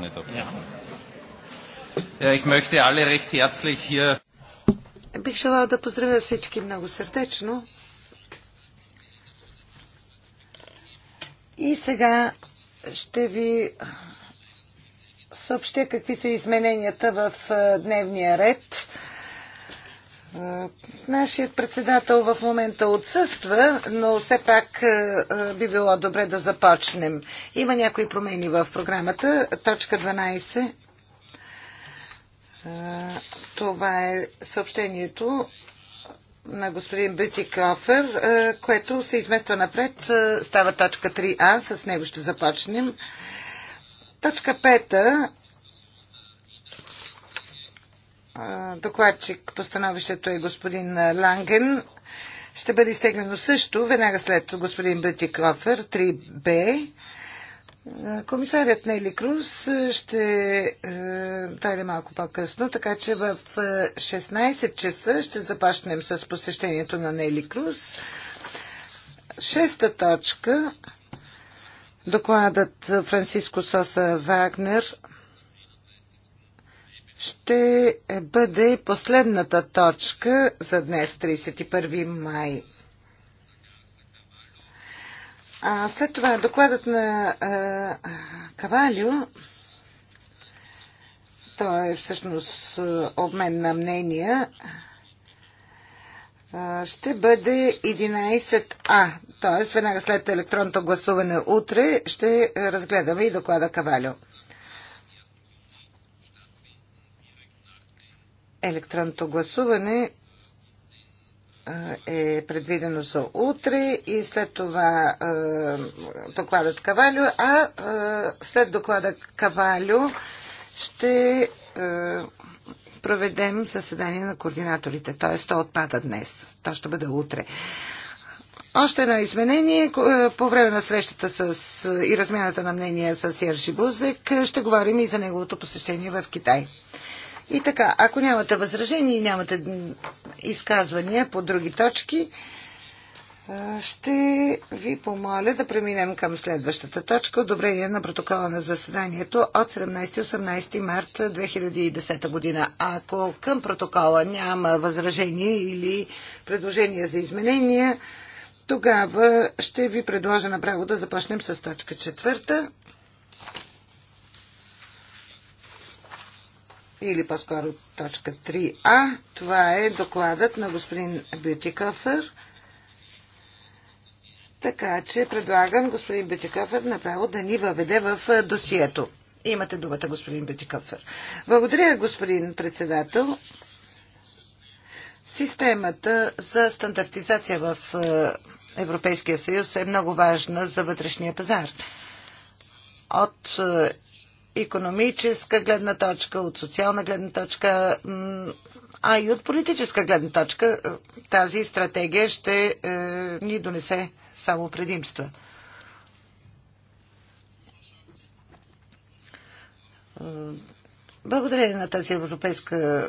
war nicht ja. Ja, ich möchte alle recht herzlich hier Бих желала да поздравя всички много сърдечно. И сега ще ви съобщя какви са измененията в дневния ред. Е, нашият председател в момента отсъства, но все пак е, е, би било добре да започнем. Има някои промени в програмата. Точка 12. Това е съобщението на господин Бити Кофер, което се измества напред. Става точка 3А. С него ще започнем. Точка 5 докладчик по становището е господин Ланген. Ще бъде изтеглено също веднага след господин Бютикофер 3Б. Комисарят Нели Круз ще даде малко по-късно, така че в 16 часа ще започнем с посещението на Нели Круз. Шеста точка. Докладът Франциско Соса Вагнер ще бъде последната точка за днес, 31 май. А след това докладът на а, Кавалю, той е всъщност обмен на мнения, ще бъде 11А, т.е. веднага след електронното гласуване утре ще разгледаме и доклада Кавалио. Електронното гласуване е предвидено за утре и след това е, докладът Кавалю, а е, след доклада Кавалю ще е, проведем заседание на координаторите, т.е. то отпада днес, то ще бъде утре. Още едно изменение по време на срещата с, и размяната на мнения с Ярши Бузек ще говорим и за неговото посещение в Китай. И така, ако нямате възражения и нямате изказвания по други точки, ще ви помоля да преминем към следващата точка. Одобрение на протокола на заседанието от 17-18 март 2010 година. Ако към протокола няма възражение или предложение за изменения, тогава ще ви предложа направо да започнем с точка четвърта. или по-скоро точка 3а. Това е докладът на господин Бютикофър. Така че предлагам господин Бютикофър направо да ни въведе в досието. Имате думата, господин Бютикофър. Благодаря, господин председател. Системата за стандартизация в Европейския съюз е много важна за вътрешния пазар. От економическа гледна точка, от социална гледна точка, а и от политическа гледна точка е, тази стратегия ще е, ни донесе само предимства. Е, Благодарение на тази европейска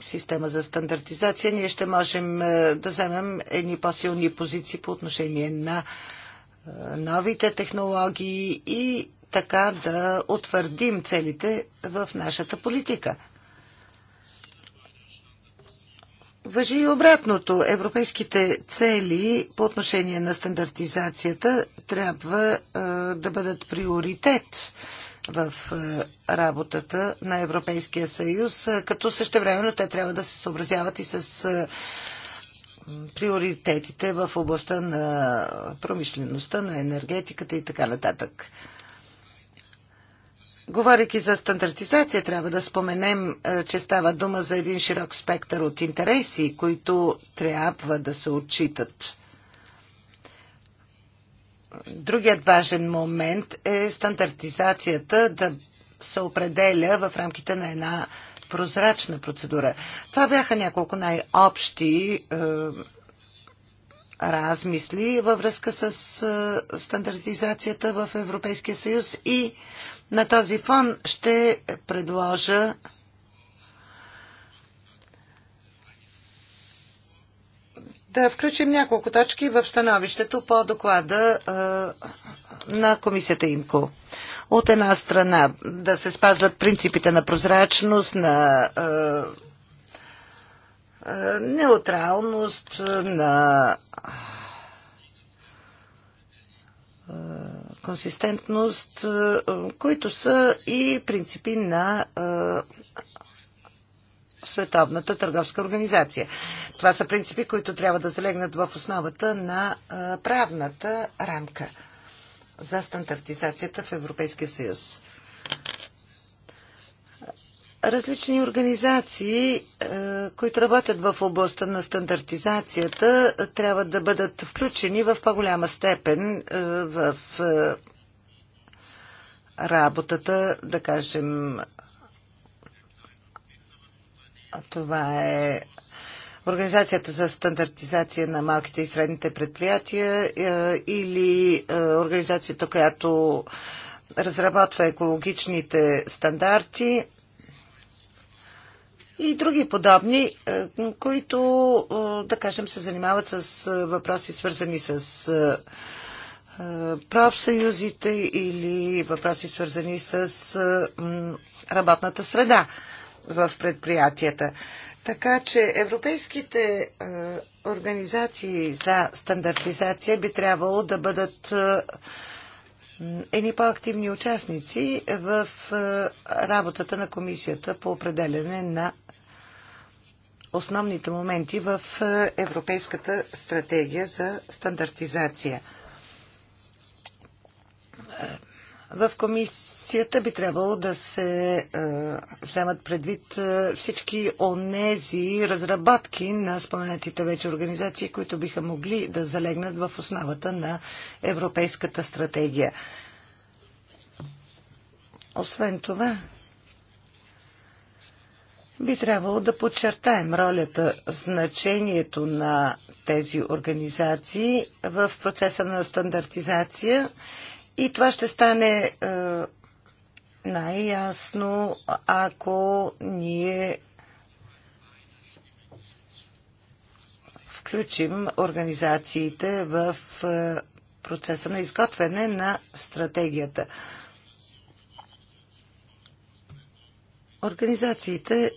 система за стандартизация, ние ще можем е, да вземем едни по-силни позиции по отношение на новите технологии и така да утвърдим целите в нашата политика. Въжи и обратното. Европейските цели по отношение на стандартизацията трябва е, да бъдат приоритет в е, работата на Европейския съюз, е, като същевременно те трябва да се съобразяват и с е, приоритетите в областта на промишлеността, на енергетиката и така нататък. Говорейки за стандартизация, трябва да споменем, е, че става дума за един широк спектър от интереси, които трябва да се отчитат. Другият важен момент е стандартизацията да се определя в рамките на една прозрачна процедура. Това бяха няколко най-общи е, размисли във връзка с е, стандартизацията в Европейския съюз и на този фон ще предложа да включим няколко точки в становището по доклада е, на комисията ИМКО. От една страна да се спазват принципите на прозрачност, на е, е неутралност, на е, консистентност, е, които са и принципи на е, Световната търговска организация. Това са принципи, които трябва да залегнат в основата на правната рамка за стандартизацията в Европейския съюз. Различни организации, е, които работят в областта на стандартизацията, трябва да бъдат включени в по-голяма степен е, в е, работата, да кажем, това е Организацията за стандартизация на малките и средните предприятия е, или е, организацията, която разработва екологичните стандарти и други подобни, е, които, да кажем, се занимават с въпроси свързани с профсъюзите или въпроси свързани с работната среда в предприятията. Така че европейските е, организации за стандартизация би трябвало да бъдат е, едни по-активни участници в е, работата на комисията по определене на основните моменти в Европейската стратегия за стандартизация в комисията би трябвало да се е, вземат предвид е, всички онези разработки на споменатите вече организации, които биха могли да залегнат в основата на Европейската стратегия. Освен това, би трябвало да подчертаем ролята, значението на тези организации в процеса на стандартизация и това ще стане е, най-ясно, ако ние включим организациите в е, процеса на изготвяне на стратегията. Организациите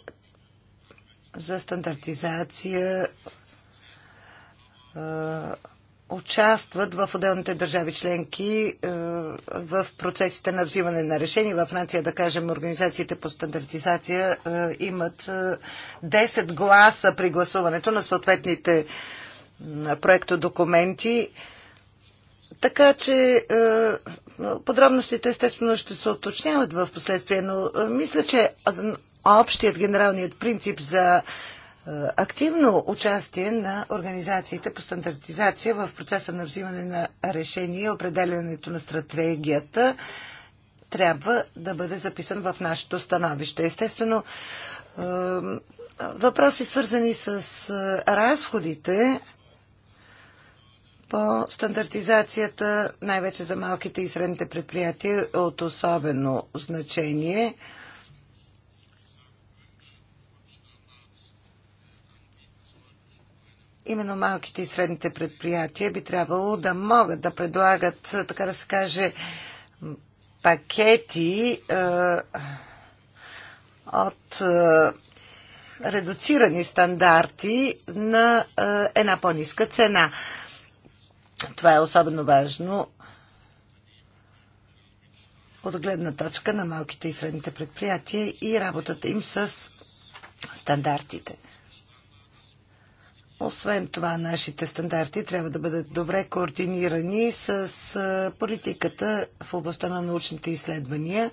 за стандартизация е, участват в отделните държави членки е, в процесите на взимане на решения. Във Франция, да кажем, организациите по стандартизация е, имат 10 е, гласа при гласуването на съответните проекто документи, Така че подробностите естествено ще се уточняват в последствие, но мисля, че общият генералният принцип за е, активно участие на организациите по стандартизация в процеса на взимане на решение и определянето на стратегията трябва да бъде записан в нашето становище. Естествено, е, въпроси свързани с е, разходите по стандартизацията, най-вече за малките и средните предприятия, от особено значение – именно малките и средните предприятия би трябвало да могат да предлагат, така да се каже, пакети е, от е, редуцирани стандарти на е, една по-ниска цена. Това е особено важно от гледна точка на малките и средните предприятия и работата им с стандартите. Освен това, нашите стандарти трябва да бъдат добре координирани с политиката в областта на научните изследвания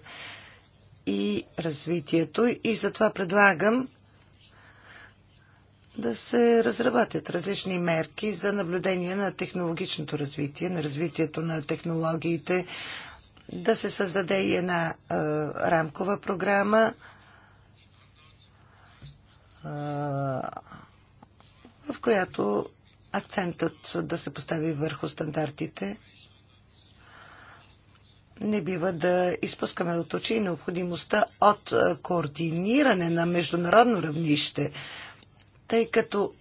и развитието. И затова предлагам да се разработят различни мерки за наблюдение на технологичното развитие, на развитието на технологиите, да се създаде и една рамкова програма в която акцентът да се постави върху стандартите. Не бива да изпускаме от очи необходимостта от координиране на международно равнище, тъй като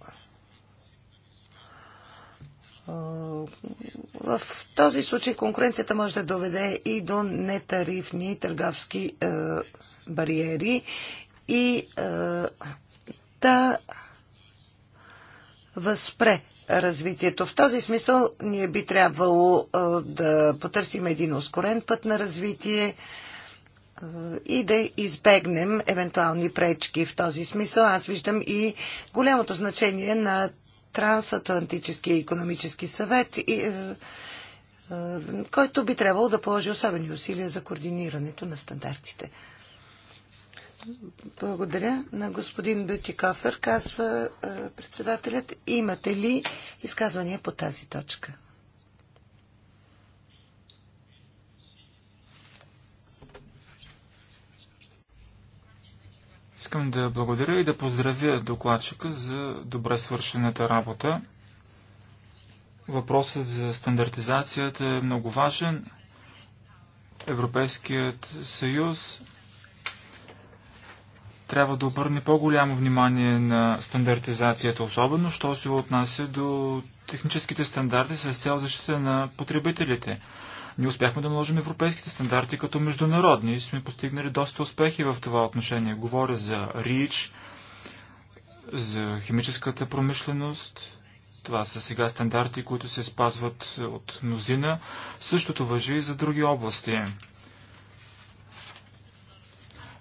в този случай конкуренцията може да доведе и до нетарифни търговски бариери и да възпре развитието. В този смисъл ние би трябвало да потърсим един ускорен път на развитие и да избегнем евентуални пречки. В този смисъл аз виждам и голямото значение на Трансатлантическия економически съвет, който би трябвало да положи особени усилия за координирането на стандартите. Благодаря на господин Бютикофер, казва е, председателят. Имате ли изказвания по тази точка? Искам да благодаря и да поздравя докладчика за добре свършената работа. Въпросът за стандартизацията е много важен. Европейският съюз трябва да обърне по-голямо внимание на стандартизацията, особено що се отнася до техническите стандарти с цел защита на потребителите. Ние успяхме да наложим европейските стандарти като международни и сме постигнали доста успехи в това отношение. Говоря за РИЧ, за химическата промишленост. Това са сега стандарти, които се спазват от мнозина. Същото въжи и за други области.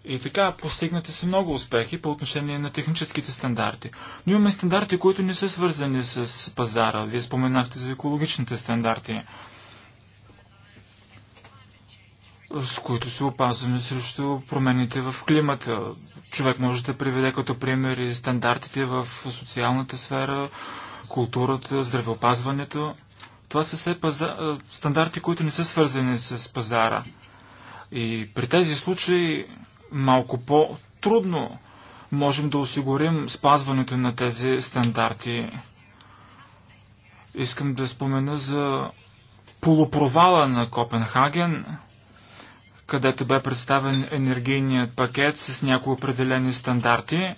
И така, постигнати са много успехи по отношение на техническите стандарти. Но имаме стандарти, които не са свързани с пазара. Вие споменахте за екологичните стандарти, с които се опазваме срещу промените в климата. Човек може да приведе като пример и стандартите в социалната сфера, културата, здравеопазването. Това са все паза... стандарти, които не са свързани с пазара. И при тези случаи малко по-трудно можем да осигурим спазването на тези стандарти. Искам да спомена за полупровала на Копенхаген, където бе представен енергийният пакет с някои определени стандарти,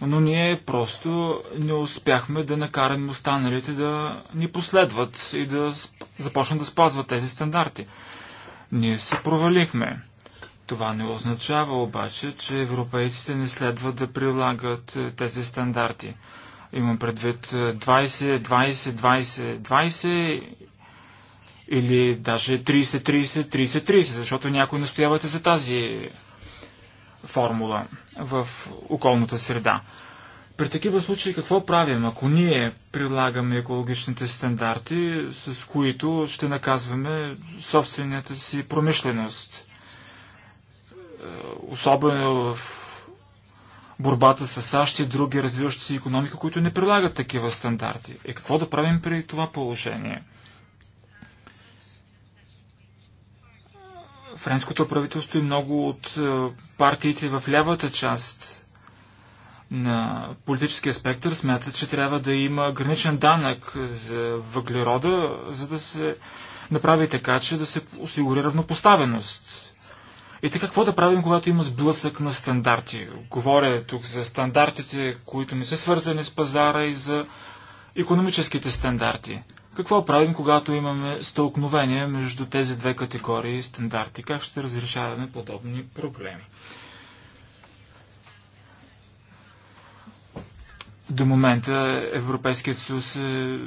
но ние просто не успяхме да накараме останалите да ни последват и да започнат да спазват тези стандарти. Ние се провалихме. Това не означава обаче, че европейците не следва да прилагат е, тези стандарти. Имам предвид 20, 20, 20, 20 или даже 30, 30, 30, 30, защото някои настоявате за тази формула в околната среда. При такива случаи какво правим, ако ние прилагаме екологичните стандарти, с които ще наказваме собствената си промишленост? особено в борбата с САЩ и други развиващи се економики, които не прилагат такива стандарти. Е какво да правим при това положение? Френското правителство и много от е, партиите в лявата част на политическия спектър смятат, че трябва да има граничен данък за въглерода, за да се направи така, че да се осигури равнопоставеност и така, какво да правим, когато има сблъсък на стандарти? Говоря тук за стандартите, които не са свързани с пазара и за економическите стандарти. Какво правим, когато имаме стълкновение между тези две категории стандарти? Как ще разрешаваме подобни проблеми? До момента Европейският съюз е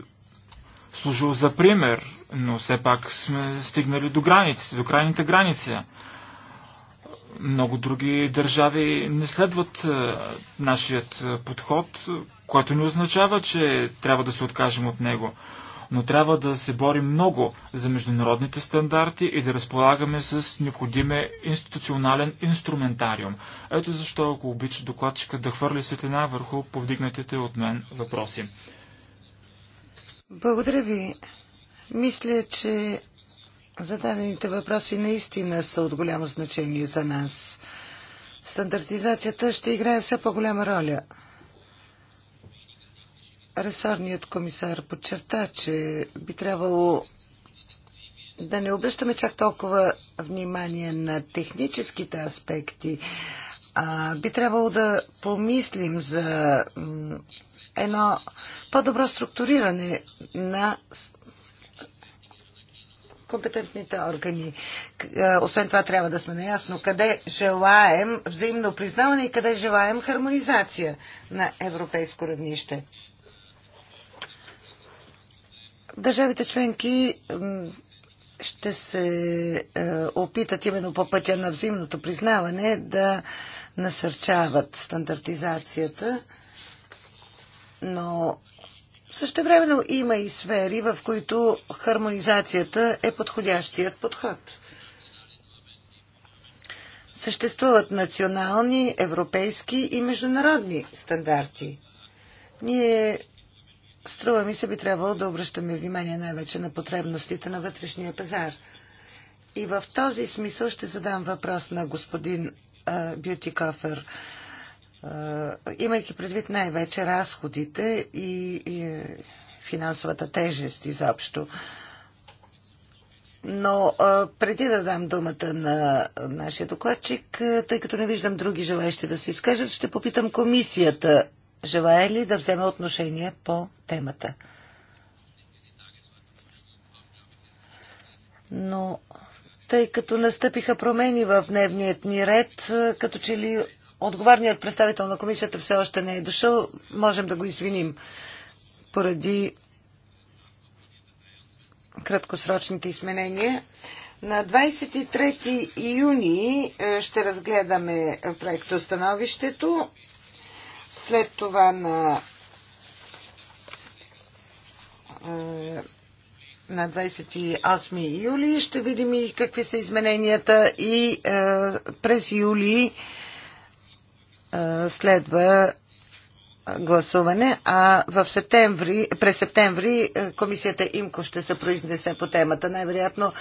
служил за пример, но все пак сме стигнали до границите, до крайните граници. Много други държави не следват е, нашият е, подход, което не означава, че трябва да се откажем от него. Но трябва да се борим много за международните стандарти и да разполагаме с необходиме институционален инструментариум. Ето защо, ако обича докладчика да хвърли светлина върху повдигнатите от мен въпроси. Благодаря ви. Мисля, че Зададените въпроси наистина са от голямо значение за нас. Стандартизацията ще играе все по-голяма роля. Ресорният комисар подчерта, че би трябвало да не обръщаме чак толкова внимание на техническите аспекти, а би трябвало да помислим за едно по-добро структуриране на компетентните органи. Е, освен това трябва да сме наясно къде желаем взаимно признаване и къде желаем хармонизация на европейско равнище. Държавите членки ще се е, опитат именно по пътя на взаимното признаване да насърчават стандартизацията, но Същевременно има и сфери, в които хармонизацията е подходящият подход. Съществуват национални, европейски и международни стандарти. Ние, струва ми се, би трябвало да обръщаме внимание най-вече на потребностите на вътрешния пазар. И в този смисъл ще задам въпрос на господин Бютикофер. Uh, имайки предвид най-вече разходите и, и финансовата тежест изобщо. Но а, преди да дам думата на нашия докладчик, тъй като не виждам други желаящи да се изкажат, ще попитам комисията, желая ли да вземе отношение по темата. Но тъй като настъпиха промени в дневният ни ред, като че ли Отговарният представител на комисията все още не е дошъл. Можем да го извиним поради краткосрочните изменения. На 23 юни е, ще разгледаме проектостановището. След това на е, на 28 юли ще видим и какви са измененията и е, през юли следва гласуване, а в септември, през септември комисията ИМКО ще се произнесе по темата. Най-вероятно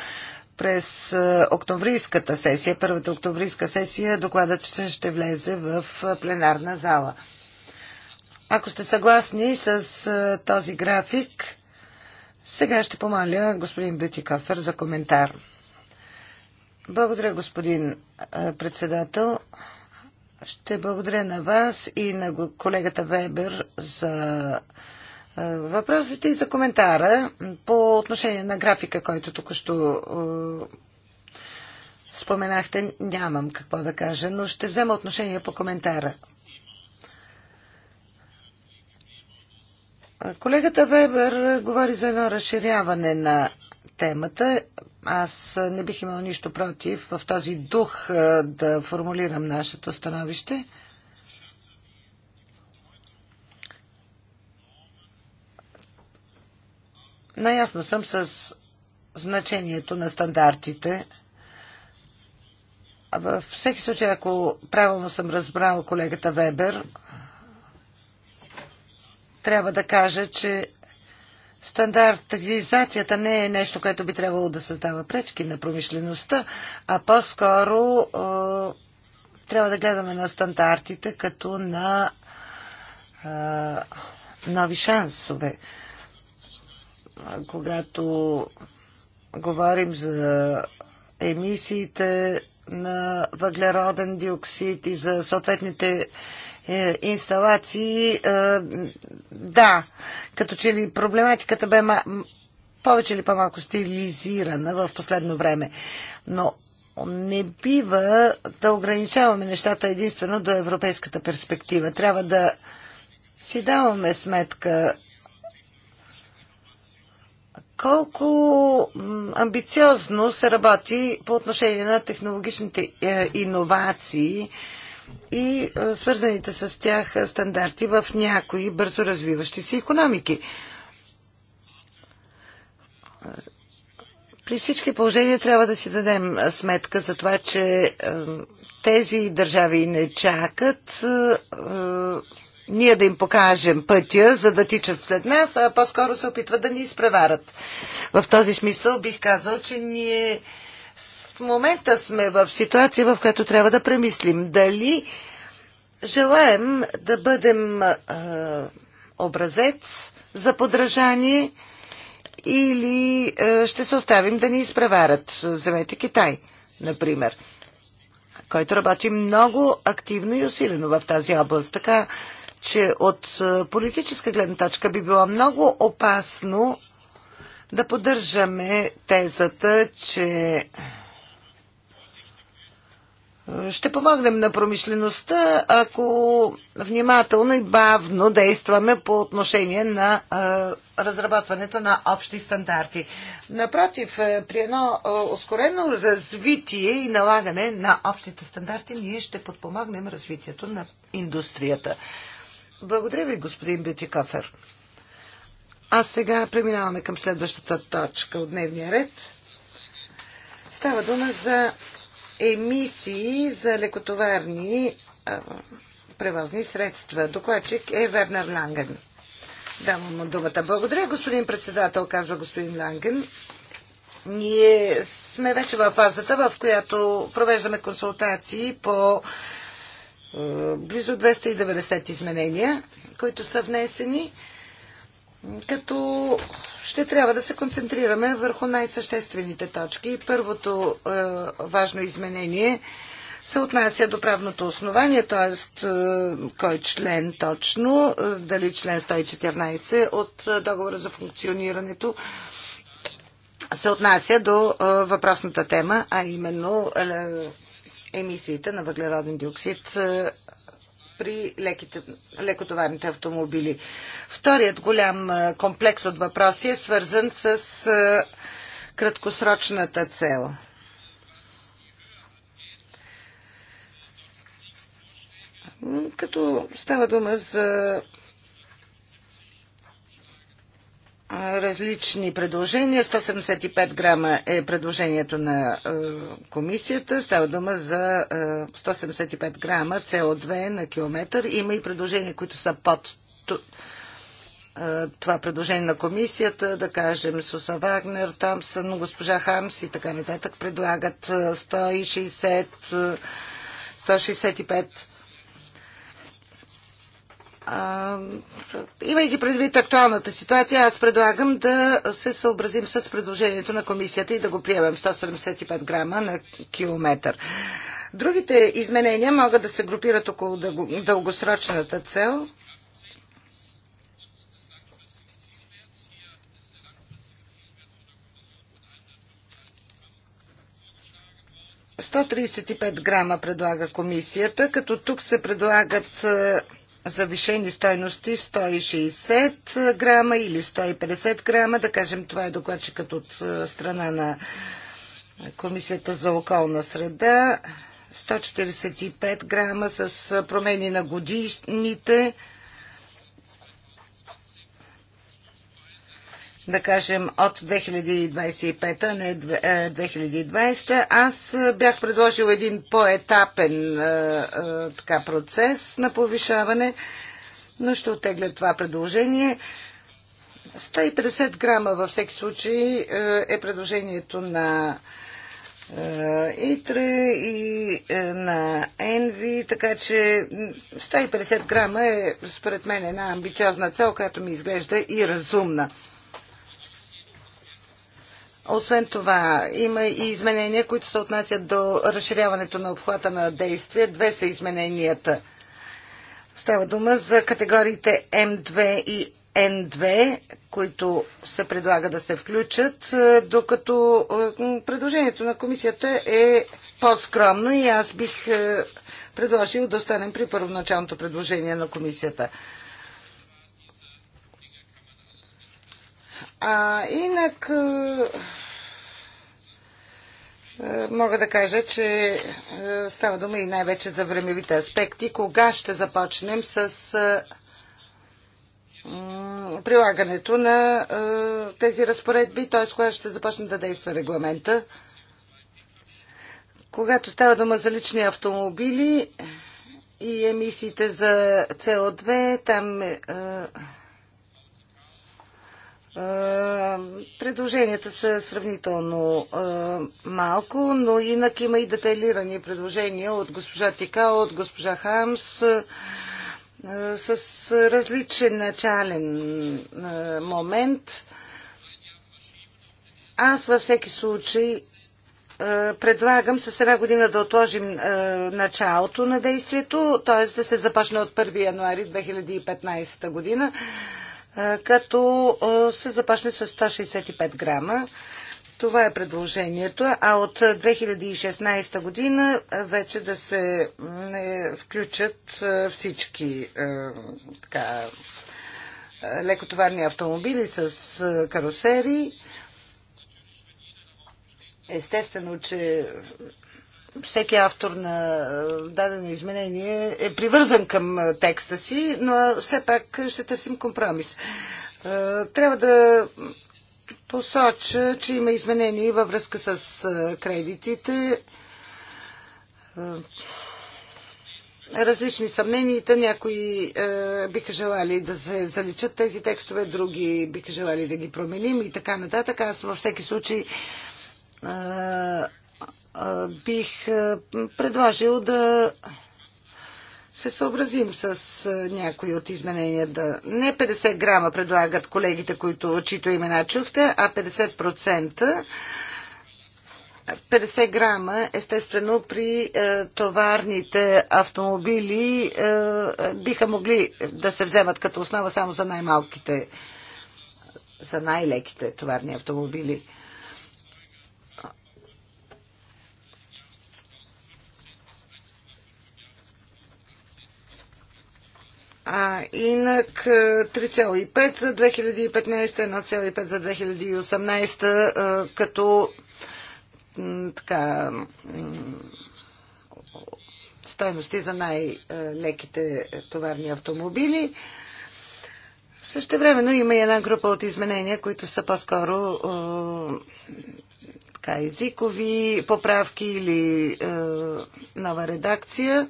през октомврийската сесия, първата октомврийска сесия, докладът ще, ще влезе в пленарна зала. Ако сте съгласни с този график, сега ще помоля господин Бютикофер за коментар. Благодаря, господин председател. Ще благодаря на вас и на колегата Вебер за въпросите и за коментара по отношение на графика, който току-що споменахте. Нямам какво да кажа, но ще взема отношение по коментара. Колегата Вебер говори за едно разширяване на темата. Аз не бих имал нищо против в този дух да формулирам нашето становище. Наясно съм с значението на стандартите. Във всеки случай, ако правилно съм разбрал колегата Вебер, трябва да кажа, че Стандартизацията не е нещо, което би трябвало да създава пречки на промишлеността, а по-скоро трябва да гледаме на стандартите като на нови шансове. Когато говорим за емисиите на въглероден диоксид и за съответните е, инсталации. Е, да, като че ли проблематиката бе повече или по-малко стилизирана в последно време. Но не бива да ограничаваме нещата единствено до европейската перспектива. Трябва да си даваме сметка колко амбициозно се работи по отношение на технологичните е, иновации и свързаните с тях стандарти в някои бързо развиващи се економики. При всички положения трябва да си дадем сметка за това, че тези държави не чакат ние да им покажем пътя, за да тичат след нас, а по-скоро се опитват да ни изпреварат. В този смисъл бих казал, че ние в момента сме в ситуация, в която трябва да премислим дали желаем да бъдем а, образец за подражание или а, ще се оставим да ни изпреварят. Вземете Китай, например, който работи много активно и усилено в тази област. Така че от политическа гледна точка би било много опасно да поддържаме тезата, че е, ще помогнем на промишлеността, ако внимателно и бавно действаме по отношение на е, разработването на общи стандарти. Напротив, е, при едно ускорено развитие и налагане на общите стандарти, ние ще подпомогнем развитието на индустрията. Благодаря ви, господин Бютикофер. А сега преминаваме към следващата точка от дневния ред. Става дума за емисии за лекотоварни а, превозни средства. Докладчик е Вернер Ланген. Давам му думата. Благодаря, господин председател, казва господин Ланген. Ние сме вече във фазата, в която провеждаме консултации по близо 290 изменения, които са внесени като ще трябва да се концентрираме върху най-съществените точки. Първото е, важно изменение се отнася до правното основание, т.е. Е, кой член точно, е, дали член 114 от е, договора за функционирането се отнася до е, въпросната тема, а именно е, емисиите на въглероден диоксид при леките, лекотоварните автомобили. Вторият голям комплекс от въпроси е свързан с краткосрочната цел. Като става дума за различни предложения. 175 грама е предложението на комисията. Става дума за 175 грама CO2 на километър. Има и предложения, които са под това предложение на комисията, да кажем Суса Вагнер, Томсън, госпожа Хамс и така нататък предлагат 160, 165 имайки предвид актуалната ситуация, аз предлагам да се съобразим с предложението на комисията и да го приемем 175 грама на километър. Другите изменения могат да се групират около дългосрочната цел. – 135 грама предлага комисията, като тук се предлагат е, завишени стойности 160 грама или 150 грама. Да кажем, това е докладчикът от е, страна на Комисията за околна среда. 145 грама с е, промени на годините. да кажем, от 2025, а не 2020. Е, Аз е, бях предложил един по-етапен е, така, процес на повишаване, но ще отегля това предложение. 150 грама във всеки случай е предложението на ИТРЕ и на ЕНВИ, така че 150 грама е според мен една амбициозна цел, която ми изглежда и разумна. Освен това, има и изменения, които се отнасят до разширяването на обхвата на действие. Две са измененията. Става дума за категориите М2 и Н2, които се предлага да се включат, е, докато е, предложението на комисията е по-скромно и аз бих е, предложил да останем при първоначалното предложение на комисията. А инак мога да кажа, че става дума и най-вече за времевите аспекти. Кога ще започнем с прилагането на тези разпоредби, т.е. кога ще започне да действа регламента. Когато става дума за лични автомобили и емисиите за CO2, там е. Е, предложенията са сравнително е, малко, но инак има и детайлирани предложения от госпожа Тика, от госпожа Хамс е, с различен начален момент. Аз във всеки случай предлагам с една година да отложим началото на действието, т.е. да се започне от 1 януари 2015 година като се започне с 165 грама. Това е предложението, а от 2016 година вече да се е, включат всички така, лекотоварни автомобили с карусери. Естествено, че всеки автор на е, дадено изменение е привързан към е, текста си, но е, все пак ще търсим компромис. Трябва да посоча, че има изменения във връзка с кредитите. Различни съмнения, някои биха желали да се заличат тези текстове, други биха желали да ги променим и така нататък. Аз във всеки случай бих предложил да се съобразим с някои от измененията. Не 50 грама предлагат колегите, които, чието имена чухте, а 50%. 50 грама, естествено, при е, товарните автомобили е, биха могли да се вземат като основа само за най-малките, за най-леките товарни автомобили. А инак 3,5 е, за 2015, 1,5 за 2018, е, като така стойности за най-леките е, товарни автомобили. Също времено има и една група от изменения, които са по-скоро езикови поправки или е, нова редакция.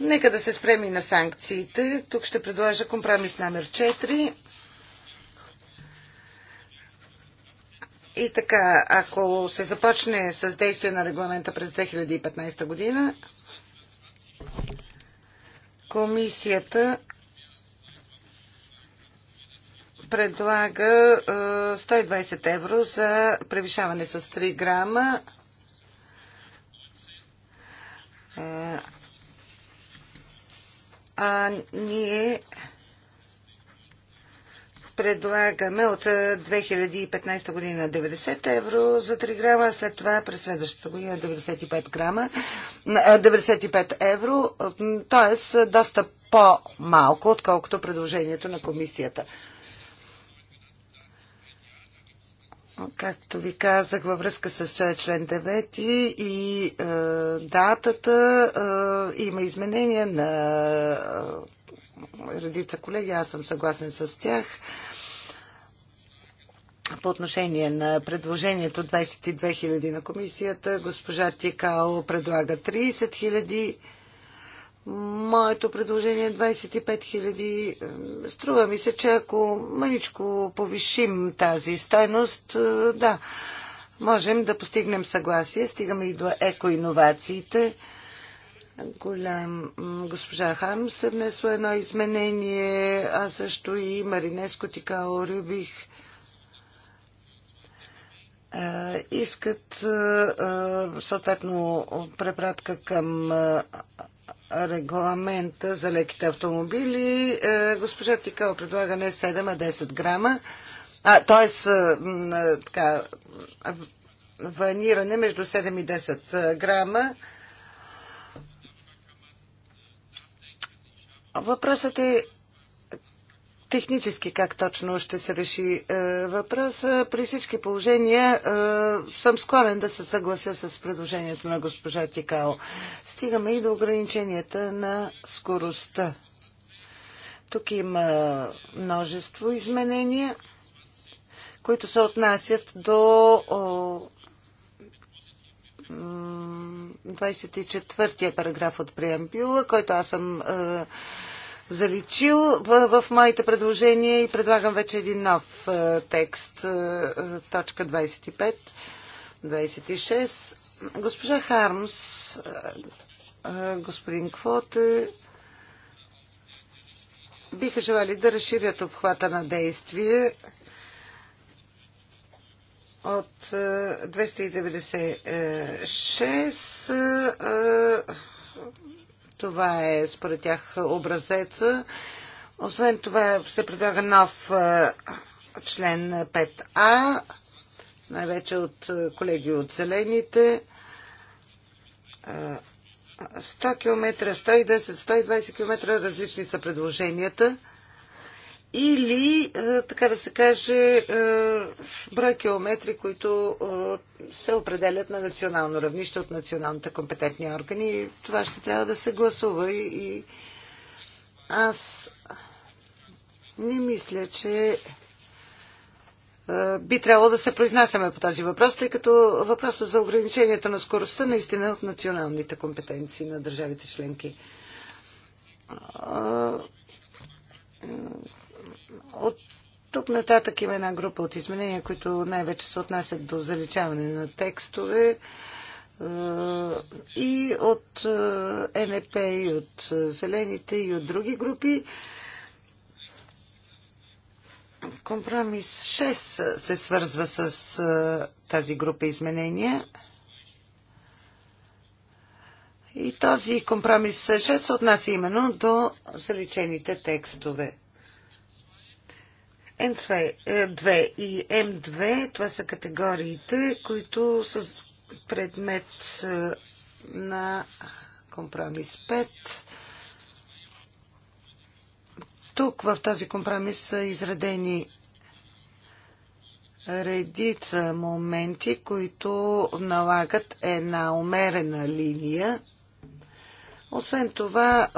Нека да се спреми на санкциите. Тук ще предложа компромис номер 4. И така, ако се започне с действие на регламента през 2015 година, комисията предлага 120 е, евро за превишаване с 3 грама е, а ние предлагаме от 2015 година 90 евро за 3 грама, след това през следващата година 95, грама, 95 евро, т.е. доста по-малко, отколкото предложението на комисията. както ви казах, във връзка с член 9 и е, датата е, има изменения на е, редица колеги. Аз съм съгласен с тях. По отношение на предложението 22 000 на комисията, госпожа Тикао предлага 30 000 Моето предложение е 25 000. Струва ми се, че ако мъничко повишим тази стойност, е, да, можем да постигнем съгласие. Стигаме и до екоинновациите. Голям госпожа Хармс е внесла едно изменение, а също и Маринеско Тикао Рюбих е, искат е, съответно препратка към регламента за леките автомобили. Е, госпожа Тикал предлага не 7, а 10 грама. А, т.е. Е, така, ваниране между 7 и 10 е, грама. Въпросът е технически как точно ще се реши е, въпрос. При всички положения е, съм склонен да се съглася с предложението на госпожа Тикао. Стигаме и до ограниченията на скоростта. Тук има множество изменения, които се отнасят до о, 24-я параграф от преамбюла, който аз съм е, заличил в, в моите предложения и предлагам вече един нов е, текст, е, е точка 25, 26. Госпожа Хармс, е, е, господин Квоте, биха желали да разширят обхвата на действие от 296 е, това е според тях образеца. Освен това се предлага нов член 5А, най-вече от колеги от зелените. 100 км, 110, 120 км различни са предложенията или, е, така да се каже, е, брой километри, които е, се определят на национално равнище от националните компетентни органи. Това ще трябва да се гласува и аз не мисля, че би трябвало да се произнасяме по тази въпрос, тъй като въпросът за ограниченията на скоростта наистина е от националните компетенции на държавите членки от тук нататък има една група от изменения, които най-вече се отнасят до заличаване на текстове е, и от е, НП, и от е, Зелените, и от други групи. Компромис 6 се свързва с тази група изменения. И този компромис 6 се отнася именно до заличените текстове. N2 е, и М2, това са категориите, които са предмет е, на компромис 5. Тук в този компромис са изредени редица моменти, които налагат една умерена линия. Освен това, е,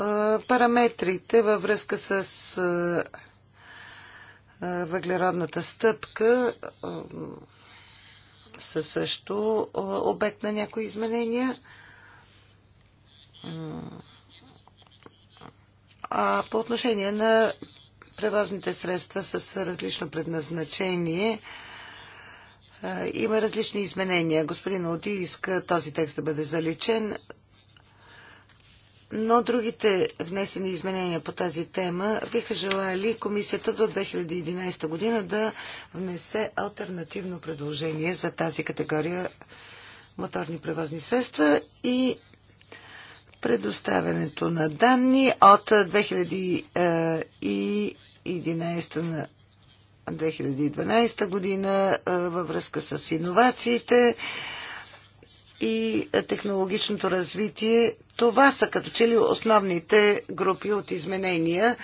параметрите във връзка с въглеродната стъпка са също обект на някои изменения. А по отношение на превозните средства с различно предназначение, има различни изменения. Господин Оди иска този текст да бъде заличен но другите внесени изменения по тази тема биха желали комисията до 2011 година да внесе альтернативно предложение за тази категория моторни превозни средства и предоставянето на данни от 2011 на 2012 година във връзка с иновациите и технологичното развитие. Това са като че ли основните групи от изменения,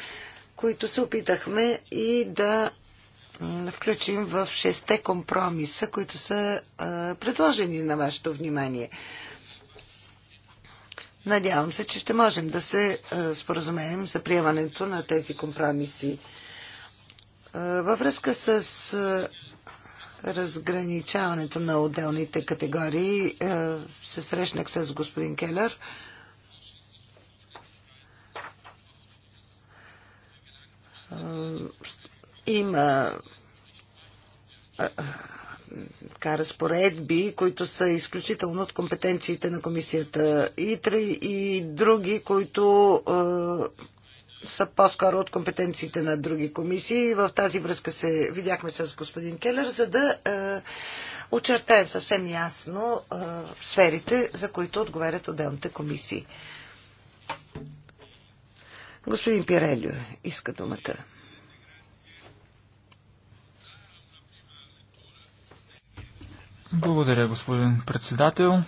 които се опитахме и да включим в шесте компромиса, които са предложени на вашето внимание. Надявам се, че ще можем да се споразумеем за приемането на тези компромиси. Във връзка с разграничаването на отделните категории е, се срещнах с господин Келер. Е, има е, така, разпоредби, които са изключително от компетенциите на комисията ИТРА и други, които са по-скоро от компетенциите на други комисии. В тази връзка се видяхме с господин Келер, за да е, очертаем съвсем ясно е, сферите, за които отговарят отделните комисии. Господин Пирелю иска думата. Благодаря, господин председател.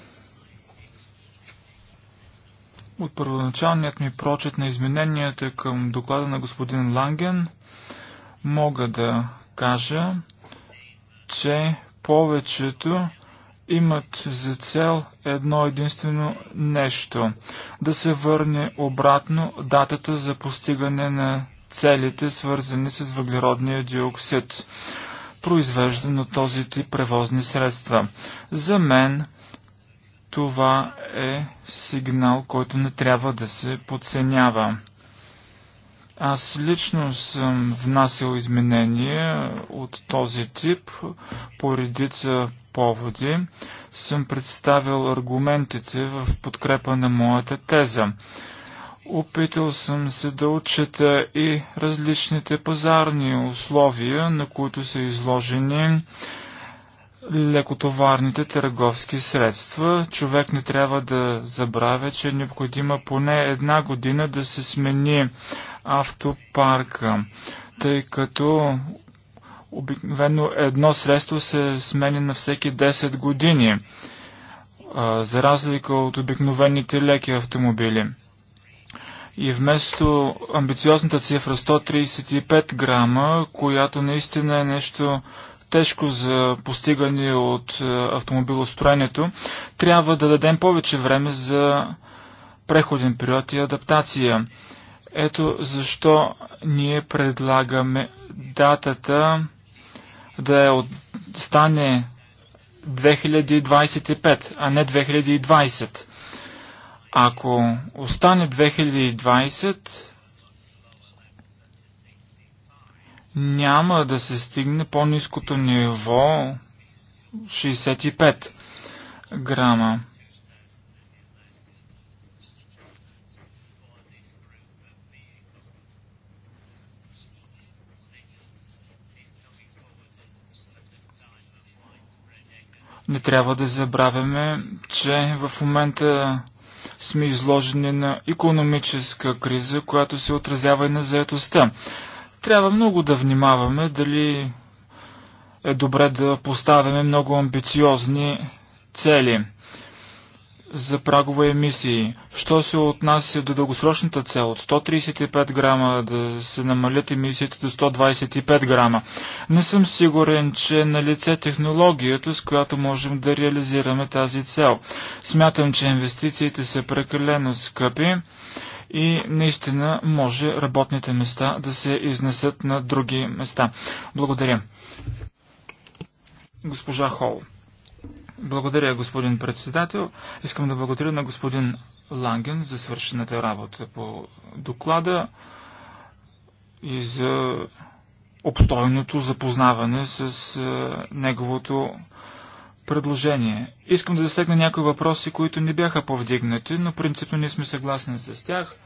От първоначалният ми прочет на измененията към доклада на господин Ланген мога да кажа, че повечето имат за цел едно единствено нещо – да се върне обратно датата за постигане на целите, свързани с въглеродния диоксид, произвеждан от този тип превозни средства. За мен това е сигнал, който не трябва да се подценява. Аз лично съм внасял изменения от този тип по редица поводи. Съм представил аргументите в подкрепа на моята теза. Опитал съм се да отчета и различните пазарни условия, на които са изложени лекотоварните търговски средства. Човек не трябва да забравя, че е необходима поне една година да се смени автопарка, тъй като обикновено едно средство се смени на всеки 10 години, за разлика от обикновените леки автомобили. И вместо амбициозната цифра 135 грама, която наистина е нещо тежко за постигане от е, автомобилостроенето, трябва да дадем повече време за преходен период и адаптация. Ето защо ние предлагаме датата да е от... стане 2025, а не 2020. Ако остане 2020, няма да се стигне по-низкото ниво 65 грама. Не трябва да забравяме, че в момента сме изложени на економическа криза, която се отразява и на заетостта. Трябва много да внимаваме дали е добре да поставяме много амбициозни цели за прагове емисии. Що се отнася до дългосрочната цел от 135 грама да се намалят емисиите до 125 грама? Не съм сигурен, че е на лице технологията, с която можем да реализираме тази цел. Смятам, че инвестициите са прекалено скъпи и наистина може работните места да се изнесат на други места. Благодаря. Госпожа Хол. Благодаря, господин председател. Искам да благодаря на господин Ланген за свършената работа по доклада и за обстойното запознаване с е, неговото предложение. Искам да засегна някои въпроси, които не бяха повдигнати, но принципно не сме съгласни с тях.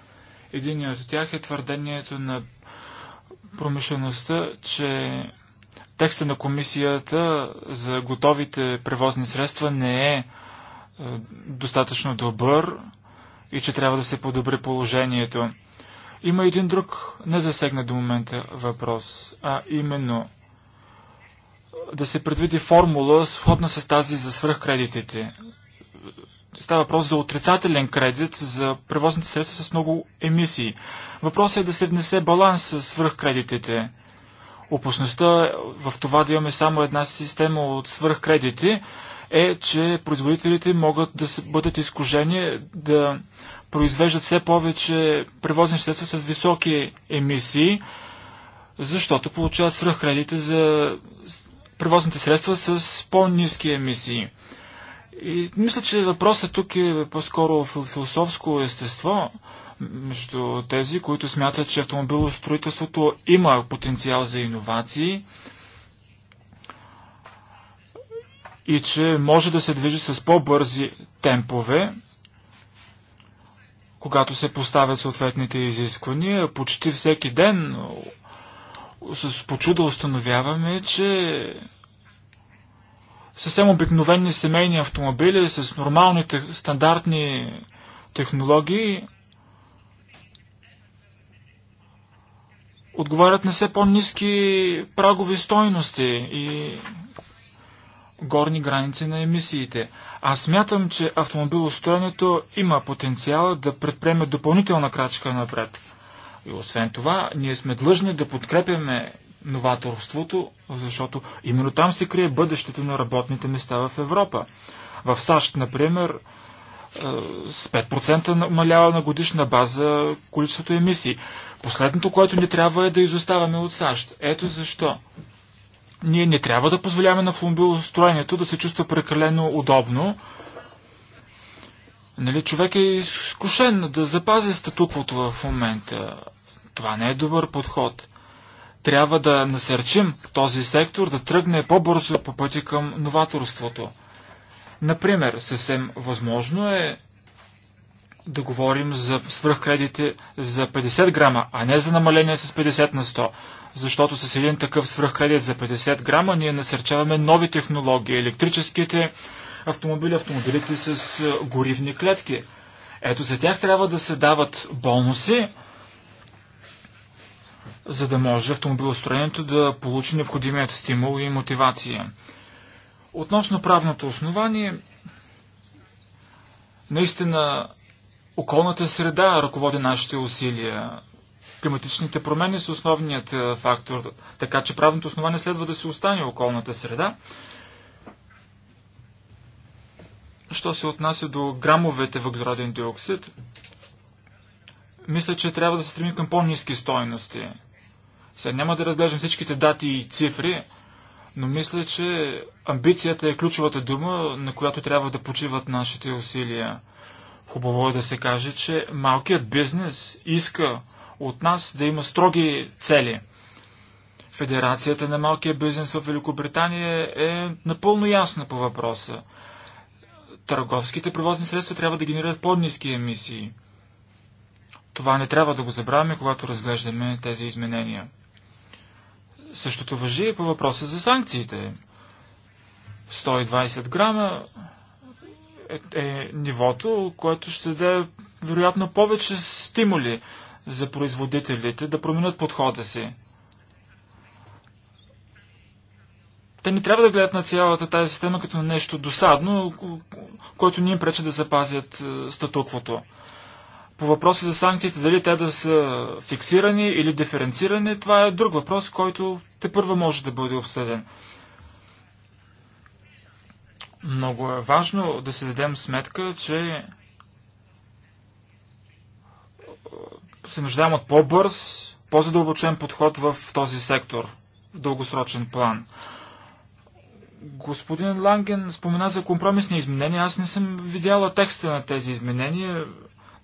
Единият от тях е твърдението на промишлеността, че текста на комисията за готовите превозни средства не е, е достатъчно добър и че трябва да се подобри положението. Има един друг незасегнат до момента въпрос, а именно да се предвиди формула, сходна с тази за свръхкредитите. Става въпрос за отрицателен кредит за превозните средства с много емисии. Въпросът е да се внесе баланс с свръхкредитите. Опасността в това да имаме само една система от свръхкредити е, че производителите могат да бъдат изкожени да произвеждат все повече превозни средства с високи емисии, защото получават свръхкредити за превозните средства с по-низки емисии. И мисля, че въпросът тук е по-скоро философско естество между тези, които смятат, че автомобилостроителството има потенциал за иновации и че може да се движи с по-бързи темпове, когато се поставят съответните изисквания. Почти всеки ден с почуда установяваме, че съвсем обикновени семейни автомобили с тех, стандартни технологии отговарят на все по-низки прагови стойности и горни граници на емисиите. Аз смятам, че автомобилостроенето има потенциала да предприеме допълнителна крачка напред. И освен това, ние сме длъжни да подкрепяме новаторството, защото именно там се крие бъдещето на работните места в Европа. В САЩ, например, е, с 5% намалява на годишна база количеството емисии. Последното, което ни трябва е да изоставаме от САЩ. Ето защо. Ние не трябва да позволяваме на автомобилостроението да се чувства прекалено удобно. Нали, човек е изкушен да запази статуквото в момента. Това не е добър подход. Трябва да насърчим този сектор да тръгне по-бързо по пъти към новаторството. Например, съвсем възможно е да говорим за свръхкредити за 50 грама, а не за намаление с 50 на 100. Защото с един такъв свръхкредит за 50 грама ние насърчаваме нови технологии, електрическите автомобили, автомобилите с горивни клетки. Ето за тях трябва да се дават бонуси, за да може автомобилостроението да получи необходимият стимул и мотивация. Относно правното основание, наистина околната среда ръководи нашите усилия. Климатичните промени са основният е, фактор, така че правното основание следва да се остане околната среда. Що се отнася до грамовете въглероден диоксид, мисля, че трябва да се стремим към по-низки стоености – сега няма да разглеждам всичките дати и цифри, но мисля, че амбицията е ключовата дума, на която трябва да почиват нашите усилия. Хубаво е да се каже, че малкият бизнес иска от нас да има строги цели. Федерацията на малкия бизнес в Великобритания е напълно ясна по въпроса. Търговските превозни средства трябва да генерират по-низки емисии. Това не трябва да го забравяме, когато разглеждаме тези изменения. Същото въжи и по въпроса за санкциите. 120 грама е, е нивото, което ще даде вероятно повече стимули за производителите да променят подхода си. Те не трябва да гледат на цялата тази система като нещо досадно, което ни им пречи да запазят е, статуквото. По въпроса за санкциите, дали те да са фиксирани или диференцирани, това е друг въпрос, който те първо може да бъде обсъден. Много е важно да се дадем сметка, че е, се нуждаем от по-бърз, по-задълбочен подход в този сектор в дългосрочен план. Господин Ланген спомена за компромисни изменения. Аз не съм видяла текста на тези изменения.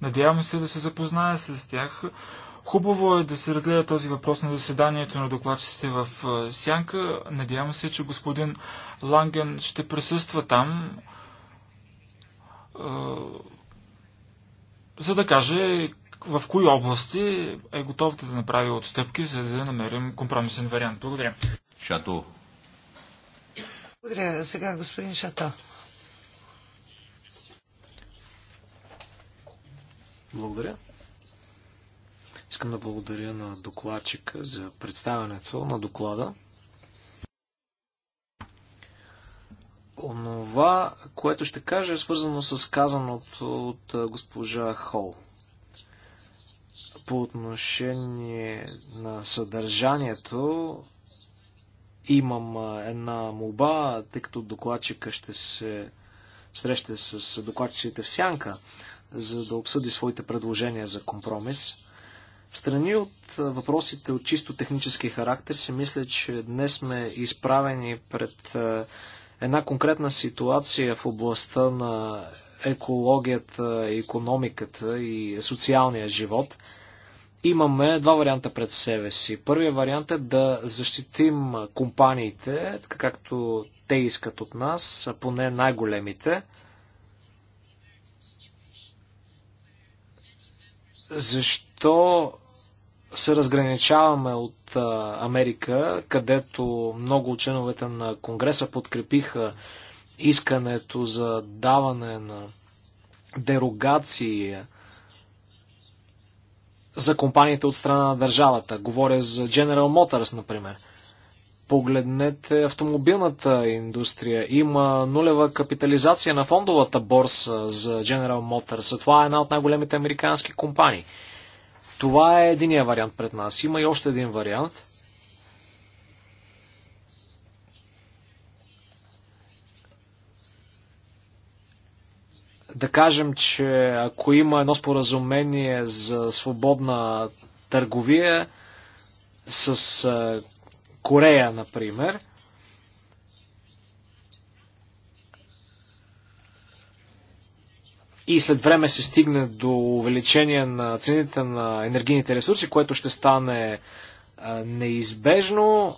Надявам се да се запозная с тях. Хубаво е да се разгледа този въпрос на заседанието на докладчиците в Сянка. Надявам се, че господин Ланген ще присъства там, за да каже в кои области е готов да направи отстъпки, за да намерим компромисен вариант. Благодаря. Шато. Благодаря. Сега господин Шато. Благодаря. Искам да благодаря на докладчика за представянето на доклада. Онова, което ще кажа, е свързано с казаното от госпожа Хол. По отношение на съдържанието, имам една молба, тъй като докладчика ще се среща с докладчиците в сянка за да обсъди своите предложения за компромис. В страни от въпросите от чисто технически характер си мисля, че днес сме изправени пред една конкретна ситуация в областта на екологията, економиката и социалния живот. Имаме два варианта пред себе си. Първият вариант е да защитим компаниите, така както те искат от нас, поне най-големите – защо се разграничаваме от Америка, където много от членовете на Конгреса подкрепиха искането за даване на дерогации за компаниите от страна на държавата. Говоря за General Motors, например – Погледнете автомобилната индустрия. Има нулева капитализация на фондовата борса за General Motors. Това е една от най-големите американски компании. Това е единия вариант пред нас. Има и още един вариант. Да кажем, че ако има едно споразумение за свободна търговия с Корея, например, и след време се стигне до увеличение на цените на енергийните ресурси, което ще стане неизбежно,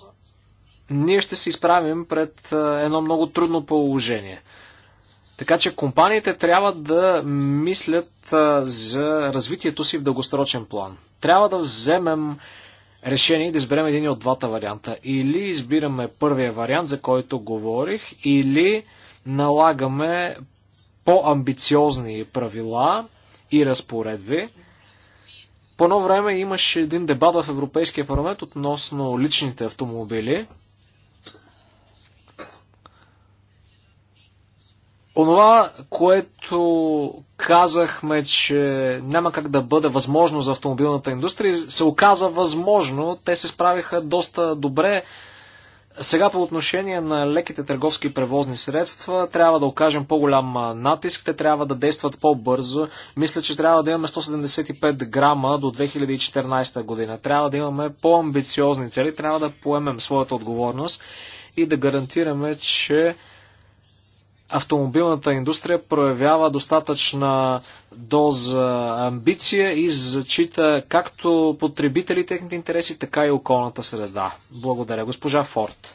ние ще се изправим пред едно много трудно положение. Така че компаниите трябва да мислят за развитието си в дългосрочен план. Трябва да вземем решение да изберем един от двата варианта. Или избираме първия вариант, за който говорих, или налагаме по-амбициозни правила и разпоредби. По едно време имаше един дебат в Европейския парламент относно личните автомобили. Онова, което казахме, че няма как да бъде възможно за автомобилната индустрия, се оказа възможно. Те се справиха доста добре. Сега по отношение на леките търговски превозни средства трябва да окажем по-голям натиск, те трябва да действат по-бързо. Мисля, че трябва да имаме 175 грама до 2014 година. Трябва да имаме по-амбициозни цели, трябва да поемем своята отговорност и да гарантираме, че автомобилната индустрия проявява достатъчна доза амбиция и зачита както потребители техните интереси, така и околната среда. Благодаря. Госпожа Форд.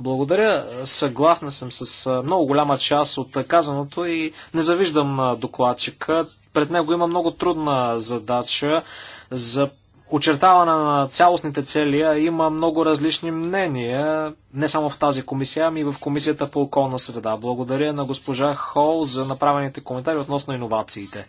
Благодаря. Съгласна съм с много голяма част от казаното и не завиждам на докладчика. Пред него има много трудна задача за очертаване на цялостните цели има много различни мнения, не само в тази комисия, ами и в комисията по околна среда. Благодаря на госпожа Хол за направените коментари относно иновациите.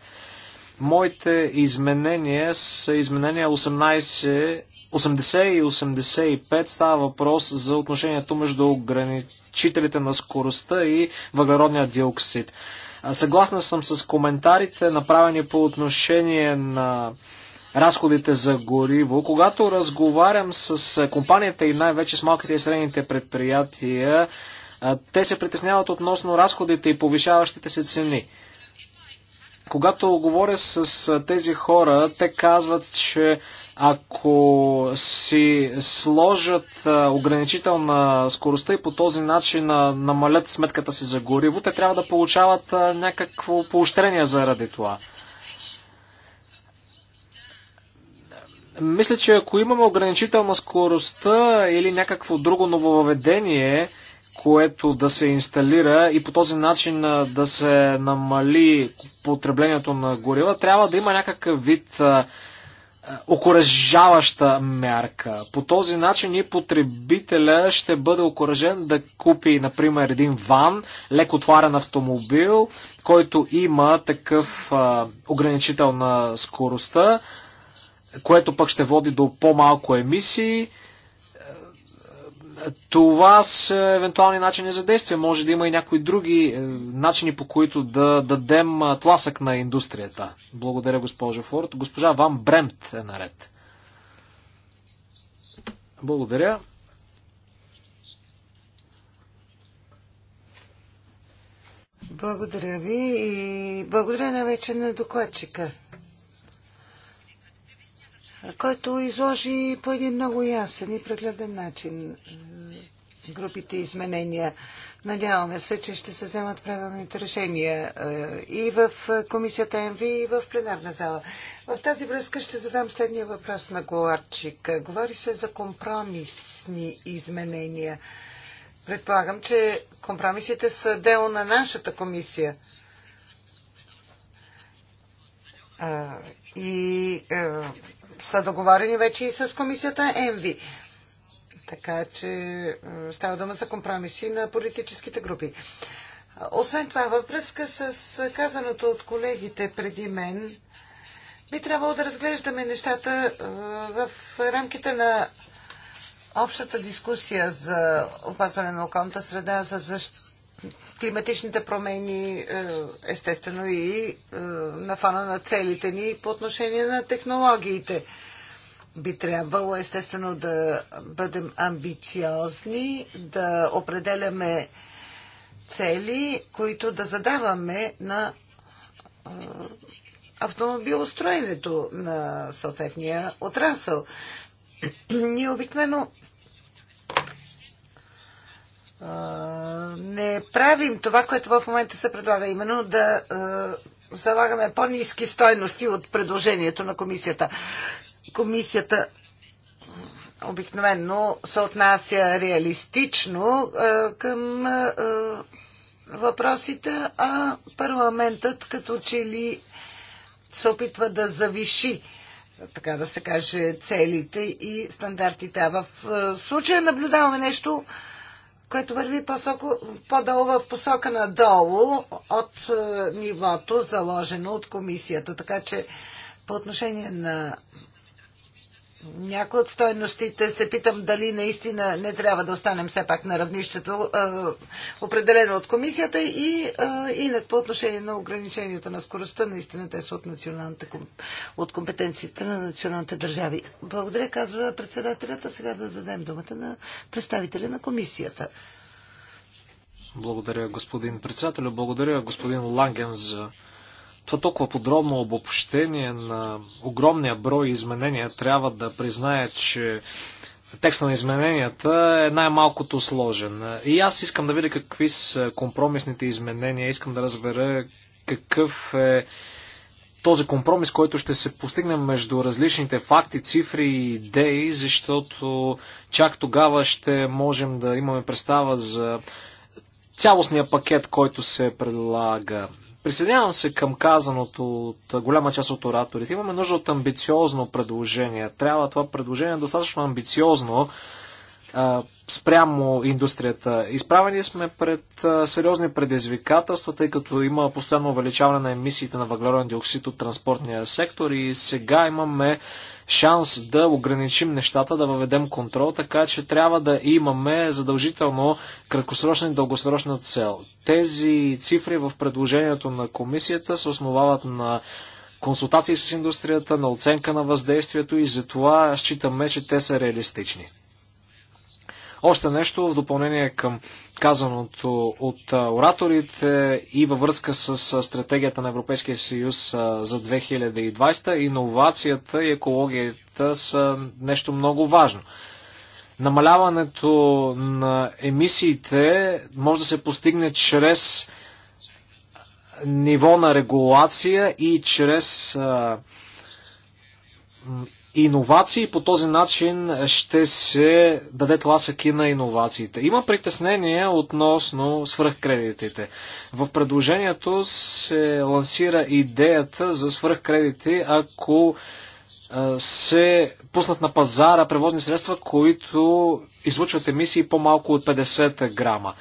Моите изменения са изменения 18 80 и 85 става въпрос за отношението между ограничителите на скоростта и въглеродния диоксид. Съгласна съм с коментарите, направени по отношение на разходите за гориво. Когато разговарям с е, компанията и най-вече с малките и средните предприятия, е, те се притесняват относно разходите и повишаващите се цени. Когато говоря с е, тези хора, те казват, че ако си сложат ограничител на скоростта и по този начин намалят сметката си за гориво, те трябва да получават някакво поощрение заради това. Мисля, че ако имаме ограничителна скоростта или някакво друго нововведение, което да се инсталира и по този начин да се намали потреблението на горива, трябва да има някакъв вид окоръжаваща мярка. По този начин и потребителя ще бъде окоръжен да купи, например, един ван, леко отварен автомобил, който има такъв а, ограничител на скоростта, което пък ще води до по-малко емисии. Това са евентуални начини за действие. Може да има и някои други е, начини, по които да дадем е, тласък на индустрията. Благодаря, госпожа Форд. Госпожа Ван Бремт е наред. Благодаря. Благодаря ви и благодаря най-вече на докладчика който изложи по един много ясен и прегледен начин групите изменения. Надяваме се, че ще се вземат правилните решения е, и в комисията МВ, и в пленарна зала. В тази връзка ще задам следния въпрос на Голарчик. Говори се за компромисни изменения. Предполагам, че компромисите са дело на нашата комисия. И е, са договорени вече и с комисията ЕНВИ, Така че е, става дума за компромиси на политическите групи. Освен това, във връзка с казаното от колегите преди мен, би трябвало да разглеждаме нещата е, в рамките на общата дискусия за опазване на околната среда, за защита климатичните промени, е, естествено и е, на фана на целите ни по отношение на технологиите. Би трябвало естествено да бъдем амбициозни, да определяме цели, които да задаваме на е, автомобилостроенето на съответния отрасъл. Ние обикновено не правим това, което в момента се предлага, именно да залагаме по-низки стойности от предложението на комисията. Комисията обикновенно се отнася реалистично към въпросите, а парламентът като че ли се опитва да завиши така да се каже, целите и стандартите. А в случая наблюдаваме нещо което върви по-долу в посока надолу от е, нивото заложено от комисията. Така че по отношение на някои от стойностите се питам дали наистина не трябва да останем все пак на равнището, определено от комисията и, е, и по отношение на ограниченията на скоростта, наистина те са от, националните, от компетенциите на националните държави. Благодаря, казва председателята. Сега да дадем думата на представителя на комисията. Благодаря, господин председател. Благодаря, господин Ланген, за това толкова подробно обобщение на огромния брой изменения трябва да призная, че текста на измененията е най-малкото сложен. И аз искам да видя какви са компромисните изменения, искам да разбера какъв е този компромис, който ще се постигне между различните факти, цифри и идеи, защото чак тогава ще можем да имаме представа за цялостния пакет, който се предлага. Присъединявам се към казаното от голяма част от ораторите. Имаме нужда от амбициозно предложение. Трябва това предложение е достатъчно амбициозно, спрямо индустрията. Изправени сме пред сериозни предизвикателства, тъй като има постоянно увеличаване на емисиите на въглероден диоксид от транспортния сектор и сега имаме шанс да ограничим нещата, да въведем контрол, така че трябва да имаме задължително краткосрочна и дългосрочна цел. Тези цифри в предложението на комисията се основават на консултации с индустрията, на оценка на въздействието и затова считаме, че те са реалистични. Още нещо в допълнение към казаното от ораторите и във връзка с стратегията на Европейския съюз за 2020. Иновацията и екологията са нещо много важно. Намаляването на емисиите може да се постигне чрез ниво на регулация и чрез иновации. По този начин ще се даде тласък и на иновациите. Има притеснение относно свръхкредитите. В предложението се лансира идеята за свръхкредити, ако се пуснат на пазара превозни средства, които излучват емисии по-малко от 50 грама.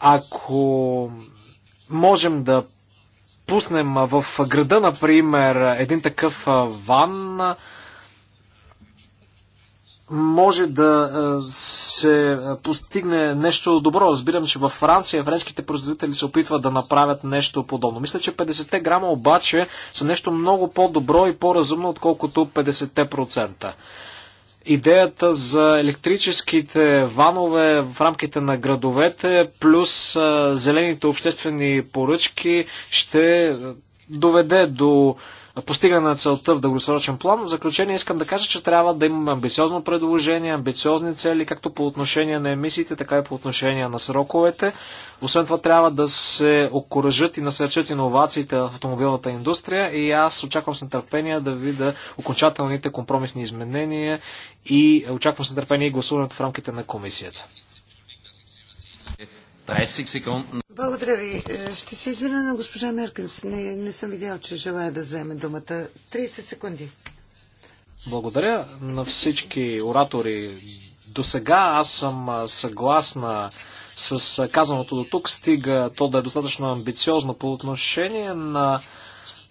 Ако можем да пуснем в града, например, един такъв ван, може да е, се е, постигне нещо добро. Разбирам, че във Франция френските производители се опитват да направят нещо подобно. Мисля, че 50-те грама обаче са нещо много по-добро и по-разумно, отколкото 50%. Идеята за електрическите ванове в рамките на градовете плюс е, зелените обществени поръчки ще доведе до постигане на целта в дългосрочен план. В заключение искам да кажа, че трябва да имаме амбициозно предложение, амбициозни цели, както по отношение на емисиите, така и по отношение на сроковете. Освен това трябва да се окоръжат и насърчат иновациите в автомобилната индустрия и аз очаквам с нетърпение да видя окончателните компромисни изменения и очаквам с нетърпение и гласуването в рамките на комисията. Благодаря ви. Е, ще се извиня на госпожа Меркенс. Не, не съм видял, че желая да вземе думата. 30 секунди. Благодаря на всички оратори. До сега аз съм съгласна с казаното до тук, стига то да е достатъчно амбициозно по отношение на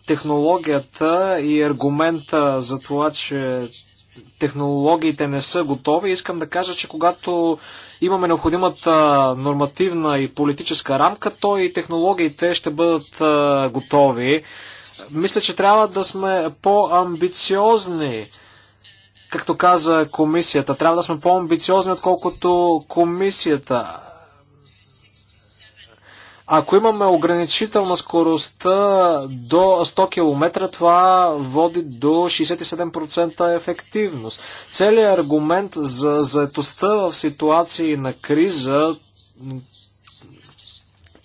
технологията и аргумента за това, че технологиите не са готови. Искам да кажа, че когато имаме необходимата нормативна и политическа рамка, то и технологиите ще бъдат готови. Мисля, че трябва да сме по-амбициозни, както каза комисията. Трябва да сме по-амбициозни, отколкото комисията. Ако имаме ограничителна скоростта до 100 км, това води до 67% ефективност. Целият аргумент за заетостта в ситуации на криза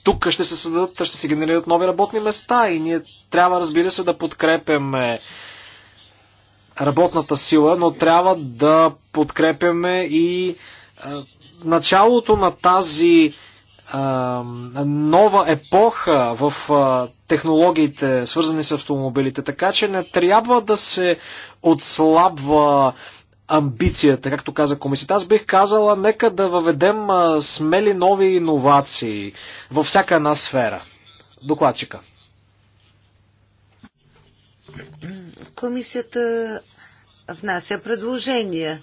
тук ще се създадат, ще се генерират нови работни места и ние трябва, разбира се, да подкрепяме работната сила, но трябва да подкрепяме и началото на тази нова епоха в технологиите, свързани с автомобилите, така че не трябва да се отслабва амбицията, както каза комисията. Аз бих казала, нека да въведем смели нови иновации във всяка една сфера. Докладчика. Комисията внася предложения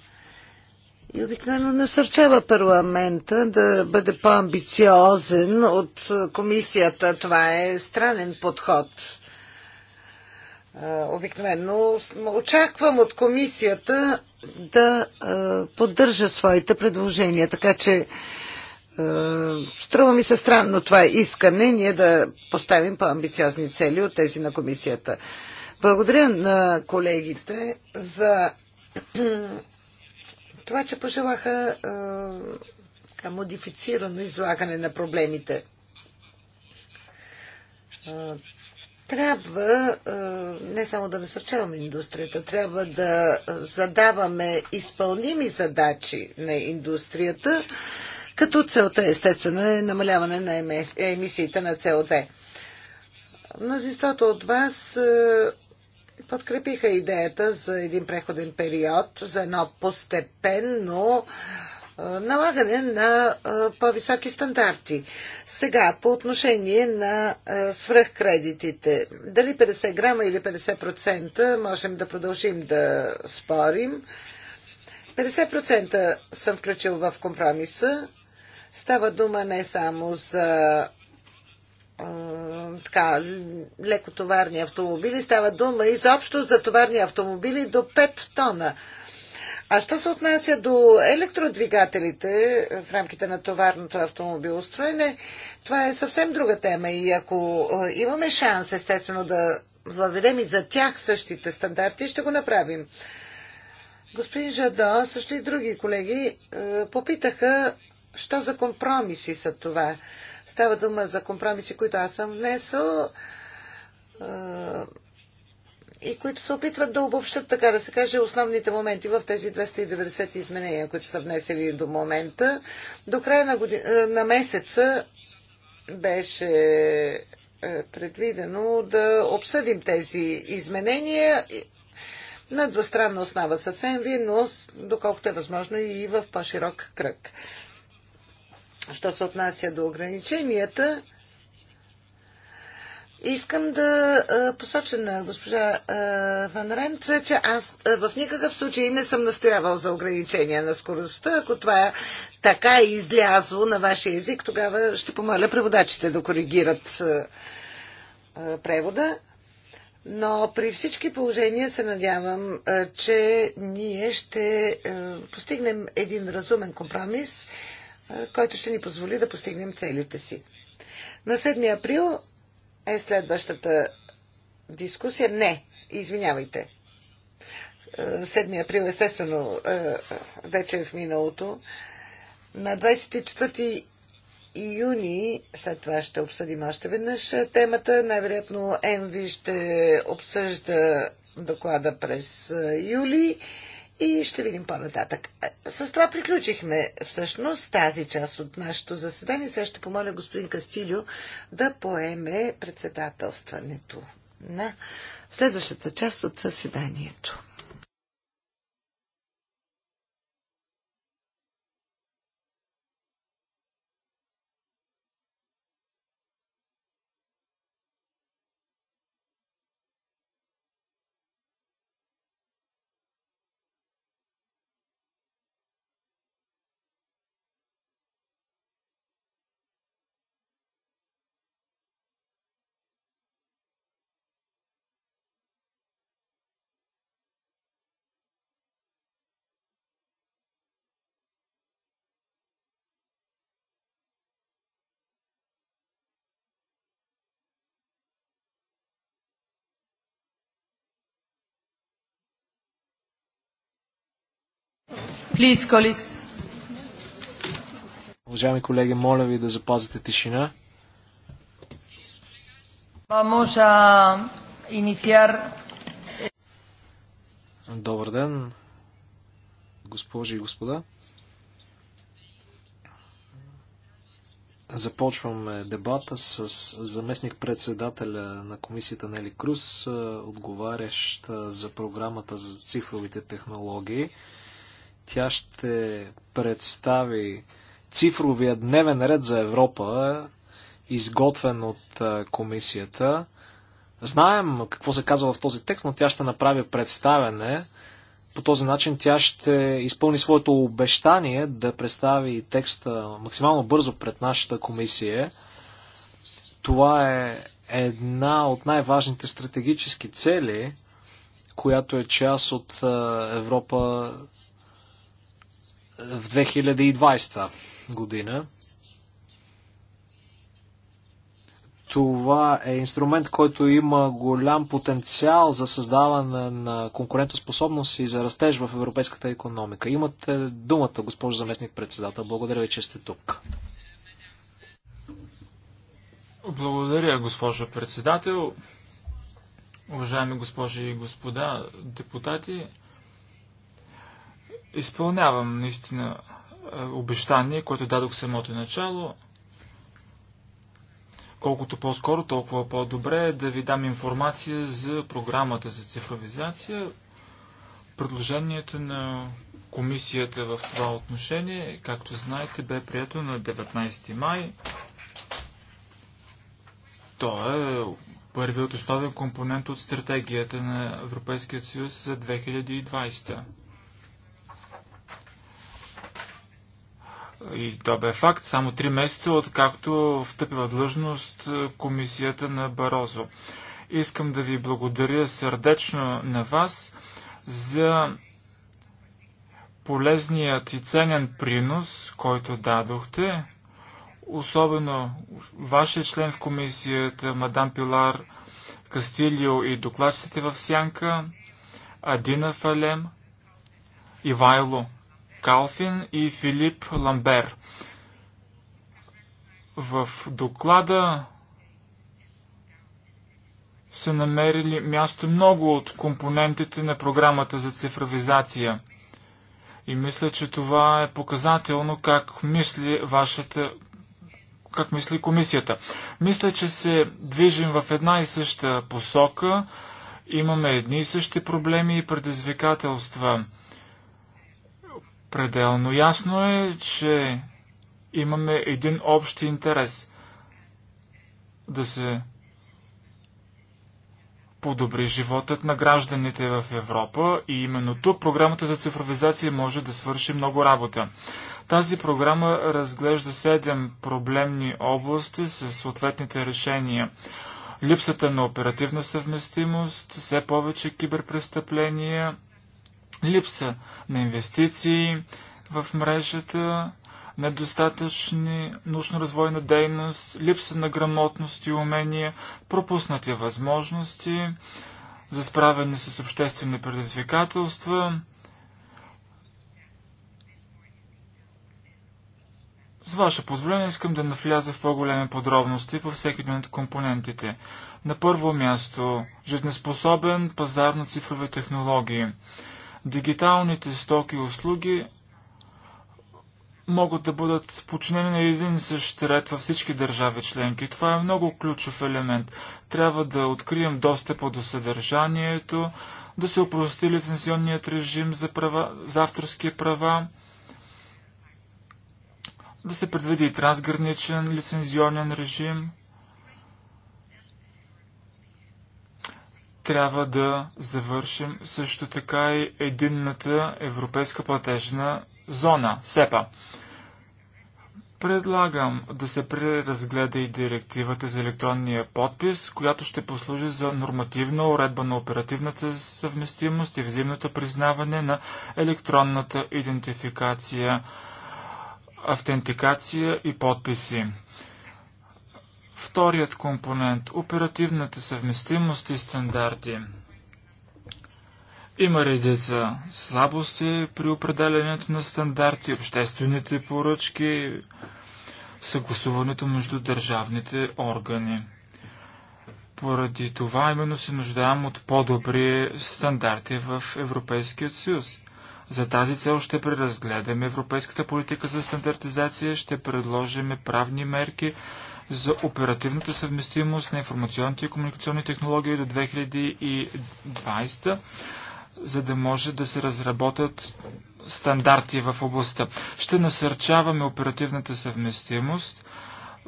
и обикновено насърчава парламента да бъде по-амбициозен от комисията. Това е странен подход. Обикновено очаквам от комисията да поддържа своите предложения. Така че струва ми се странно това искане ние да поставим по-амбициозни цели от тези на комисията. Благодаря на колегите за това, че пожелаха а, модифицирано излагане на проблемите. Трябва не само да насърчаваме индустрията, трябва да задаваме изпълними задачи на индустрията, като целта естествено е намаляване на емисиите на CO2. Мнозинството от вас подкрепиха идеята за един преходен период, за едно постепенно налагане на по-високи стандарти. Сега, по отношение на свръхкредитите, дали 50 грама или 50% можем да продължим да спорим. 50% съм включил в компромиса. Става дума не само за така, лекотоварни автомобили. Става дума изобщо за товарни автомобили до 5 тона. А що се отнася до електродвигателите в рамките на товарното автомобилостроене, това е съвсем друга тема и ако имаме шанс, естествено, да въведем и за тях същите стандарти, ще го направим. Господин Жадо, също и други колеги попитаха, що за компромиси са това. Става дума за компромиси, които аз съм внесъл и които се опитват да обобщат, така да се каже, основните моменти в тези 290 изменения, които са внесели до момента. До края на, годи... на месеца беше предвидено да обсъдим тези изменения на двустранна основа с Енви, но доколкото е възможно и в по-широк кръг. Що се отнася до ограниченията, Искам да посоча на госпожа Ван Рент, че аз в никакъв случай не съм настоявал за ограничение на скоростта. Ако това е така излязло на вашия език, тогава ще помоля преводачите да коригират превода. Но при всички положения се надявам, че ние ще постигнем един разумен компромис е, който ще ни позволи да постигнем целите си. На 7 април е следващата дискусия. Не, извинявайте. 7 е, април, естествено, е, вече е в миналото. На 24 юни, след това ще обсъдим още веднъж темата. Най-вероятно Енви ще обсъжда доклада през юли и ще видим по-нататък. Е, с това приключихме всъщност тази част от нашето заседание. Сега ще помоля господин Кастилио да поеме председателстването на следващата част от заседанието. Please, colleagues. Уважаеми колеги, моля ви да запазите тишина. Vamos a iniciar... Добър ден, госпожи и господа. Започваме дебата с заместник председателя на комисията Нели Круз, отговарящ за програмата за цифровите технологии. Тя ще представи цифровия дневен ред за Европа, изготвен от комисията. Знаем какво се казва в този текст, но тя ще направи представене. По този начин тя ще изпълни своето обещание да представи текста максимално бързо пред нашата комисия. Това е една от най-важните стратегически цели, която е част от Европа в 2020 година. Това е инструмент, който има голям потенциал за създаване на конкурентоспособност и за растеж в европейската економика. Имате думата, госпожо заместник председател. Благодаря ви, че сте тук. Благодаря, госпожо председател. Уважаеми госпожи и господа депутати, изпълнявам наистина е, обещание, което дадох самото начало. Колкото по-скоро, толкова по-добре е да ви дам информация за програмата за цифровизация. Предложението на комисията в това отношение, както знаете, бе прието на 19 май. То е първият основен компонент от стратегията на Европейския съюз за 2020. и то бе факт, само три месеца откакто встъпи в длъжност е, комисията на Барозо. Искам да ви благодаря сърдечно на вас за полезният и ценен принос, който дадохте, особено вашия член в комисията, мадам Пилар Кастилио и докладчиците в Сянка, Адина Фалем, Ивайло Калфин и Филип Ламбер. В доклада са намерили място много от компонентите на програмата за цифровизация. И мисля, че това е показателно как мисли вашата как мисли комисията. Мисля, че се движим в една и съща посока, имаме едни и същи проблеми и предизвикателства. Пределно ясно е, че имаме един общ интерес да се подобри животът на гражданите в Европа и именно тук програмата за цифровизация може да свърши много работа. Тази програма разглежда 7 проблемни области с съответните решения. Липсата на оперативна съвместимост, все повече киберпрестъпления – липса на инвестиции в мрежата, недостатъчни научно-развойна дейност, липса на грамотност и умения, пропуснати възможности за справяне с обществени предизвикателства, С ваше позволение искам да навляза в по-големи подробности по всеки един от компонентите. На първо място – жизнеспособен пазар на цифрови технологии – Дигиталните стоки и услуги могат да бъдат починени на един същ ред във всички държави членки. Това е много ключов елемент. Трябва да открием достъпа до съдържанието, да се опрости лицензионният режим за, права, за авторски права, да се предвиди и трансграничен лицензионен режим – Трябва да завършим също така и единната европейска платежна зона, СЕПА. Предлагам да се преразгледа и директивата за електронния подпис, която ще послужи за нормативна уредба на оперативната съвместимост и взаимното признаване на електронната идентификация, автентикация и подписи. Вторият компонент – оперативната съвместимост и стандарти. Има редица слабости при определенето на стандарти, обществените поръчки, съгласуването между държавните органи. Поради това именно се нуждаем от по-добри стандарти в Европейския съюз. За тази цел ще преразгледаме европейската политика за стандартизация, ще предложим правни мерки, за оперативната съвместимост на информационните и комуникационни технологии до 2020, за да може да се разработят стандарти в областта. Ще насърчаваме оперативната съвместимост.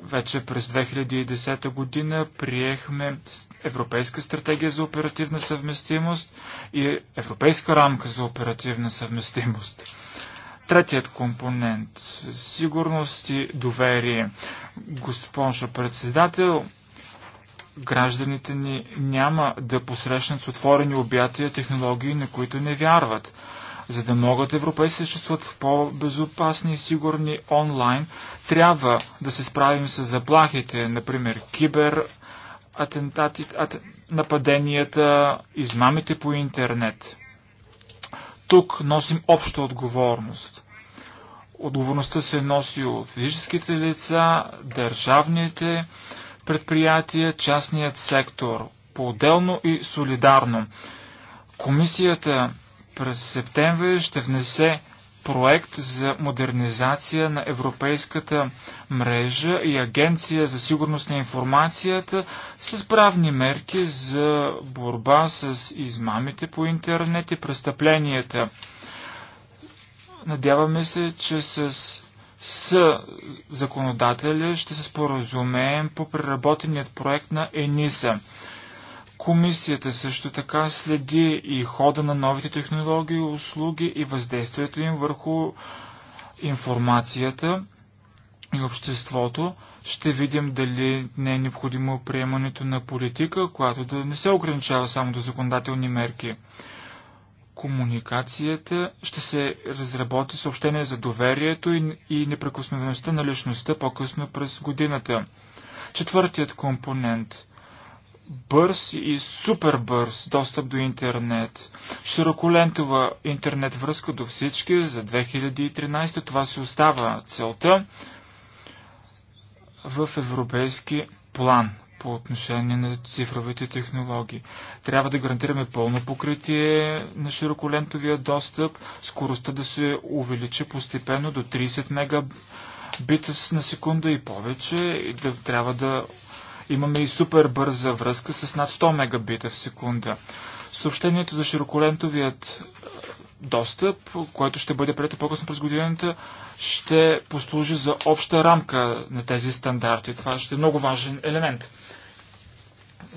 Вече през 2010 година приехме Европейска стратегия за оперативна съвместимост и Европейска рамка за оперативна съвместимост. Третият компонент – сигурност и доверие. Госпожо председател, гражданите ни няма да посрещнат с отворени обятия технологии, на които не вярват. За да могат Европейски да чувстват по-безопасни и сигурни онлайн, трябва да се справим с заплахите, например кибер, атентати, ат, нападенията, измамите по интернет. Тук носим обща отговорност. Отговорността се носи от физическите лица, държавните предприятия, частният сектор, по-отделно и солидарно. Комисията през септември ще внесе проект за модернизация на Европейската мрежа и Агенция за сигурност на информацията с правни мерки за борба с измамите по интернет и престъпленията. Надяваме се, че с с законодателя ще се споразумеем по преработеният проект на ЕНИСА. Комисията също така следи и хода на новите технологии, услуги и въздействието им върху информацията и обществото. Ще видим дали не е необходимо приемането на политика, която да не се ограничава само до законодателни мерки. Комуникацията ще се разработи съобщение за доверието и, и неприкосновеността на личността по-късно през годината. Четвъртият компонент – бърз и супер бърз достъп до интернет. Широколентова интернет връзка до всички за 2013. Това се остава целта в европейски план по отношение на цифровите технологии. Трябва да гарантираме пълно покритие на широколентовия достъп, скоростта да се увеличи постепенно до 30 мегабита на секунда и повече и да трябва да Имаме и супер бърза връзка с над 100 мегабита в секунда. Съобщението за широколентовият е, достъп, което ще бъде прието по-късно през годината, ще послужи за обща рамка на тези стандарти. Това ще е много важен елемент.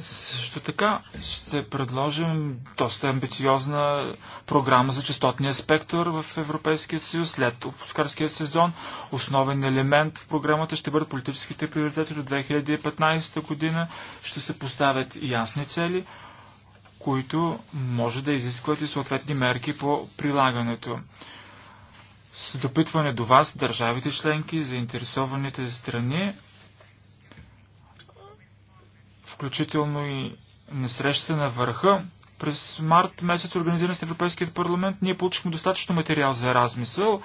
Също така ще предложим доста амбициозна програма за частотния спектър в Европейския съюз след опускарския сезон. Основен елемент в програмата ще бъдат политическите приоритети до 2015 година. Ще се поставят ясни цели, които може да изискват и съответни мерки по прилагането. С допитване до вас, държавите членки, заинтересованите страни, включително и на срещата на върха. През март месец, организиран с Европейския парламент, ние получихме достатъчно материал за размисъл.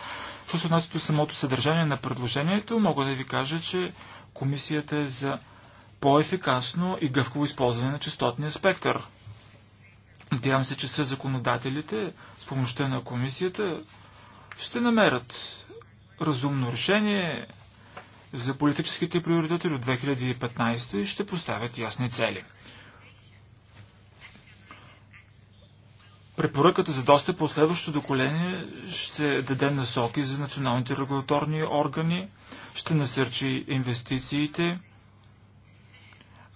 Що се отнася до самото съдържание на предложението, мога да ви кажа, че комисията е за по-ефикасно и гъвково използване на частотния спектър. Надявам се, че са законодателите с помощта на комисията ще намерят разумно решение, за политическите приоритети до 2015 и ще поставят ясни цели. Препоръката за достъп от следващото доколение ще даде насоки за националните регулаторни органи, ще насърчи инвестициите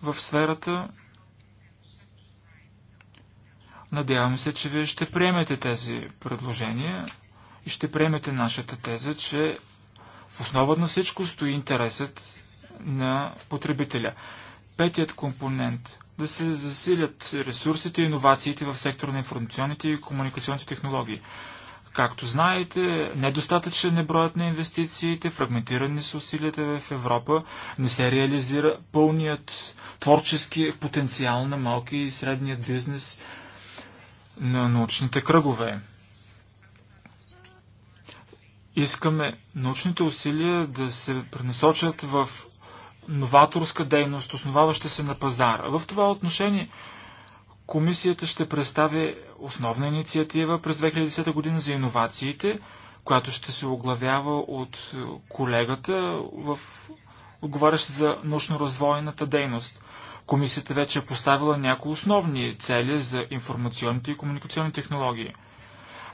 в сферата. Надявам се, че вие ще приемете тези предложения и ще приемете нашата теза, че в основа на всичко стои интересът на потребителя. Петият компонент – да се засилят ресурсите и иновациите в сектора на информационните и комуникационните технологии. Както знаете, недостатъчен е броят на инвестициите, фрагментирани са усилията в Европа, не се реализира пълният творчески потенциал на малки и средният бизнес на научните кръгове. Искаме научните усилия да се пренасочат в новаторска дейност, основаваща се на пазара. В това отношение комисията ще представи основна инициатива през 2010 година за иновациите, която ще се оглавява от колегата в отговарящ за научно-развойната дейност. Комисията вече е поставила някои основни цели за информационните и комуникационни технологии –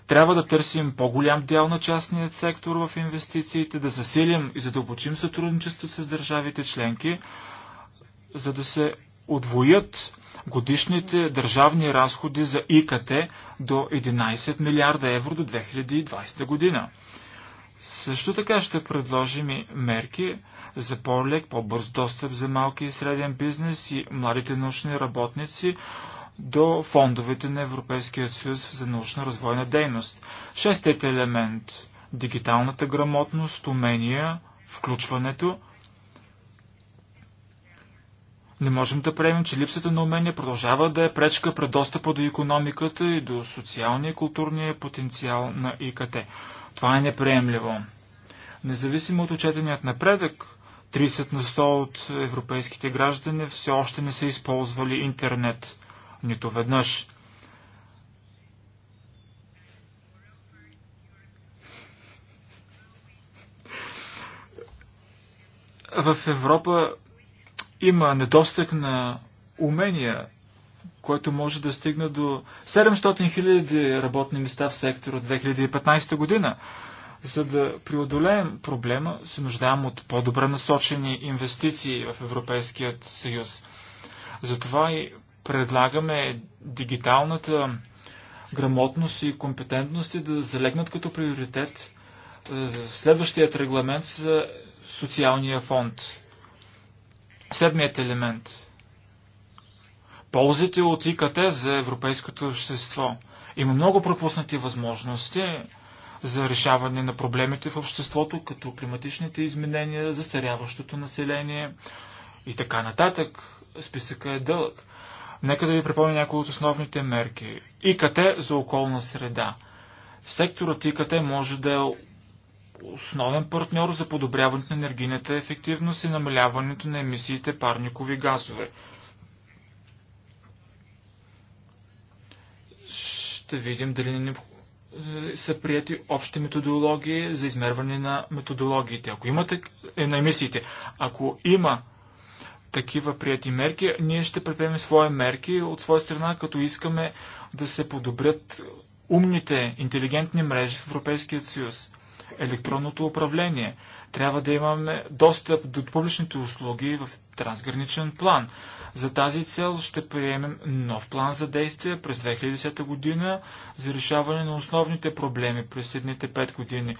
трябва да търсим по-голям дял на частния сектор в инвестициите, да засилим и задълбочим сътрудничество сътрудничеството с държавите членки, за да се отвоят годишните държавни разходи за ИКТ до 11 милиарда евро до 2020 година. Също така ще предложим и мерки за по лег по-бърз достъп за малки и среден бизнес и младите научни работници до фондовете на Европейския съюз за научно-развойна дейност. Шестият елемент – дигиталната грамотност, умения, включването. Не можем да приемем, че липсата на умения продължава да е пречка пред достъпа до економиката и до социалния и културния потенциал на ИКТ. Това е неприемливо. Независимо от отчетеният напредък, 30 на 100 от европейските граждани все още не са използвали интернет нито веднъж. В Европа има недостиг на умения, което може да стигне до 700 000 работни места в сектора от 2015 година. За да преодолеем проблема, се нуждаем от по-добре насочени инвестиции в Европейският съюз. Затова и предлагаме дигиталната грамотност и компетентности да залегнат като приоритет е, следващият регламент за социалния фонд. Седмият елемент. Ползите от ИКТ за европейското общество. Има много пропуснати възможности за решаване на проблемите в обществото, като климатичните изменения, застаряващото население и така нататък. Списъка е дълъг. Нека да ви припомня някои от основните мерки. ИКТ за околна среда. Секторът ИКТ може да е основен партньор за подобряването на енергийната ефективност и намаляването на емисиите парникови газове. Ще видим дали не са прияти общи методологии за измерване на методологиите. Ако имате, е, на емисиите. Ако има такива прияти мерки. Ние ще предприемем свои мерки от своя страна, като искаме да се подобрят умните, интелигентни мрежи в Европейския съюз електронното управление. Трябва да имаме достъп до публичните услуги в трансграничен план. За тази цел ще приемем нов план за действие през 2010 година за решаване на основните проблеми през следните 5 години.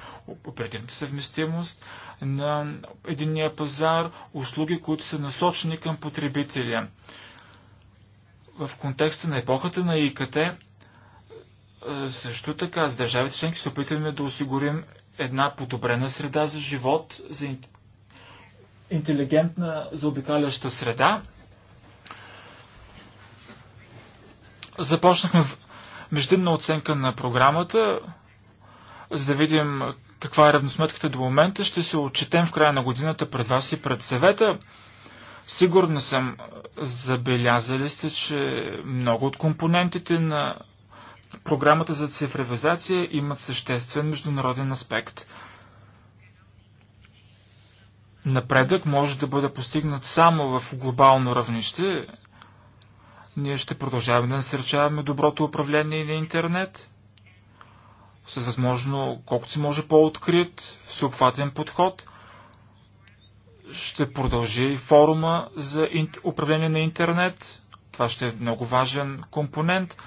Оперативната съвместимост на единния пазар, услуги, които са насочени към потребителя. В контекста на епохата на ИКТ, също така с държавите членки се опитваме да осигурим една подобрена среда за живот, за интелигентна заобикаляща среда. Започнахме междинна оценка на програмата, за да видим каква е равносметката до момента. Ще се отчетем в края на годината пред вас и пред съвета. Сигурна съм, забелязали сте, че много от компонентите на програмата за цифровизация имат съществен международен аспект. Напредък може да бъде постигнат само в глобално равнище. Ние ще продължаваме да насърчаваме доброто управление на интернет с възможно колкото се може по-открит, всеобхватен подход. Ще продължи и форума за управление на интернет. Това ще е много важен компонент.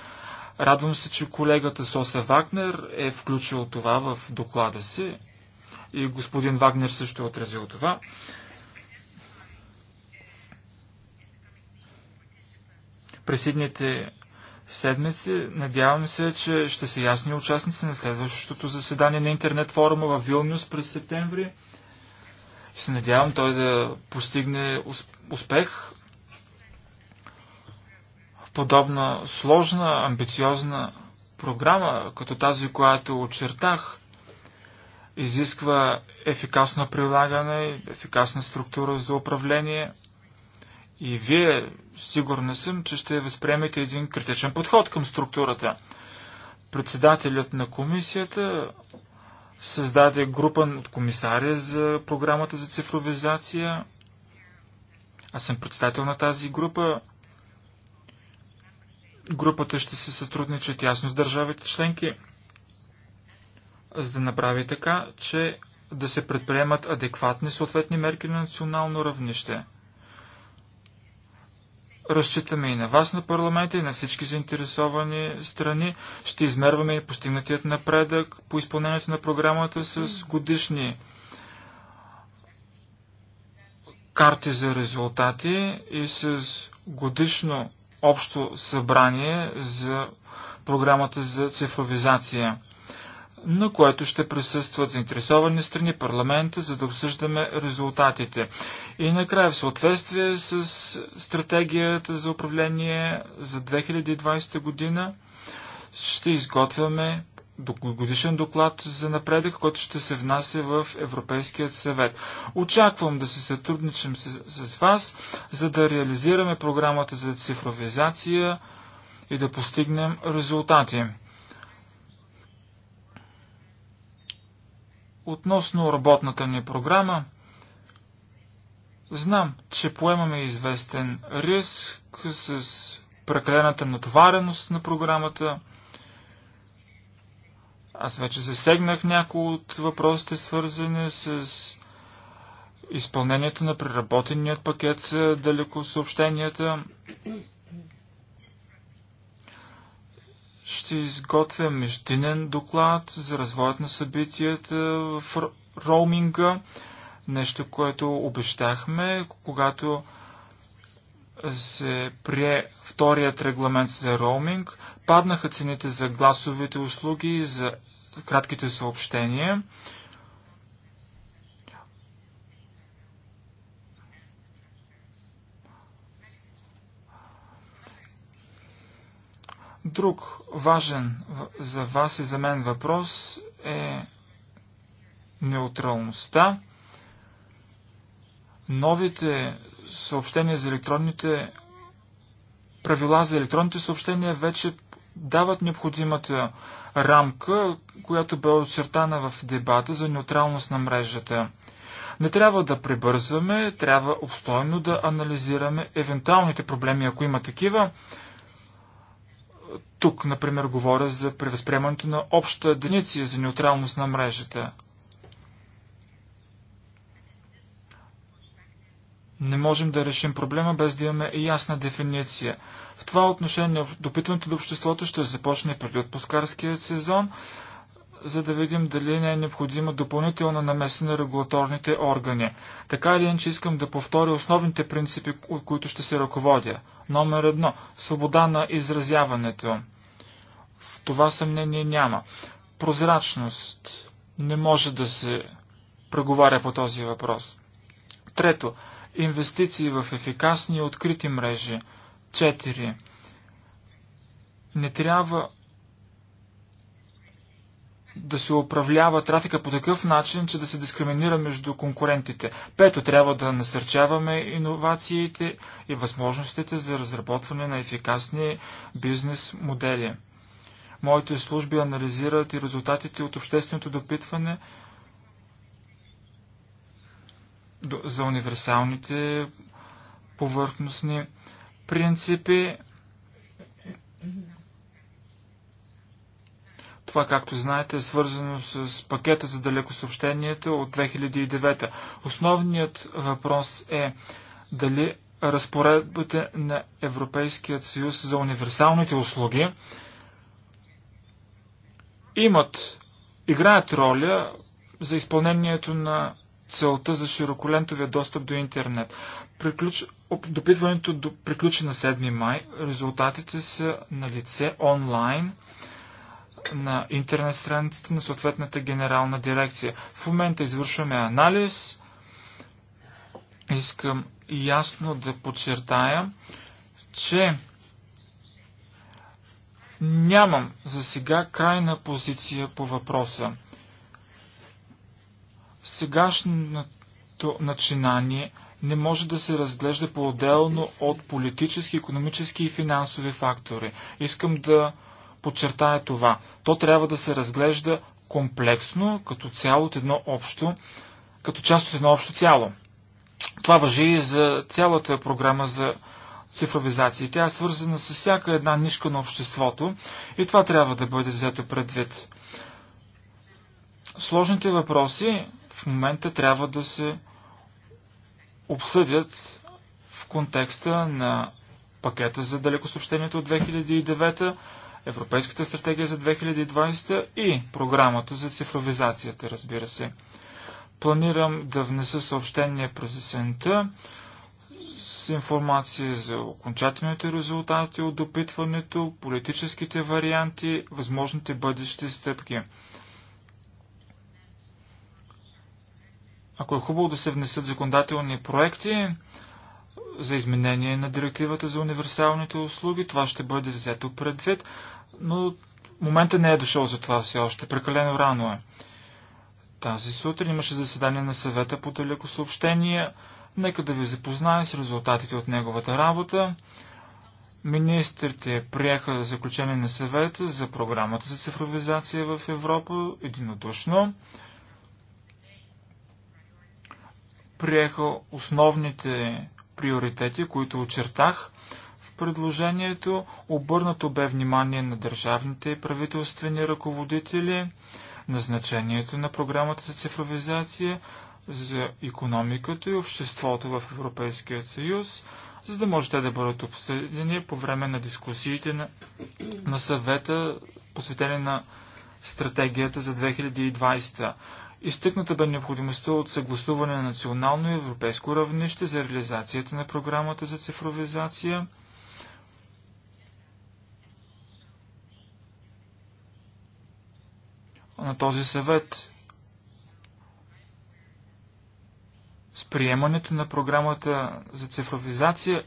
Радвам се, че колегата Соса Вагнер е включил това в доклада си и господин Вагнер също е отразил това. През идните седмици надявам се, че ще са ясни участници на следващото заседание на интернет форума в Вилнюс през септември. Се надявам той да постигне успех подобна сложна, амбициозна програма, като тази, която очертах, изисква ефикасно прилагане, ефикасна структура за управление. И вие, сигурна съм, че ще възприемете един критичен подход към структурата. Председателят на комисията създаде група от комисари за програмата за цифровизация. Аз съм председател на тази група. Групата ще се сътрудничи тясно с държавите членки, за да направи така, че да се предприемат адекватни съответни мерки на национално равнище. Разчитаме и на вас на парламента и на всички заинтересовани страни. Ще измерваме и постигнатият напредък по изпълнението на програмата с годишни карти за резултати и с годишно общо събрание за програмата за цифровизация, на което ще присъстват заинтересовани страни парламента, за да обсъждаме резултатите. И накрая, в съответствие с стратегията за управление за 2020 година, ще изготвяме годишен доклад за напредък, който ще се внася в Европейският съвет. Очаквам да се сътрудничим с, с вас, за да реализираме програмата за цифровизация и да постигнем резултати. Относно работната ни програма, знам, че поемаме известен риск с прекалената натовареност на програмата – аз вече засегнах някои от въпросите, свързани с изпълнението на преработеният пакет за далекосъобщенията. Ще изготвя междинен доклад за развоят на събитията в роуминга. Нещо, което обещахме, когато се прие вторият регламент за роуминг, паднаха цените за гласовите услуги, за кратките съобщения. Друг важен за вас и за мен въпрос е неутралността. Новите съобщения за електронните правила за електронните съобщения вече дават необходимата рамка, която бе очертана в дебата за неутралност на мрежата. Не трябва да прибързваме, трябва обстойно да анализираме евентуалните проблеми, ако има такива. Тук, например, говоря за превъзприемането на обща дефиниция за неутралност на мрежата – Не можем да решим проблема без да имаме и ясна дефиниция. В това отношение допитването до обществото ще започне преди отпускарският сезон, за да видим дали не е необходима допълнителна намеса на регулаторните органи. Така или иначе искам да повторя основните принципи, от които ще се ръководя. Номер едно – свобода на изразяването. В това съмнение няма. Прозрачност. Не може да се преговаря по този въпрос. Трето – Инвестиции в ефикасни и открити мрежи. 4. Не трябва да се управлява трафика по такъв начин, че да се дискриминира между конкурентите. Пето, трябва да насърчаваме иновациите и възможностите за разработване на ефикасни бизнес модели. Моите служби анализират и резултатите от общественото допитване за универсалните повърхностни принципи. Това, както знаете, е свързано с пакета за далеко съобщенията от 2009. Основният въпрос е дали разпоредбите на Европейският съюз за универсалните услуги имат, играят роля за изпълнението на целта за широколентовия достъп до интернет. Приключ... Допитването до... приключи на 7 май. Резултатите са на лице онлайн на интернет страницата на съответната генерална дирекция. В момента извършваме анализ. Искам ясно да подчертая, че нямам за сега крайна позиция по въпроса. Сегашното начинание не може да се разглежда по-отделно от политически, економически и финансови фактори. Искам да подчертая това. То трябва да се разглежда комплексно, като цяло от едно общо, като част от едно общо цяло. Това въжи и за цялата програма за цифровизация. Тя е свързана с всяка една нишка на обществото и това трябва да бъде взето предвид. Сложните въпроси в момента трябва да се обсъдят в контекста на пакета за далекосъобщението от 2009, Европейската стратегия за 2020 и програмата за цифровизацията, разбира се. Планирам да внеса съобщение през есента с информация за окончателните резултати от допитването, политическите варианти, възможните бъдещи стъпки – ако е хубаво да се внесат законодателни проекти за изменение на директивата за универсалните услуги, това ще бъде взето предвид, но момента не е дошъл за това все още. Прекалено рано е. Тази сутрин имаше заседание на съвета по далекосъобщения. Нека да ви запознаем с резултатите от неговата работа. Министрите приеха заключение на съвета за програмата за цифровизация в Европа единодушно. приеха основните приоритети, които очертах в предложението. Обърнато бе внимание на държавните и правителствени ръководители, на значението на програмата за цифровизация, за економиката и обществото в Европейския съюз, за да може да бъдат обсъдени по време на дискусиите на, на съвета, посветени на стратегията за 2020. Изтъкната бе необходимостта от съгласуване на национално и европейско равнище за реализацията на програмата за цифровизация. На този съвет с приемането на програмата за цифровизация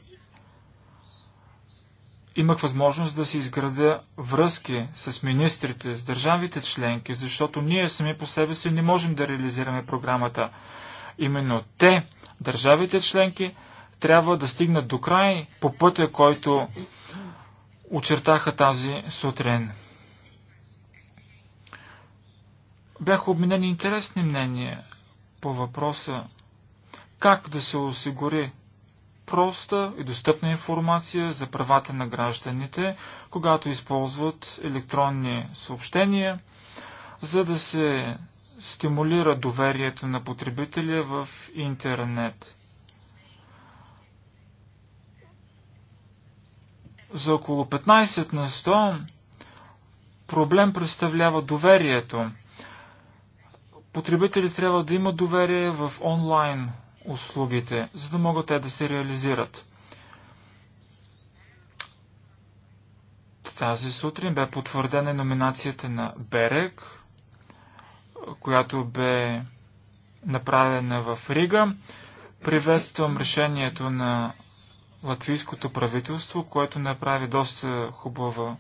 имах възможност да си изградя връзки с министрите, с държавите членки, защото ние сами по себе си не можем да реализираме програмата. Именно те, държавите членки, трябва да стигнат до край по пътя, който очертаха тази сутрин. Бяха обменени интересни мнения по въпроса как да се осигури проста и достъпна информация за правата на гражданите, когато използват електронни съобщения, за да се стимулира доверието на потребителя в интернет. За около 15 на 100 проблем представлява доверието. Потребители трябва да имат доверие в онлайн услугите, за да могат те да се реализират. Тази сутрин бе потвърдена номинацията на Берег, която бе направена в Рига. Приветствам решението на латвийското правителство, което направи доста хубава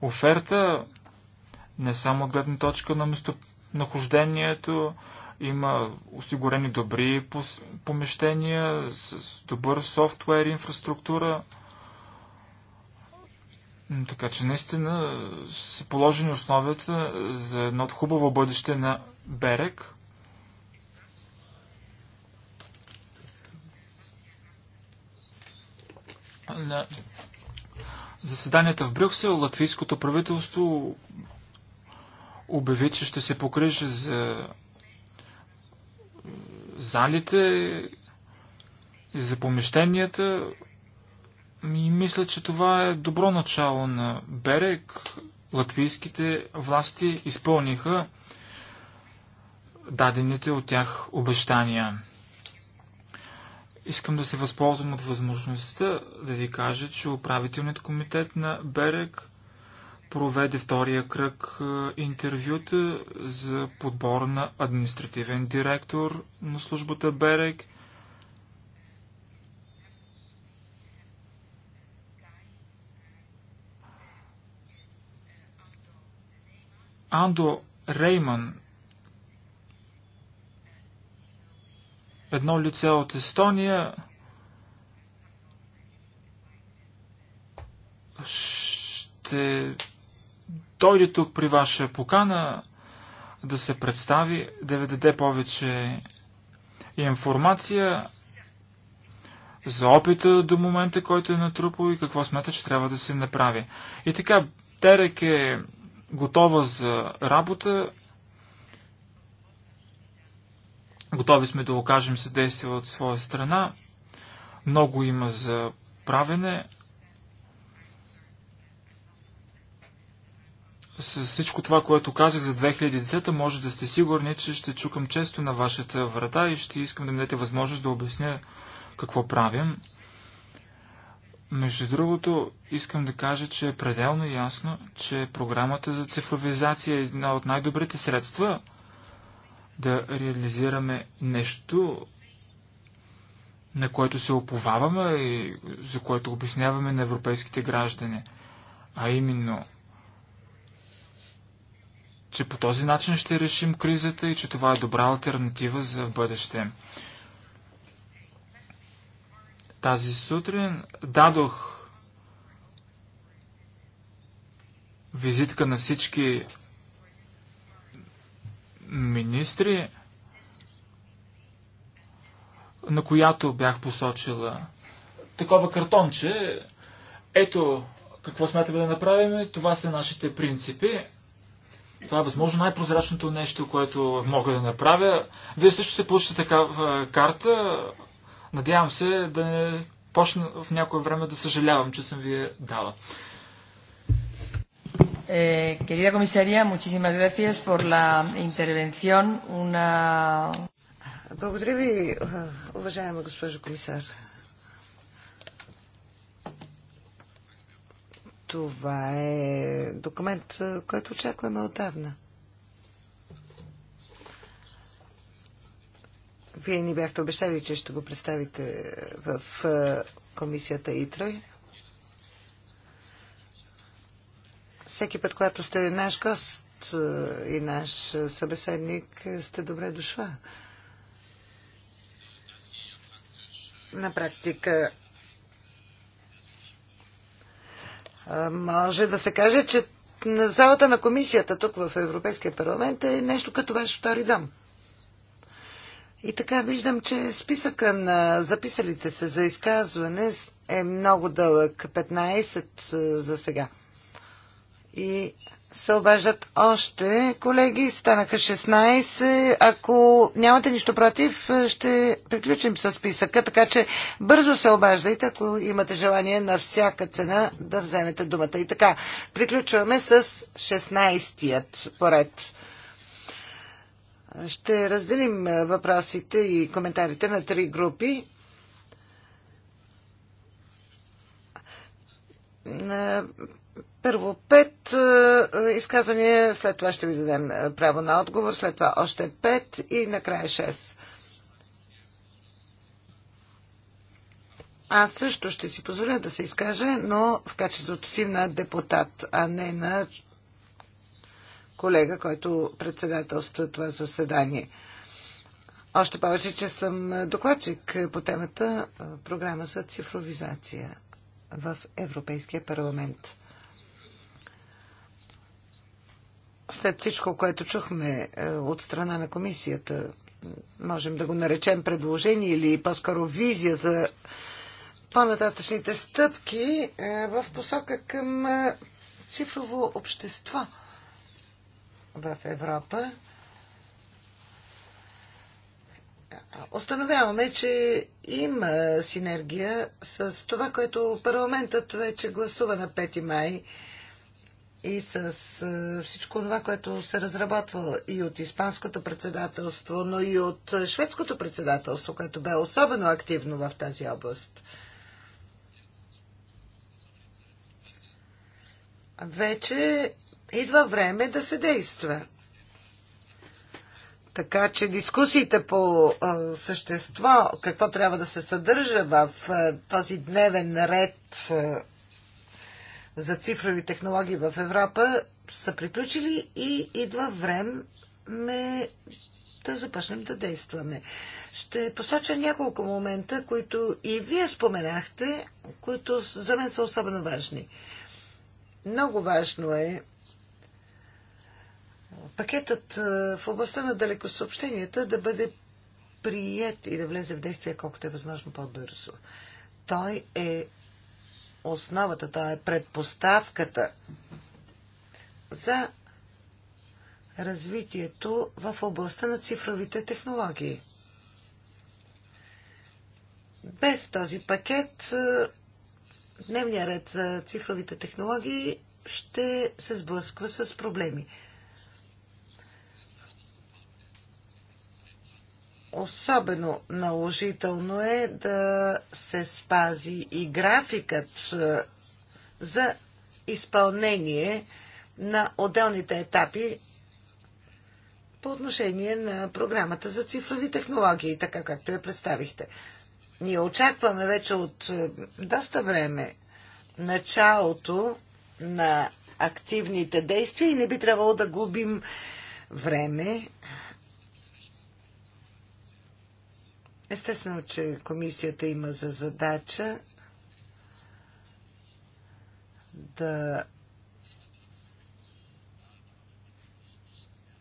оферта, не само от гледна точка на местонахождението, има осигурени добри помещения с добър софтуер и инфраструктура. Така че наистина са положени основията за едно хубаво бъдеще на Берег. На заседанията в Брюксел латвийското правителство обяви, че ще се покрижи за залите и за помещенията. И мисля, че това е добро начало на Берег. Латвийските власти изпълниха дадените от тях обещания. Искам да се възползвам от възможността да ви кажа, че управителният комитет на Берег проведе втория кръг интервюта за подбор на административен директор на службата Берег. Андо Рейман, едно лице от Естония, ще дойде тук при ваша покана да се представи, да ви даде повече информация за опита до момента, който е натрупал и какво смята, че трябва да се направи. И така, Терек е готова за работа. Готови сме да окажем съдействие от своя страна. Много има за правене. с всичко това, което казах за 2010, може да сте сигурни, че ще чукам често на вашата врата и ще искам да ми дадете възможност да обясня какво правим. Между другото, искам да кажа, че е пределно ясно, че програмата за цифровизация е една от най-добрите средства да реализираме нещо, на което се оповаваме и за което обясняваме на европейските граждани. А именно – че по този начин ще решим кризата и че това е добра альтернатива за бъдеще. Тази сутрин дадох визитка на всички министри, на която бях посочила такова картонче. Ето какво смятаме да направим. Това са нашите принципи. Това е възможно най-прозрачното нещо, което мога да направя. Вие също се получите такава карта. Надявам се да не почна в някое време да съжалявам, че съм ви е дала. Eh, querida comisaria, muchísimas gracias por la intervención. Una... Благодаря ви, уважаема госпожо комисар. Това е документ, който очакваме отдавна. Вие ни бяхте обещали, че ще го представите в комисията ИТРОЙ. Всеки път, когато сте наш гост и наш събеседник, сте добре дошла. На практика Може да се каже, че на залата на комисията тук в Европейския парламент е нещо като ваш втори дом. И така виждам, че списъка на записалите се за изказване е много дълъг, 15 за сега. И се обаждат още колеги. Станаха 16. Ако нямате нищо против, ще приключим с списъка, така че бързо се обаждайте, ако имате желание на всяка цена да вземете думата. И така, приключваме с 16-тият поред. Ще разделим въпросите и коментарите на три групи. Първо пет е, е, изказвания, след това ще ви дадем е, право на отговор, след това още пет и накрая шест. Аз също ще си позволя да се изкажа, но в качеството си на депутат, а не на колега, който председателства това заседание. Още повече, че съм докладчик по темата програма за цифровизация в Европейския парламент. след всичко, което чухме е, от страна на комисията, можем да го наречем предложение или по-скоро визия за по-нататъчните стъпки е, в посока към е, цифрово общество в Европа. Остановяваме, че има синергия с това, което парламентът вече гласува на 5 май – и с всичко това, което се разработва и от Испанското председателство, но и от Шведското председателство, което бе особено активно в тази област. Вече идва време да се действа. Така че дискусиите по а, същество, какво трябва да се съдържа в а, този дневен ред а, за цифрови технологии в Европа са приключили и идва време да започнем да действаме. Ще посоча няколко момента, които и вие споменахте, които за мен са особено важни. Много важно е пакетът е, в областта на далекосъобщенията да бъде прият и да влезе в действие колкото е възможно по-бързо. Той е основата, това е предпоставката за развитието в областта на цифровите технологии. Без този пакет е, дневният ред за цифровите технологии ще се сблъсква с проблеми. Особено наложително е да се спази и графикът е, за изпълнение на отделните етапи по отношение на програмата за цифрови технологии, така както я представихте. Ние очакваме вече от е, доста време началото на активните действия и не би трябвало да губим време Естествено, че комисията има за задача да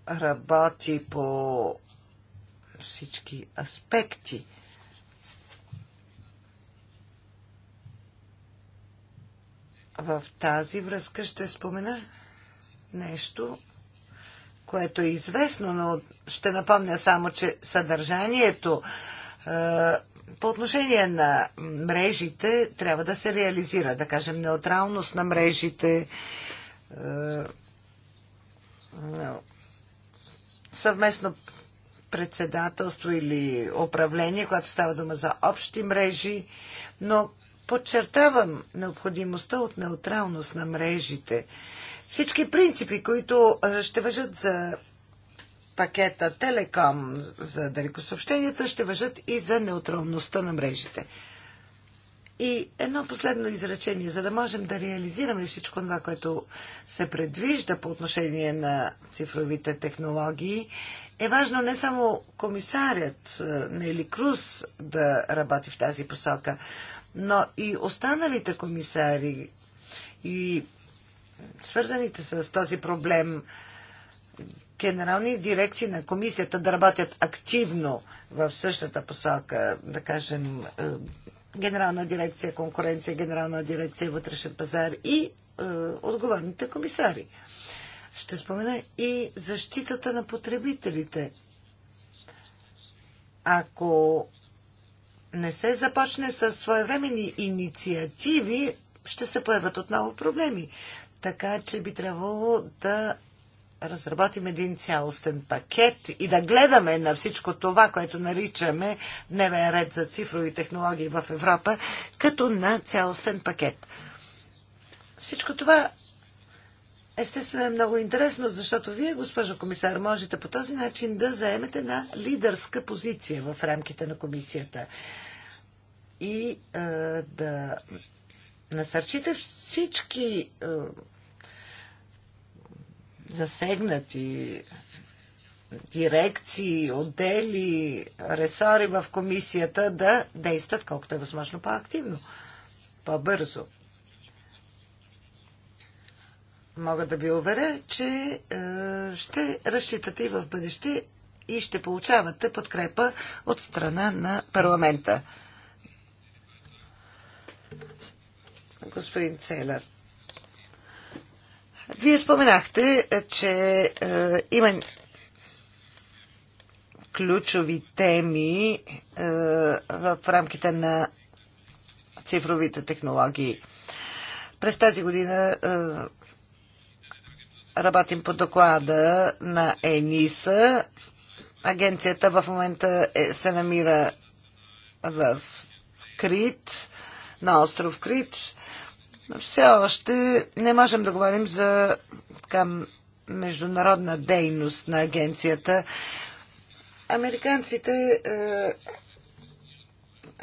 работи по всички аспекти. В тази връзка ще спомена нещо, което е известно, но ще напомня само, че съдържанието по отношение на мрежите трябва да се реализира, да кажем, неутралност на мрежите, съвместно председателство или управление, когато става дума за общи мрежи, но подчертавам необходимостта от неутралност на мрежите. Всички принципи, които ще въжат за пакета Телеком за далекосъобщенията ще въжат и за неутралността на мрежите. И едно последно изречение, за да можем да реализираме всичко това, което се предвижда по отношение на цифровите технологии, е важно не само комисарят е, Нели Круз да работи в тази посока, но и останалите комисари и свързаните с този проблем генерални дирекции на комисията да работят активно в същата посока, да кажем, е, генерална дирекция конкуренция, генерална дирекция вътрешен пазар и е, отговорните комисари. Ще спомена и защитата на потребителите. Ако не се започне с своевременни инициативи, ще се появят отново проблеми. Така че би трябвало да разработим един цялостен пакет и да гледаме на всичко това, което наричаме дневен ред за цифрови технологии в Европа, като на цялостен пакет. Всичко това естествено е много интересно, защото вие, госпожо комисар, можете по този начин да заемете на лидерска позиция в рамките на комисията и е, да насърчите всички е, засегнати дирекции, отдели, ресори в комисията да действат колкото е възможно по-активно, по-бързо. Мога да ви уверя, че е, ще разчитате и в бъдеще и ще получавате подкрепа от страна на парламента. Господин Целер. Вие споменахте, че е, има ключови теми е, в рамките на цифровите технологии. През тази година е, работим по доклада на ЕНИСА. Агенцията в момента е, се намира в Крит, на остров Крит все още не можем да говорим за така, международна дейност на агенцията. Американците е,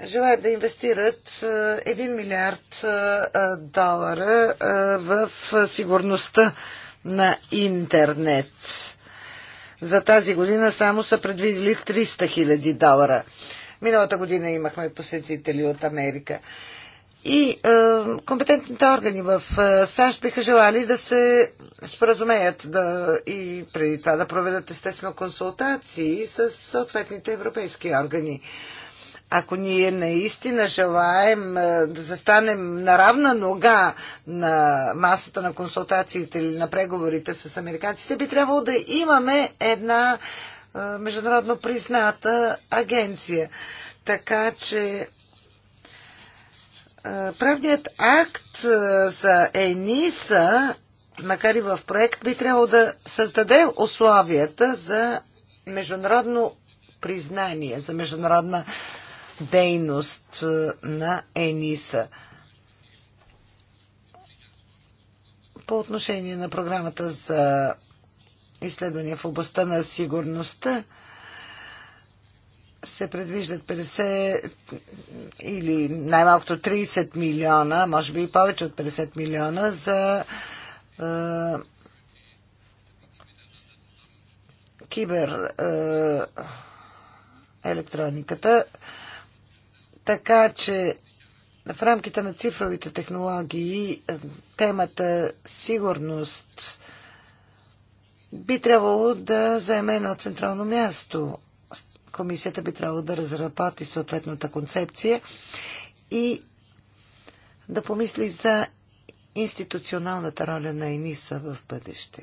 желаят да инвестират 1 е, милиард е, е, долара в сигурността на интернет. За тази година само са предвидили 300 хиляди долара. Миналата година имахме посетители от Америка. И е, компетентните органи в е, САЩ биха желали да се споразумеят да, и преди това да проведат естествено консултации с съответните европейски органи. Ако ние наистина желаем е, да застанем на равна нога на масата на консултациите или на преговорите с американците, би трябвало да имаме една е, международно призната агенция. Така че правният акт за ЕНИСА, макар и в проект, би трябвало да създаде условията за международно признание, за международна дейност на ЕНИСА. По отношение на програмата за изследвания в областта на сигурността, се предвиждат 50 или най-малкото 30 милиона, може би и повече от 50 милиона за е, кибер е, електрониката. Така че в рамките на цифровите технологии е, темата сигурност би трябвало да заеме едно централно място комисията би трябвало да разработи съответната концепция и да помисли за институционалната роля на ЕНИСА в бъдеще.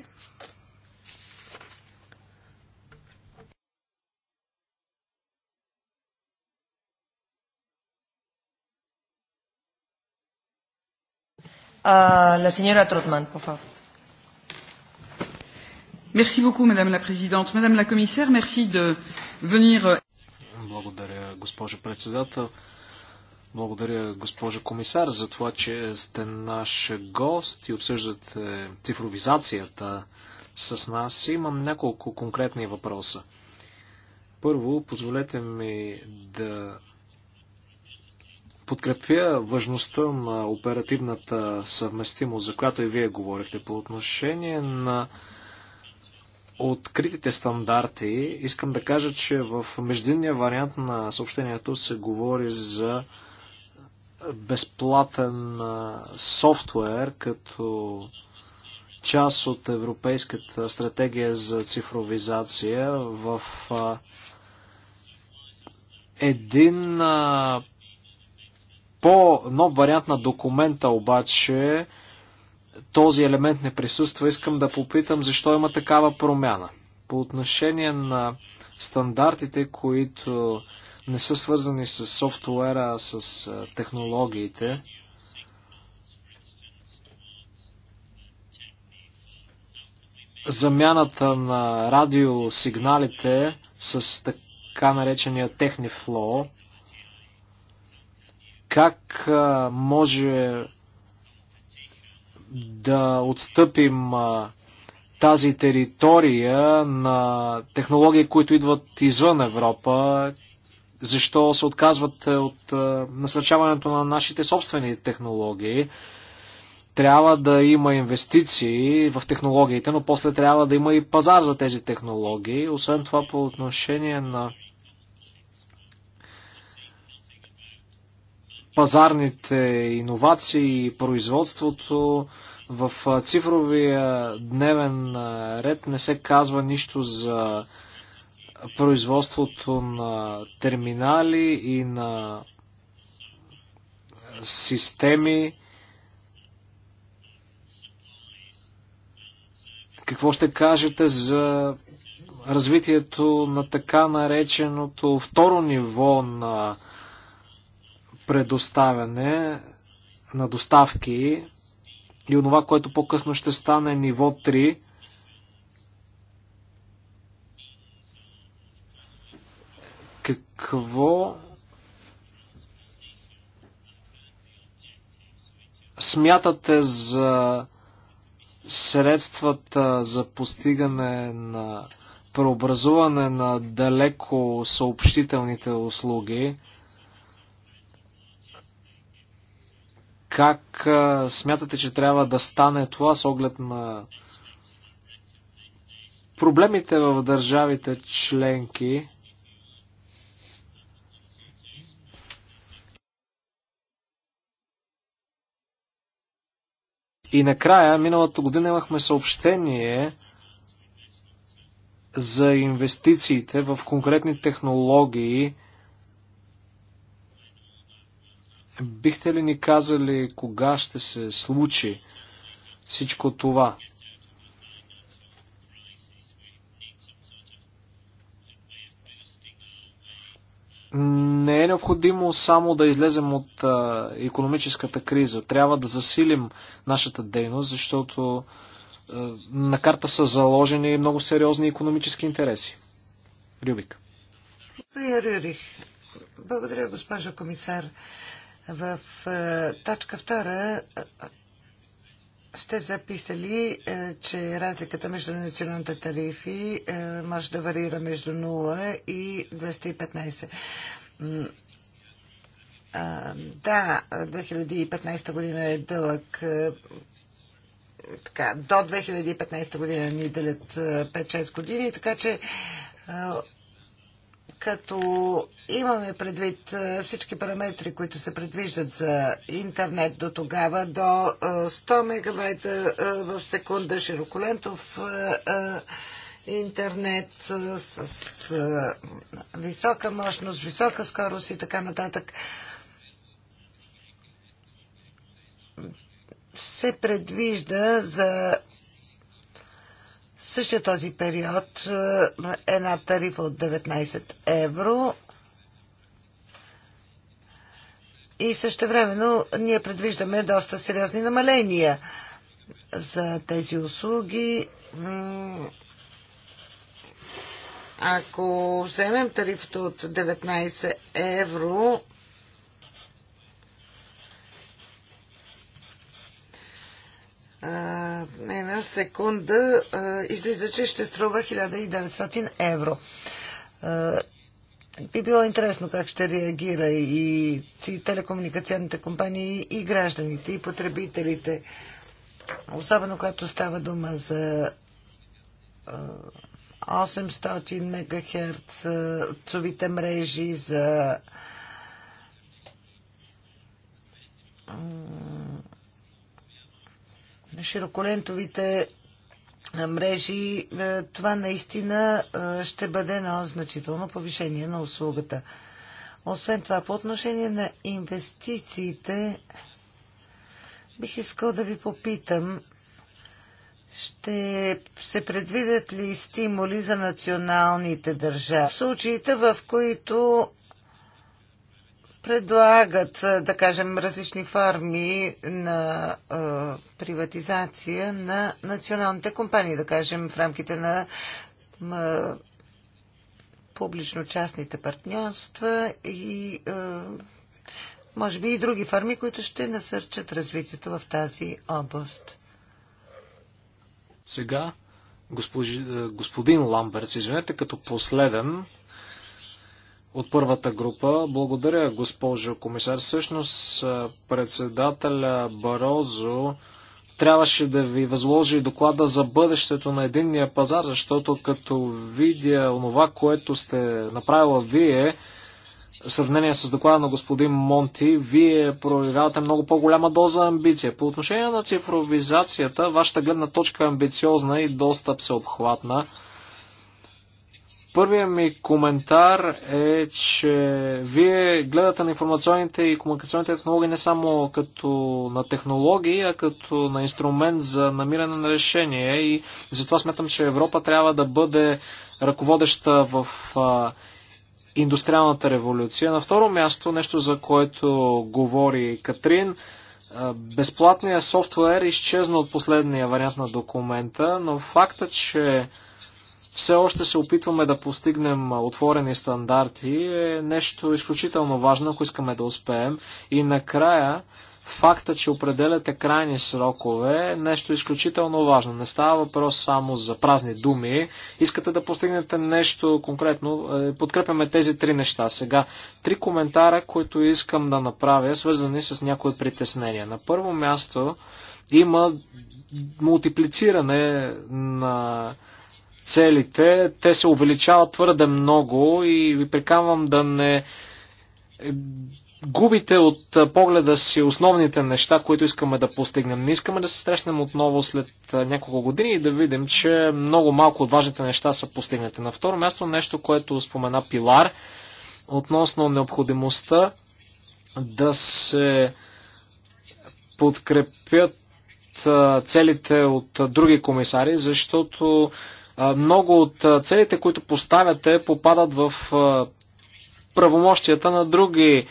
Uh, la señora Trotman, por favor. Merci beaucoup, Madame la Présidente. Madame la Commissaire, merci de venir. Euh, Благодаря, госпожо председател. Благодаря, госпожо комисар, за това, че сте наш гост и обсъждате цифровизацията с нас. Имам няколко конкретни въпроса. Първо, позволете ми да подкрепя важността на оперативната съвместимост, за която и вие говорихте по отношение на откритите стандарти, искам да кажа, че в междинния вариант на съобщението се говори за безплатен софтуер като част от Европейската стратегия за цифровизация в един по-нов вариант на документа обаче този елемент не присъства, искам да попитам защо има такава промяна. По отношение на стандартите, които не са свързани с софтуера, а с технологиите, замяната на радиосигналите с така наречения техни флоу, как може да отстъпим тази територия на технологии, които идват извън Европа, защо се отказват е, от насърчаването на нашите собствени технологии. Трябва да има инвестиции в технологиите, но после трябва да има и пазар за тези технологии. Освен това, по отношение на пазарните иновации и производството. В цифровия дневен ред не се казва нищо за производството на терминали и на системи. Какво ще кажете за развитието на така нареченото второ ниво на предоставяне на доставки и онова, което по-късно ще стане ниво 3, какво смятате за средствата за постигане на преобразуване на далеко съобщителните услуги? Как смятате, че трябва да стане това с оглед на проблемите в държавите членки? И накрая, миналата година имахме съобщение за инвестициите в конкретни технологии Бихте ли ни казали кога ще се случи всичко това? Не е необходимо само да излезем от а, економическата криза. Трябва да засилим нашата дейност, защото а, на карта са заложени много сериозни економически интереси. Рюбик. Благодаря, госпожа комисар. В е, точка втора е, сте записали, е, че разликата между националните тарифи може да варира между 0 и 215. Да, 2015 година е дълъг. Така, до 2015 година ни делят 5-6 години, така че като имаме предвид е, всички параметри, които се предвиждат за интернет до тогава, до 100 е, мегабайта е, в секунда, широколентов интернет с висока мощност, висока скорост и така нататък, се предвижда за Същия този период е, една тарифа от 19 евро и също времено ние предвиждаме доста сериозни намаления за тези услуги. Ако вземем тарифата от 19 евро, една секунда излиза, че ще струва 1900 евро. Би било интересно как ще реагира и, и телекомуникационните компании, и гражданите, и потребителите. Особено когато става дума за 800 мегахерц цовите мрежи, за широколентовите мрежи, това наистина ще бъде едно значително повишение на услугата. Освен това, по отношение на инвестициите, бих искал да ви попитам, ще се предвидят ли стимули за националните държави? В случаите, в които предлагат, да кажем, различни форми на а, приватизация на националните компании, да кажем, в рамките на публично-частните партньорства и а, може би и други форми, които ще насърчат развитието в тази област. Сега господин Ламберт, извинете, като последен от първата група. Благодаря, госпожо комисар. Всъщност, председателя Барозо трябваше да ви възложи доклада за бъдещето на единния пазар, защото като видя онова, което сте направила вие, в сравнение с доклада на господин Монти, вие проявявате много по-голяма доза амбиция. По отношение на цифровизацията, вашата гледна точка е амбициозна и доста всеобхватна. обхватна Първият ми коментар е, че вие гледате на информационните и комуникационните технологии не само като на технологии, а като на инструмент за намиране на решение и затова смятам, че Европа трябва да бъде ръководеща в а, индустриалната революция. На второ място, нещо за което говори Катрин, безплатният софтуер изчезна от последния вариант на документа, но факта, че все още се опитваме да постигнем отворени стандарти е нещо изключително важно, ако искаме да успеем. И накрая, факта, че определяте крайни срокове е нещо изключително важно. Не става въпрос само за празни думи. Искате да постигнете нещо конкретно. Е, подкрепяме тези три неща. Сега, три коментара, които искам да направя, свързани с някои притеснения. На първо място има мултиплициране на целите, те се увеличават твърде много и ви приканвам да не губите от погледа си основните неща, които искаме да постигнем. Не искаме да се срещнем отново след няколко години и да видим, че много малко от важните неща са постигнати. На второ място нещо, което спомена Пилар относно необходимостта да се подкрепят целите от други комисари, защото много от целите, които поставяте, попадат в правомощията на други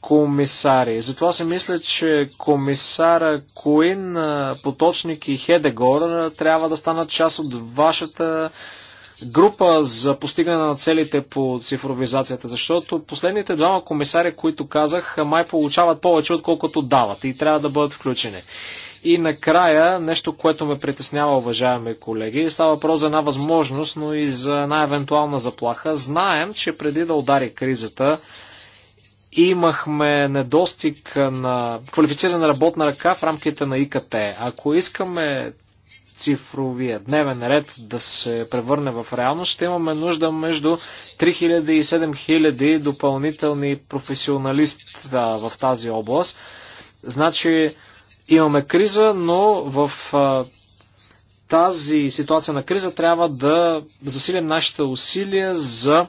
комисари. Затова се мисля, че комисара Куин, Поточник и Хедегор трябва да станат част от вашата група за постигане на целите по цифровизацията, защото последните двама комисари, които казах, май получават повече, отколкото дават и трябва да бъдат включени. И накрая, нещо, което ме притеснява, уважаеми колеги, става въпрос за една възможност, но и за една евентуална заплаха. Знаем, че преди да удари кризата, имахме недостиг на квалифицирана работна ръка в рамките на ИКТ. Ако искаме цифровия дневен ред да се превърне в реалност, ще имаме нужда между 3000 и 7000 допълнителни професионалист в тази област. Значи, Имаме криза, но в тази ситуация на криза трябва да засилим нашите усилия за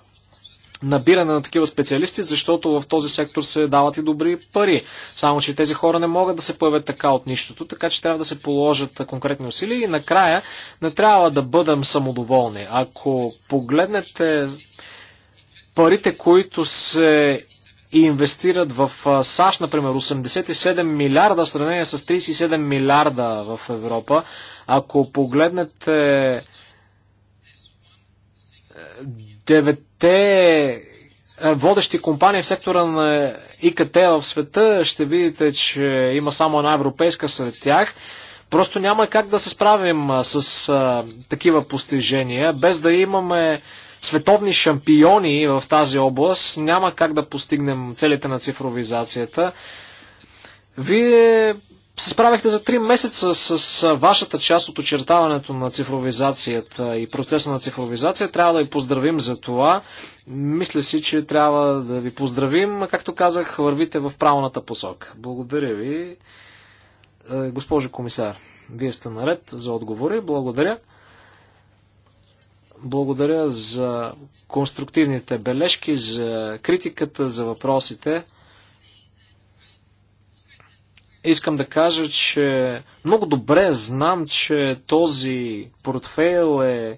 набиране на такива специалисти, защото в този сектор се дават и добри пари. Само, че тези хора не могат да се появят така от нищото, така че трябва да се положат конкретни усилия и накрая не трябва да бъдем самодоволни. Ако погледнете парите, които се и инвестират в САЩ, например, 87 милиарда в сравнение с 37 милиарда в Европа. Ако погледнете е, девете е, водещи компании в сектора на ИКТ в света, ще видите, че има само една европейска сред тях. Просто няма как да се справим с такива постижения, без да имаме световни шампиони в тази област, няма как да постигнем целите на цифровизацията. Вие се справихте за 3 месеца с вашата част от очертаването на цифровизацията и процеса на цифровизация. Трябва да ви поздравим за това. Мисля си, че трябва да ви поздравим. Както казах, вървите в правилната посока. Благодаря ви. Е, госпожо комисар, вие сте наред за отговори. Благодаря. Благодаря за конструктивните бележки, за критиката, за въпросите. Искам да кажа, че много добре знам, че този портфейл е, е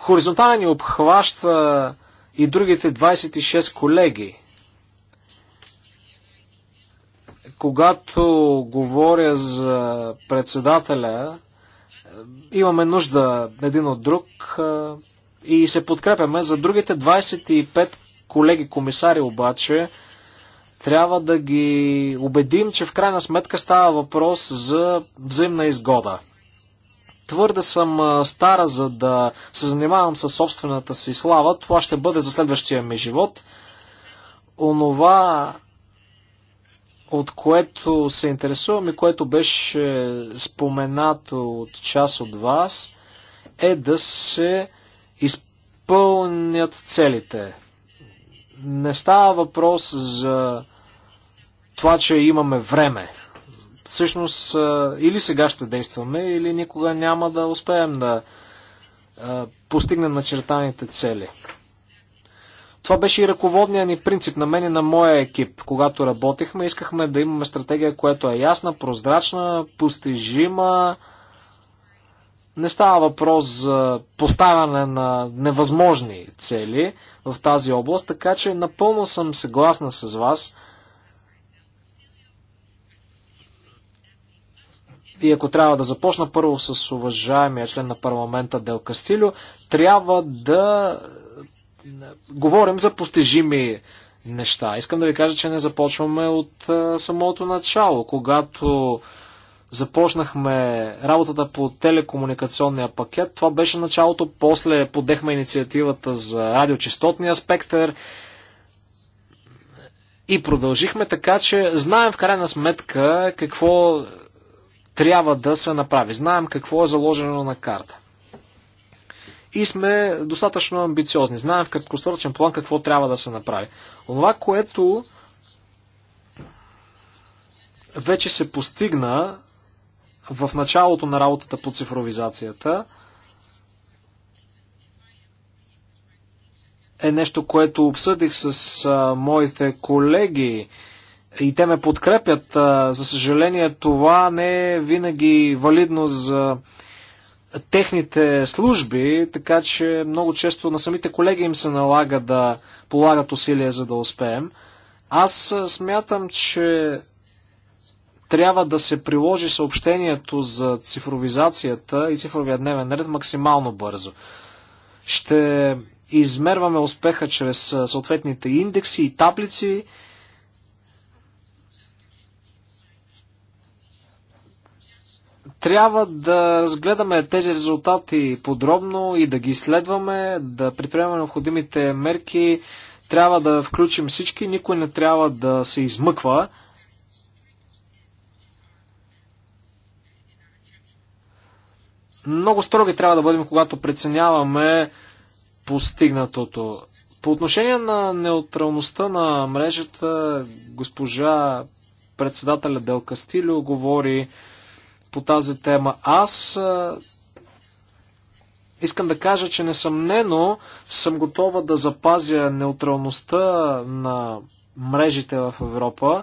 хоризонтален и обхваща и другите 26 колеги. Когато говоря за председателя, Имаме нужда един от друг и се подкрепяме. За другите 25 колеги комисари обаче трябва да ги убедим, че в крайна сметка става въпрос за взаимна изгода. Твърде съм стара, за да се занимавам със собствената си слава. Това ще бъде за следващия ми живот. Онова, от което се интересуваме, което беше споменато от част от вас, е да се изпълнят целите. Не става въпрос за това, че имаме време. Всъщност, или сега ще действаме, или никога няма да успеем да постигнем начертаните цели. Това беше и ръководният ни принцип на мен и на моя екип. Когато работехме, искахме да имаме стратегия, която е ясна, прозрачна, постижима. Не става въпрос за поставяне на невъзможни цели в тази област, така че напълно съм съгласна с вас. и ако трябва да започна първо с уважаемия член на парламента Дел Кастилю, трябва да Говорим за постижими неща. Искам да ви кажа, че не започваме от самото начало. Когато започнахме работата по телекомуникационния пакет, това беше началото. После подехме инициативата за радиочастотния спектър и продължихме така, че знаем в крайна сметка какво трябва да се направи. Знаем какво е заложено на карта и сме достатъчно амбициозни. Знаем в краткосрочен план какво трябва да се направи. Това, което вече се постигна в началото на работата по цифровизацията, е нещо, което обсъдих с а, моите колеги и те ме подкрепят. А, за съжаление, това не е винаги валидно за техните служби, така че много често на самите колеги им се налага да полагат усилия, за да успеем. Аз смятам, че трябва да се приложи съобщението за цифровизацията и цифровия дневен ред максимално бързо. Ще измерваме успеха чрез съответните индекси и таблици Трябва да разгледаме тези резултати подробно и да ги следваме, да предприемаме необходимите мерки. Трябва да включим всички, никой не трябва да се измъква. Много строги трябва да бъдем, когато преценяваме постигнатото. По отношение на неутралността на мрежата, госпожа председателя Дел Кастилио говори по тази тема. Аз а, искам да кажа, че несъмнено съм готова да запазя неутралността на мрежите в Европа.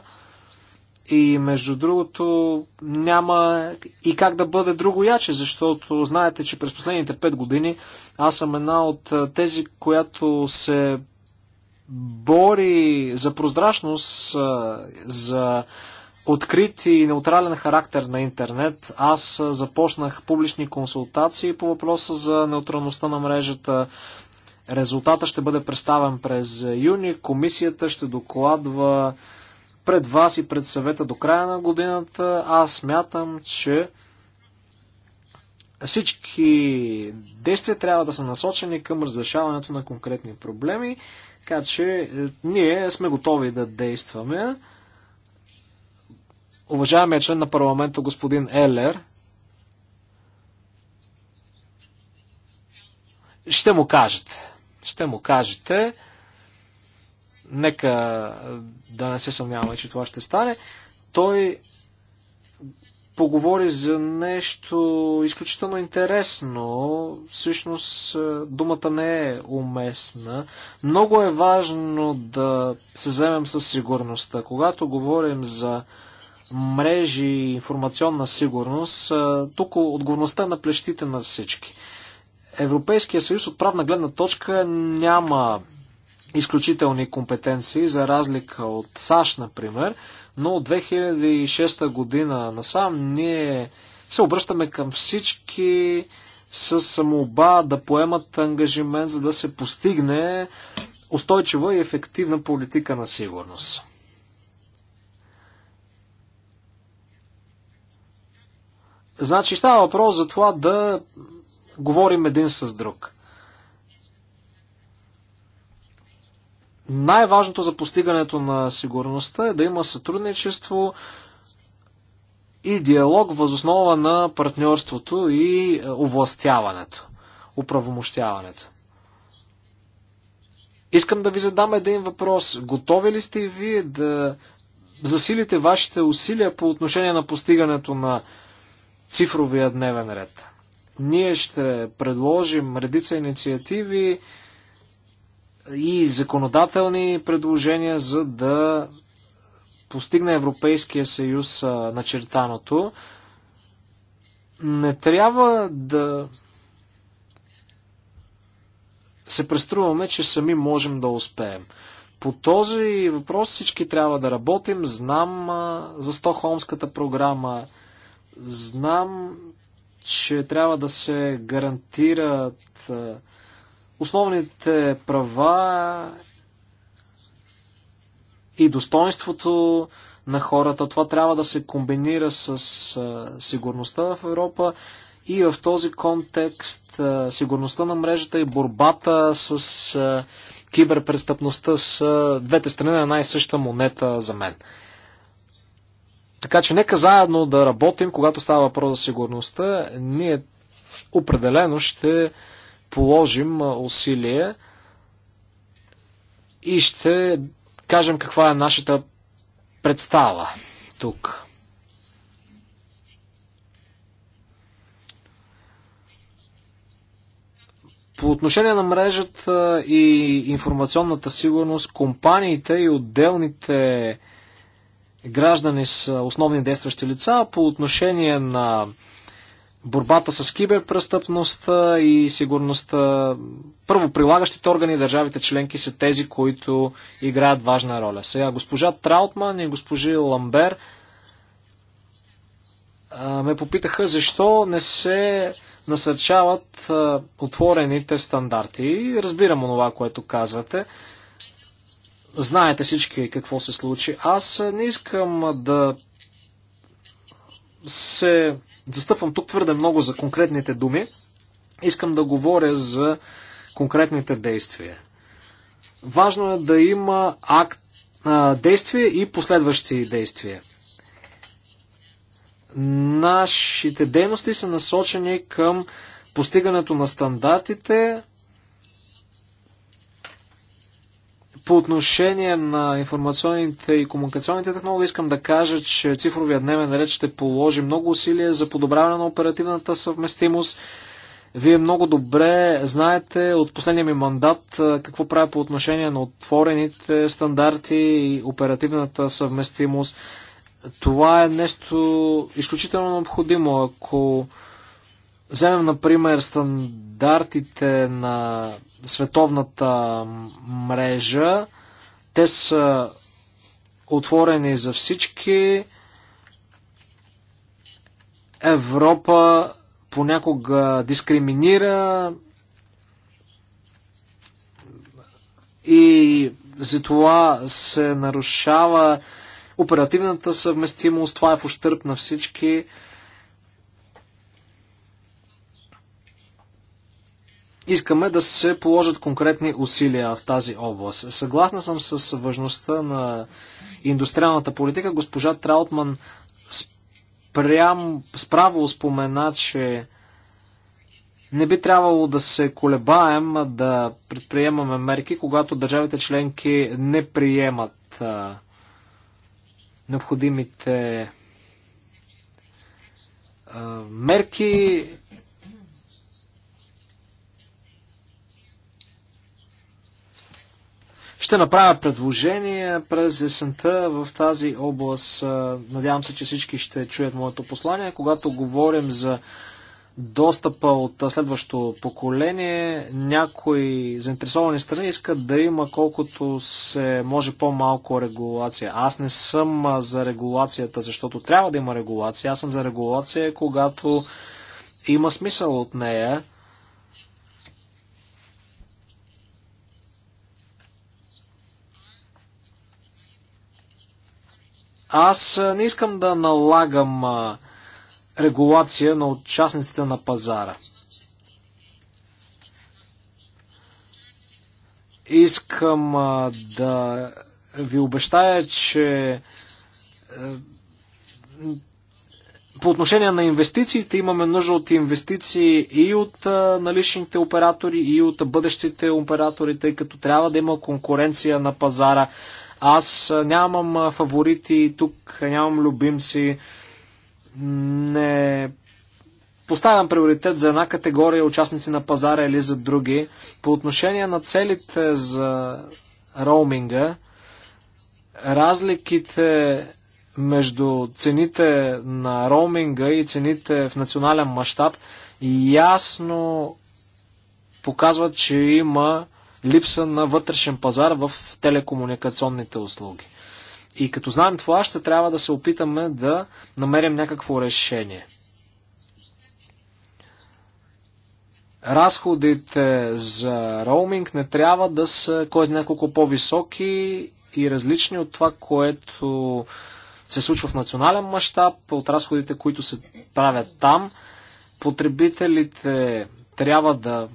И между другото няма и как да бъде друго яче, защото знаете, че през последните 5 години аз съм една от тези, която се бори за прозрачност, за открит и неутрален характер на интернет. Аз започнах публични консултации по въпроса за неутралността на мрежата. Резултата ще бъде представен през юни. Комисията ще докладва пред вас и пред съвета до края на годината. Аз смятам, че всички действия трябва да са насочени към разрешаването на конкретни проблеми, така че е, ние сме готови да действаме уважаемия член на парламента господин Елер, ще му кажете. Ще му кажете. Нека да не се съмняваме, че това ще стане. Той поговори за нещо изключително интересно. Всъщност е, думата не е уместна. Много е важно да се вземем със сигурността. Когато говорим за мрежи и информационна сигурност, тук отговорността е на плещите на всички. Европейския съюз от правна гледна точка няма изключителни компетенции, за разлика от САЩ, например, но от 2006 година насам ние се обръщаме към всички с самоба да поемат ангажимент, за да се постигне устойчива и ефективна политика на сигурност. Значи става въпрос за това да говорим един с друг. Най-важното за постигането на сигурността е да има сътрудничество и диалог възоснова на партньорството и е, овластяването, управомощяването. Искам да ви задам един въпрос. Готови ли сте вие да засилите вашите усилия по отношение на постигането на цифровия дневен ред. Ние ще предложим редица инициативи и законодателни предложения, за да постигне Европейския съюз начертаното. Не трябва да се преструваме, че сами можем да успеем. По този въпрос всички трябва да работим. Знам за Стохолмската програма, Знам, че трябва да се гарантират е, основните права и достоинството на хората. Това трябва да се комбинира с е, сигурността в Европа и в този контекст е, сигурността на мрежата и борбата с киберпрестъпността са двете страни на една и съща монета за мен. Така че нека заедно да работим, когато става въпрос за сигурността. Ние определено ще положим усилие и ще кажем каква е нашата представа тук. По отношение на мрежата и информационната сигурност, компаниите и отделните граждани с основни действащи лица по отношение на борбата с киберпрестъпността и сигурността. Първо, прилагащите органи държавите членки са тези, които играят важна роля. Сега, госпожа Траутман и госпожи Ламбер ме попитаха защо не се насърчават отворените стандарти. Разбирам онова, което казвате. Знаете всички какво се случи. Аз не искам да се застъпвам тук твърде много за конкретните думи. Искам да говоря за конкретните действия. Важно е да има акт, а, действие и последващи действия. Нашите дейности са насочени към постигането на стандартите, По отношение на информационните и комуникационните технологии искам да кажа, че цифровия дневен ред ще положи много усилия за подобряване на оперативната съвместимост. Вие много добре знаете от последния ми мандат какво правя по отношение на отворените стандарти и оперативната съвместимост. Това е нещо изключително необходимо. Ако вземем, например, стандартите на световната мрежа. Те са отворени за всички. Европа понякога дискриминира и затова се нарушава оперативната съвместимост. Това е в ущърп на всички. искаме да се положат конкретни усилия в тази област. Съгласна съм с важността на индустриалната политика. Госпожа Траутман спрям, справо спомена, че не би трябвало да се колебаем да предприемаме мерки, когато държавите членки не приемат а, необходимите а, мерки Ще направя предложение през есента в тази област. Надявам се, че всички ще чуят моето послание. Когато говорим за достъпа от следващото поколение, някои заинтересовани страни искат да има колкото се може по-малко регулация. Аз не съм за регулацията, защото трябва да има регулация. Аз съм за регулация, когато има смисъл от нея Аз не искам да налагам регулация на участниците на пазара. Искам да ви обещая, че по отношение на инвестициите имаме нужда от инвестиции и от наличните оператори, и от бъдещите оператори, тъй като трябва да има конкуренция на пазара. Аз нямам фаворити, тук нямам любимци. Не поставям приоритет за една категория участници на пазара или за други. По отношение на целите за роуминга, разликите между цените на роуминга и цените в национален мащаб ясно показват, че има липса на вътрешен пазар в телекомуникационните услуги. И като знаем това, ще трябва да се опитаме да намерим някакво решение. Разходите за роуминг не трябва да са кой знае колко по-високи и различни от това, което се случва в национален мащаб, от разходите, които се правят там. Потребителите трябва да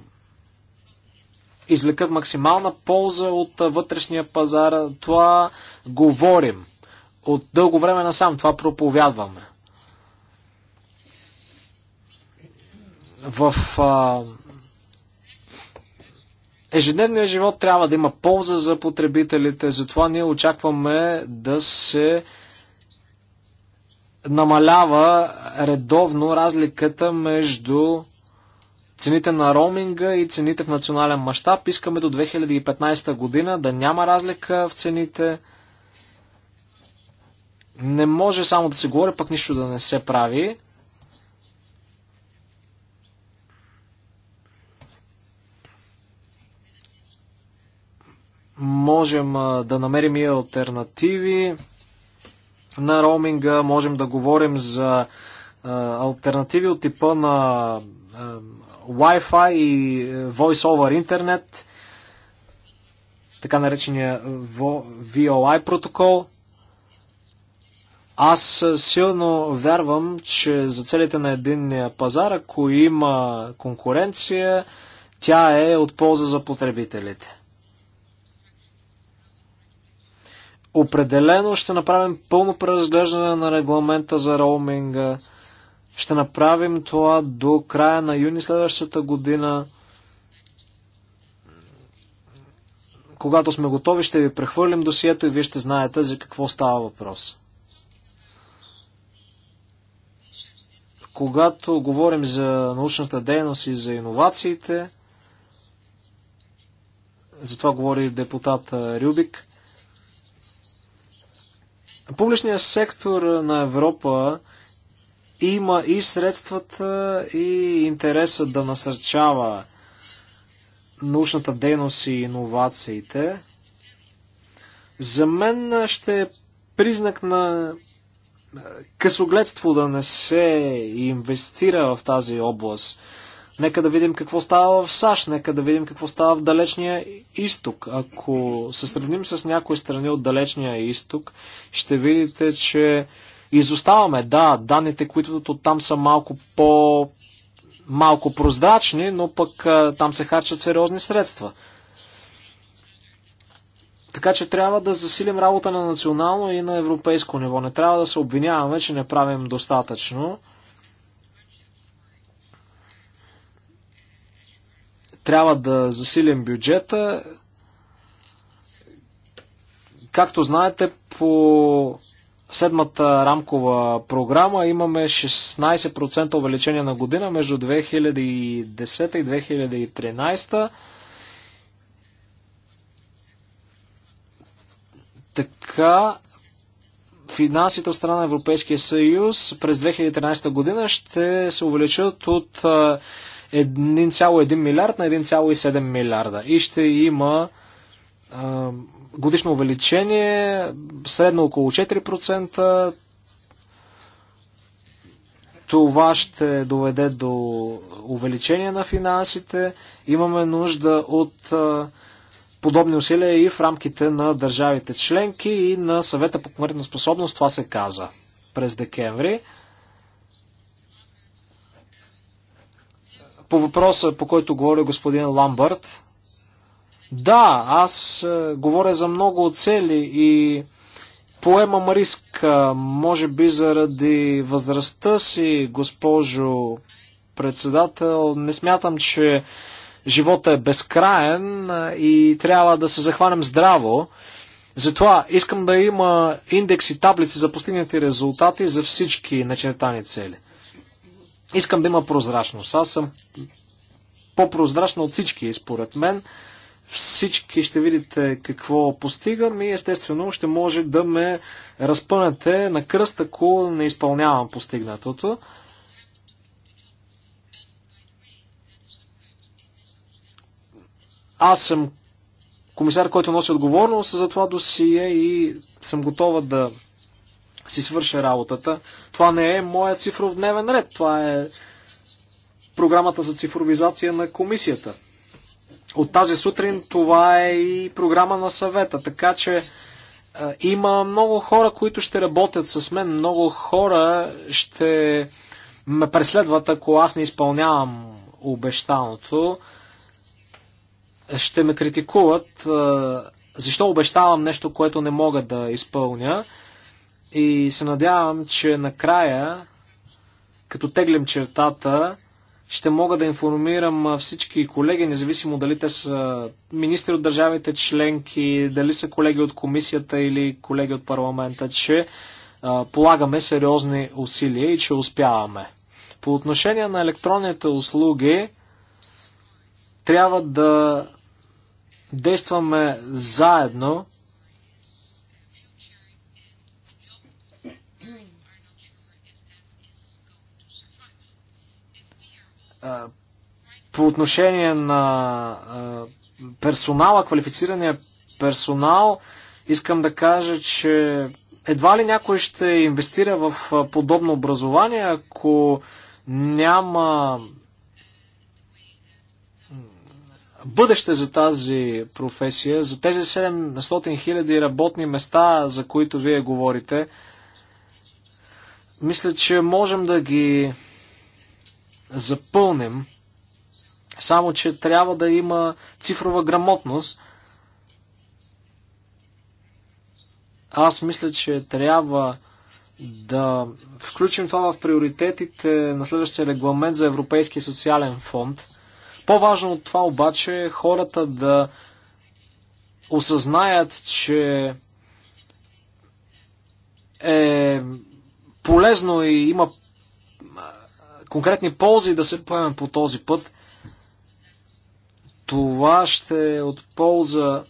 извлекат максимална полза от вътрешния пазар. Това говорим. От дълго време насам това проповядваме. В а, ежедневния живот трябва да има полза за потребителите, затова ние очакваме да се намалява редовно разликата между цените на роуминга и цените в национален мащаб. Искаме до 2015 година да няма разлика в цените. Не може само да се говори, пък нищо да не се прави. Можем да намерим и альтернативи на роуминга, можем да говорим за альтернативи от типа на Wi-Fi и е, Voice over Internet, така наречения е, VOI протокол. Аз е, силно вярвам, че за целите на единния пазар, ако има конкуренция, тя е от полза за потребителите. Определено ще направим пълно преразглеждане на регламента за роуминга – ще направим това до края на юни следващата година. Когато сме готови, ще ви прехвърлим досието и вие ще знаете за какво става въпрос. Когато говорим за научната дейност и за иновациите, за това говори депутат Рюбик, публичният сектор на Европа има и средствата, и интереса да насърчава научната дейност и иновациите. За мен ще е признак на е, късогледство да не се инвестира в тази област. Нека да видим какво става в САЩ, нека да видим какво става в далечния изток. Ако се сравним с някои страни от далечния изток, ще видите, че Изоставаме, да, данните, които от там са малко по малко прозрачни, но пък а, там се харчат сериозни средства. Така че трябва да засилим работа на национално и на европейско ниво. Не трябва да се обвиняваме, че не правим достатъчно. Трябва да засилим бюджета. Както знаете, по седмата рамкова програма имаме 16% увеличение на година между 2010 и 2013. Така, финансите от страна на Европейския съюз през 2013 година ще се увеличат от 1,1 милиард на 1,7 милиарда и ще има годишно увеличение, средно около 4%. Това ще доведе до увеличение на финансите. Имаме нужда от подобни усилия и в рамките на държавите членки и на съвета по конкурентна способност. Това се каза през декември. По въпроса, по който говори господин Ламбърт, да, аз е, говоря за много цели и поемам риск, може би заради възрастта си, госпожо председател. Не смятам, че живота е безкраен е, и трябва да се захванем здраво. Затова искам да има индекси, таблици за постигнати резултати за всички начертани цели. Искам да има прозрачност. Аз съм по-прозрачна от всички, според мен всички ще видите какво постигам и естествено ще може да ме разпънете на кръст, ако не изпълнявам постигнатото. Аз съм комисар, който носи отговорност за това досие и съм готова да си свърша работата. Това не е моя цифров дневен ред, това е програмата за цифровизация на комисията от тази сутрин това е и програма на съвета, така че е, има много хора, които ще работят с мен, много хора ще ме преследват, ако аз не изпълнявам обещаното. Ще ме критикуват, е, защо обещавам нещо, което не мога да изпълня. И се надявам, че накрая, като теглим чертата, ще мога да информирам всички колеги, независимо дали те са министри от държавите членки, дали са колеги от комисията или колеги от парламента, че полагаме сериозни усилия и че успяваме. По отношение на електронните услуги, трябва да действаме заедно По отношение на персонала, квалифицирания персонал, искам да кажа, че едва ли някой ще инвестира в подобно образование, ако няма бъдеще за тази професия, за тези 700 000 работни места, за които вие говорите, мисля, че можем да ги запълним. Само, че трябва да има цифрова грамотност. Аз мисля, че трябва да включим това в приоритетите на следващия регламент за Европейския социален фонд. По-важно от това обаче е хората да осъзнаят, че е полезно и има конкретни ползи да се поемем по този път. Това ще е от полза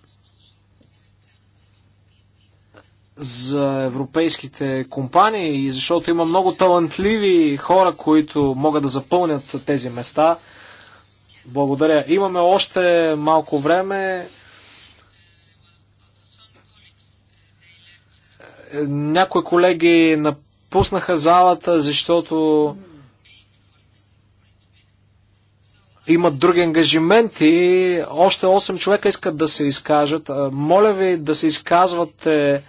за европейските компании, защото има много талантливи хора, които могат да запълнят тези места. Благодаря. Имаме още малко време. Някои колеги напуснаха залата, защото имат други ангажименти. Още 8 човека искат да се изкажат. Моля ви да се изказвате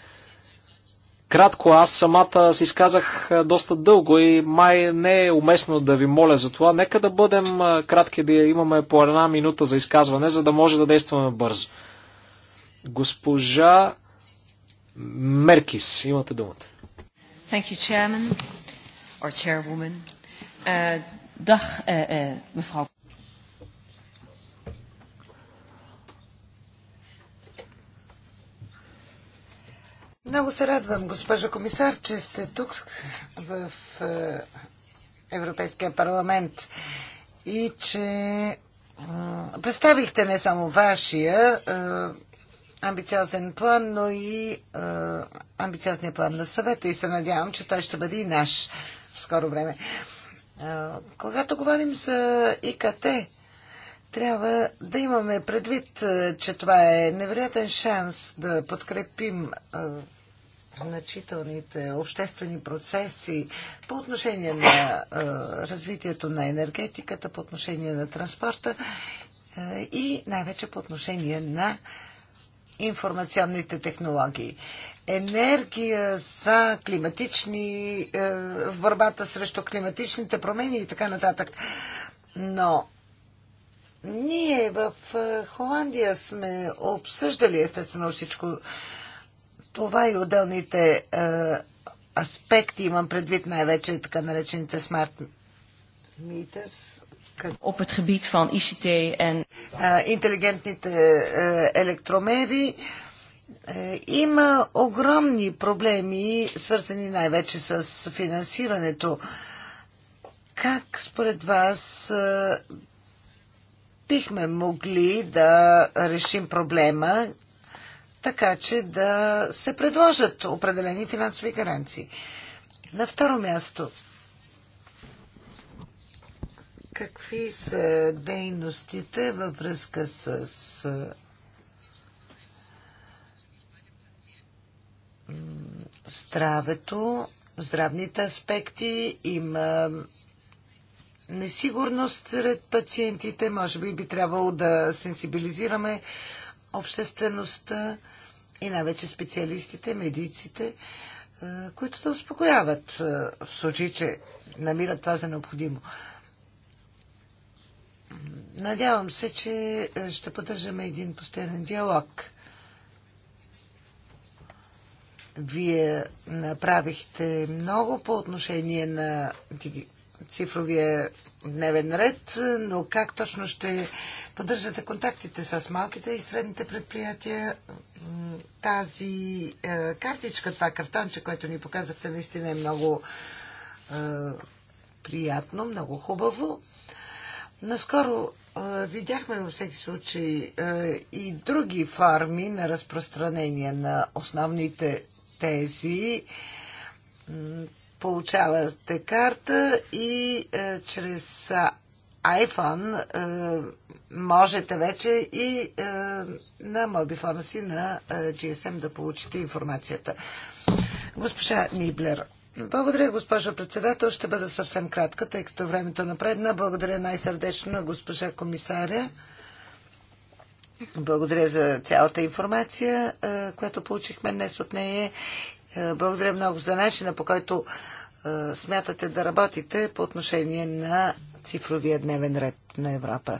кратко. Аз самата се изказах доста дълго и май не е уместно да ви моля за това. Нека да бъдем кратки, да имаме по една минута за изказване, за да може да действаме бързо. Госпожа Меркис, имате думата. Thank you, chairman or chairwoman. Uh, dag, uh, uh, mevrouw Много се радвам, госпожо комисар, че сте тук в е, Европейския парламент и че представихте не само вашия е, амбициозен план, но и е, амбициозния план на съвета и се надявам, че той ще бъде и наш в скоро време. Когато говорим за ИКТ, трябва да имаме предвид, е, че това е невероятен шанс да подкрепим е, значителните обществени процеси по отношение на е, развитието на енергетиката, по отношение на транспорта и най-вече по отношение на информационните технологии. Енергия за климатични, в борбата срещу климатичните промени и така нататък. Но ние в е, Холандия сме обсъждали естествено всичко това и отделните е, аспекти, имам предвид най-вече така наречените смарт meters. Op het gebied van ICT en... Е, интелигентните е, електромери. има огромни проблеми, свързани най-вече с финансирането. Как според вас бихме могли да решим проблема така, че да се предложат определени финансови гаранции. На второ място, какви са дейностите във връзка с здравето, здравните аспекти? Има несигурност сред пациентите. Може би би трябвало да сенсибилизираме обществеността и най-вече специалистите, медиците, е, които да успокояват е, в случай, че намират това за необходимо. Надявам се, че е, ще поддържаме един постоянен диалог. Вие направихте много по отношение на диги цифровия дневен ред, но как точно ще поддържате контактите с малките и средните предприятия? Тази е, картичка, това картонче, което ни показахте, наистина е много е, приятно, много хубаво. Наскоро е, видяхме във всеки случай е, и други форми на разпространение на основните тези получавате карта и е, чрез iPhone е, можете вече и е, на мобифона си на е, GSM да получите информацията. Госпожа Ниблер, благодаря, госпожо председател. Ще бъда съвсем кратка, тъй като времето е напредна. Благодаря най-сърдечно на госпожа комисаря. Благодаря за цялата информация, е, която получихме днес от нея е, благодаря много за начина по който е, смятате да работите по отношение на цифровия дневен ред на Европа.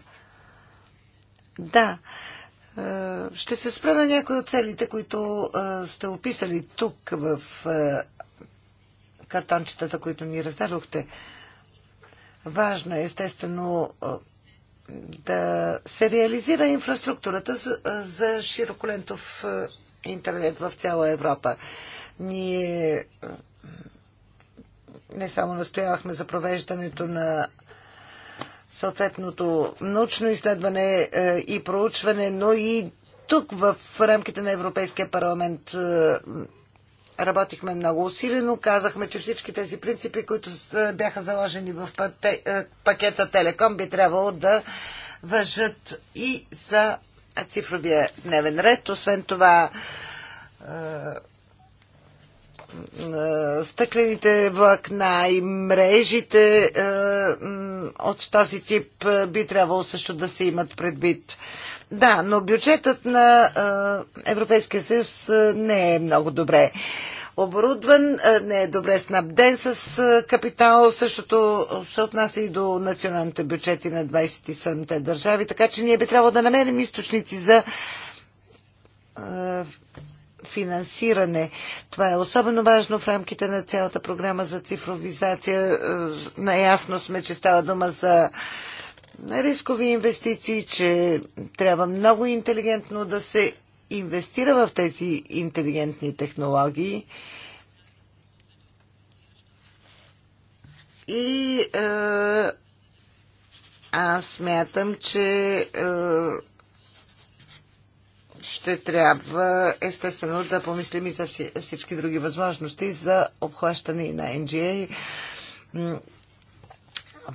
Да, е, ще се спра на някои от целите, които сте описали тук в картончетата, които ни раздадохте. Важно е, естествено, да се реализира инфраструктурата за широколентов интернет в цяла Европа. Ние не само настоявахме за провеждането на съответното научно изследване е, и проучване, но и тук в рамките на Европейския парламент е, работихме много усилено. Казахме, че всички тези принципи, които е, бяха заложени в пакета Телеком, би трябвало да въжат и за цифровия дневен ред. Освен това, е, е, стъклените влакна и мрежите е, от този тип би трябвало също да се имат предвид. Да, но бюджетът на Европейския съюз не е много добре оборудван, не е добре снабден с капитал. Същото се отнася и до националните бюджети на 27-те държави, така че ние би трябвало да намерим източници за финансиране. Това е особено важно в рамките на цялата програма за цифровизация. Наясно сме, че става дума за рискови инвестиции, че трябва много интелигентно да се инвестира в тези интелигентни технологии и е, аз смятам, че е, ще трябва естествено да помислим и за всички други възможности за обхващане и на NGA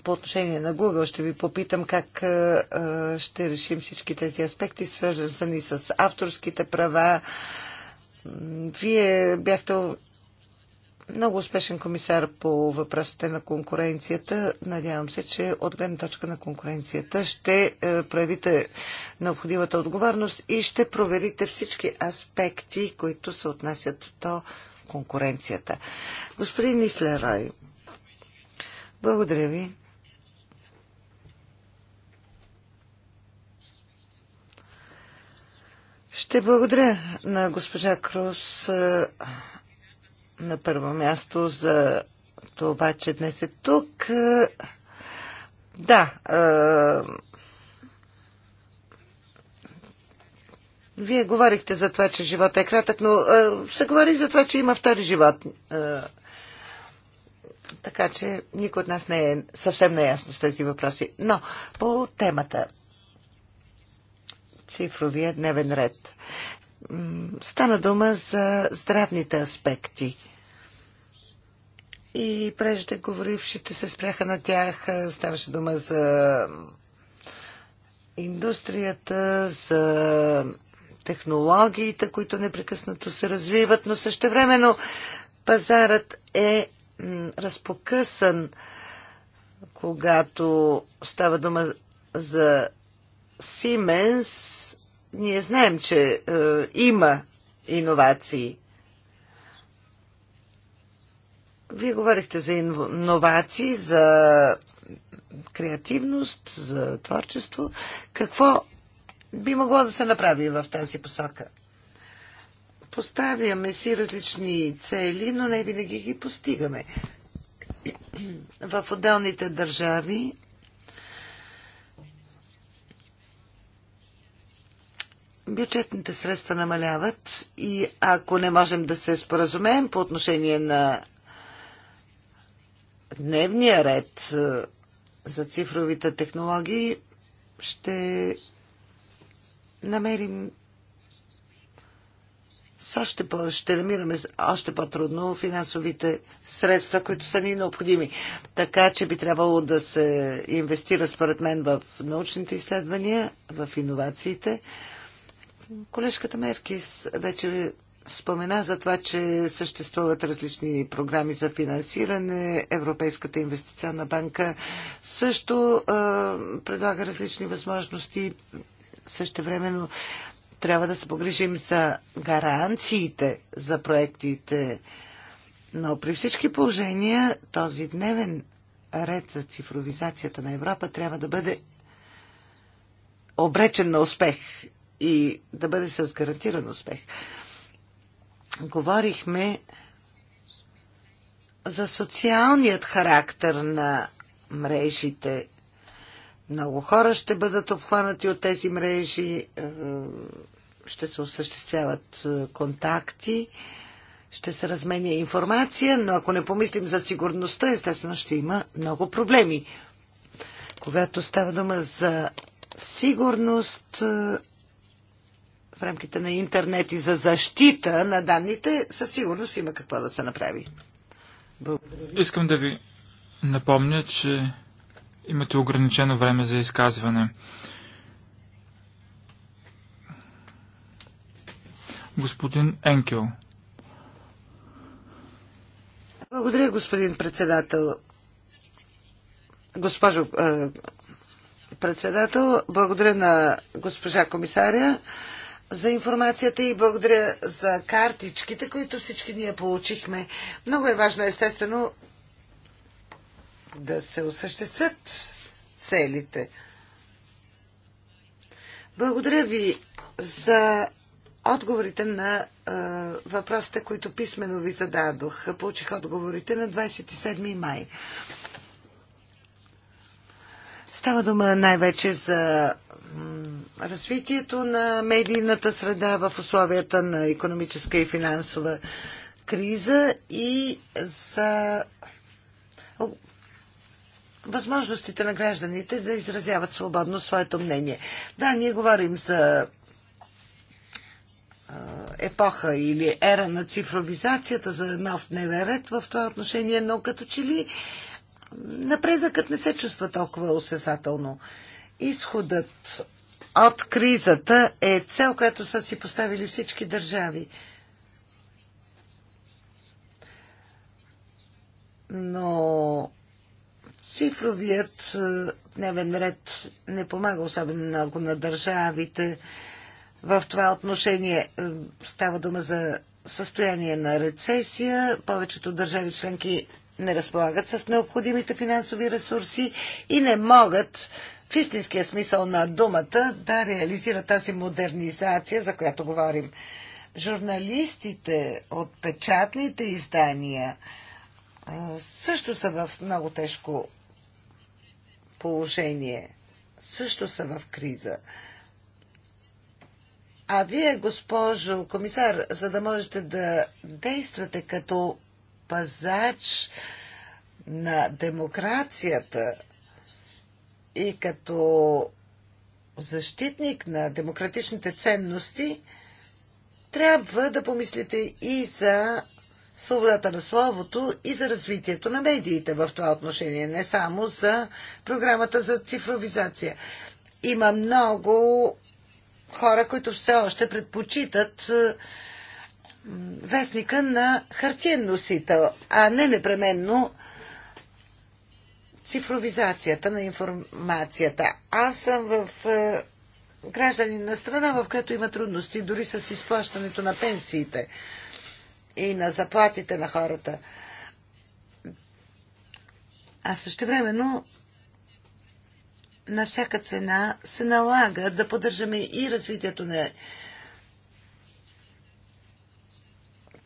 по отношение на Google ще ви попитам как ще решим всички тези аспекти, свързани с авторските права. Вие бяхте много успешен комисар по въпросите на конкуренцията. Надявам се, че от гледна точка на конкуренцията ще проявите необходимата отговорност и ще проверите всички аспекти, които се отнасят до конкуренцията. Господин Нислерой, благодаря ви. Ще благодаря на госпожа Крус на първо място за това, че днес е тук. Да, Вие говорихте за това, че живота е кратък, но се говори за това, че има втори живот. така че никой от нас не е съвсем наясно с тези въпроси. Но по темата цифровия дневен ред. Стана дума за здравните аспекти. И преждеговорившите се спряха на тях. Ставаше дума за индустрията, за технологиите, които непрекъснато се развиват, но същевременно пазарът е разпокъсан, когато става дума за Siemens ние знаем, че е, има иновации. Вие говорихте за иновации, за креативност, за творчество. Какво би могло да се направи в тази посока? Поставяме си различни цели, но не винаги ги постигаме. В отделните държави бюджетните средства намаляват и ако не можем да се споразумеем по отношение на дневния ред е, за цифровите технологии, ще намерим още по, ще намираме още по-трудно финансовите средства, които са ни необходими. Така че би трябвало да се инвестира, според мен, в научните изследвания, в иновациите. Колежката Меркис вече спомена за това, че съществуват различни програми за финансиране. Европейската инвестиционна банка също предлага различни възможности. Също времено трябва да се погрижим за гаранциите за проектите. Но при всички положения този дневен ред за цифровизацията на Европа трябва да бъде обречен на успех и да бъде с гарантиран успех. Говорихме за социалният характер на мрежите. Много хора ще бъдат обхванати от тези мрежи, е, ще се осъществяват е, контакти, ще се разменя информация, но ако не помислим за сигурността, естествено ще има много проблеми. Когато става дума за сигурност, е, в рамките на интернет и за защита на данните, със сигурност има какво да се направи. Благодаря. Искам да ви напомня, че имате ограничено време за изказване. Господин Енкел. Благодаря, господин председател. Госпожо е, председател, благодаря на госпожа комисаря за информацията и благодаря за картичките, които всички ние получихме. Много е важно, естествено, да се осъществят целите. Благодаря ви за отговорите на е, въпросите, които писменно ви зададох. Получих отговорите на 27 май. Става дума най-вече за развитието на медийната среда в условията на економическа и финансова криза и за възможностите на гражданите да изразяват свободно своето мнение. Да, ние говорим за епоха или ера на цифровизацията, за нов дневен ред в това отношение, но като че ли напредъкът не се чувства толкова осезателно изходът от кризата е цел, която са си поставили всички държави. Но цифровият е, дневен ред не помага особено много на държавите. В това отношение е, става дума за състояние на рецесия. Повечето държави членки не разполагат с необходимите финансови ресурси и не могат в истинския смисъл на думата да реализира тази модернизация, за която говорим. Журналистите от печатните издания също са в много тежко положение, също са в криза. А вие, госпожо комисар, за да можете да действате като пазач на демокрацията, и като защитник на демократичните ценности, трябва да помислите и за свободата на словото и за развитието на медиите в това отношение, не само за програмата за цифровизация. Има много хора, които все още предпочитат е, вестника на хартиен носител, а не непременно цифровизацията на информацията. Аз съм в е, граждани на страна, в която има трудности дори с изплащането на пенсиите и на заплатите на хората. А също времено на всяка цена се налага да поддържаме и развитието на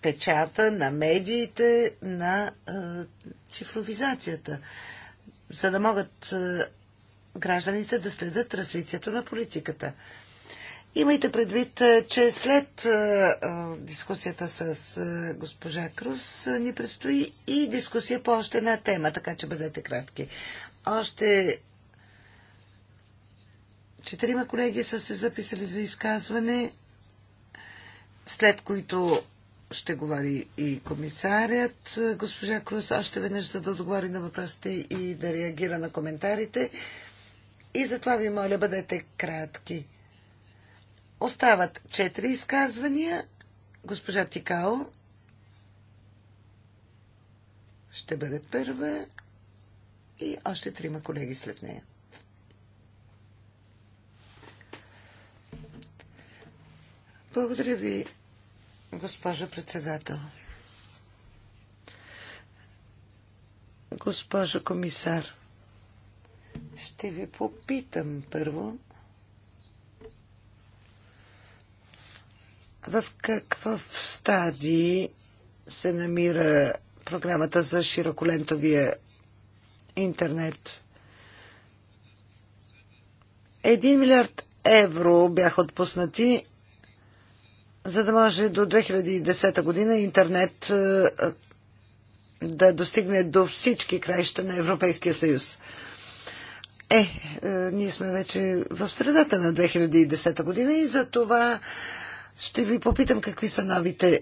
печата, на медиите, на е, цифровизацията за да могат е, гражданите да следят развитието на политиката. Имайте предвид, е, че след е, дискусията с госпожа Крус ни предстои и дискусия по още една тема, така че бъдете кратки. Още четирима колеги са се записали за изказване, след които ще говори и комисарят госпожа Крус още веднъж, за да отговори на въпросите и да реагира на коментарите. И затова ви моля, бъдете кратки. Остават четири изказвания. Госпожа Тикао ще бъде първа и още трима колеги след нея. Благодаря ви, госпожо председател. Госпожо комисар, ще ви попитам първо в какво стадии се намира програмата за широколентовия интернет. Един милиард евро бяха отпуснати за да може до 2010 година интернет е, да достигне до всички краища на Европейския съюз. Е, е ние сме вече в средата на 2010 година и за това ще ви попитам какви са новите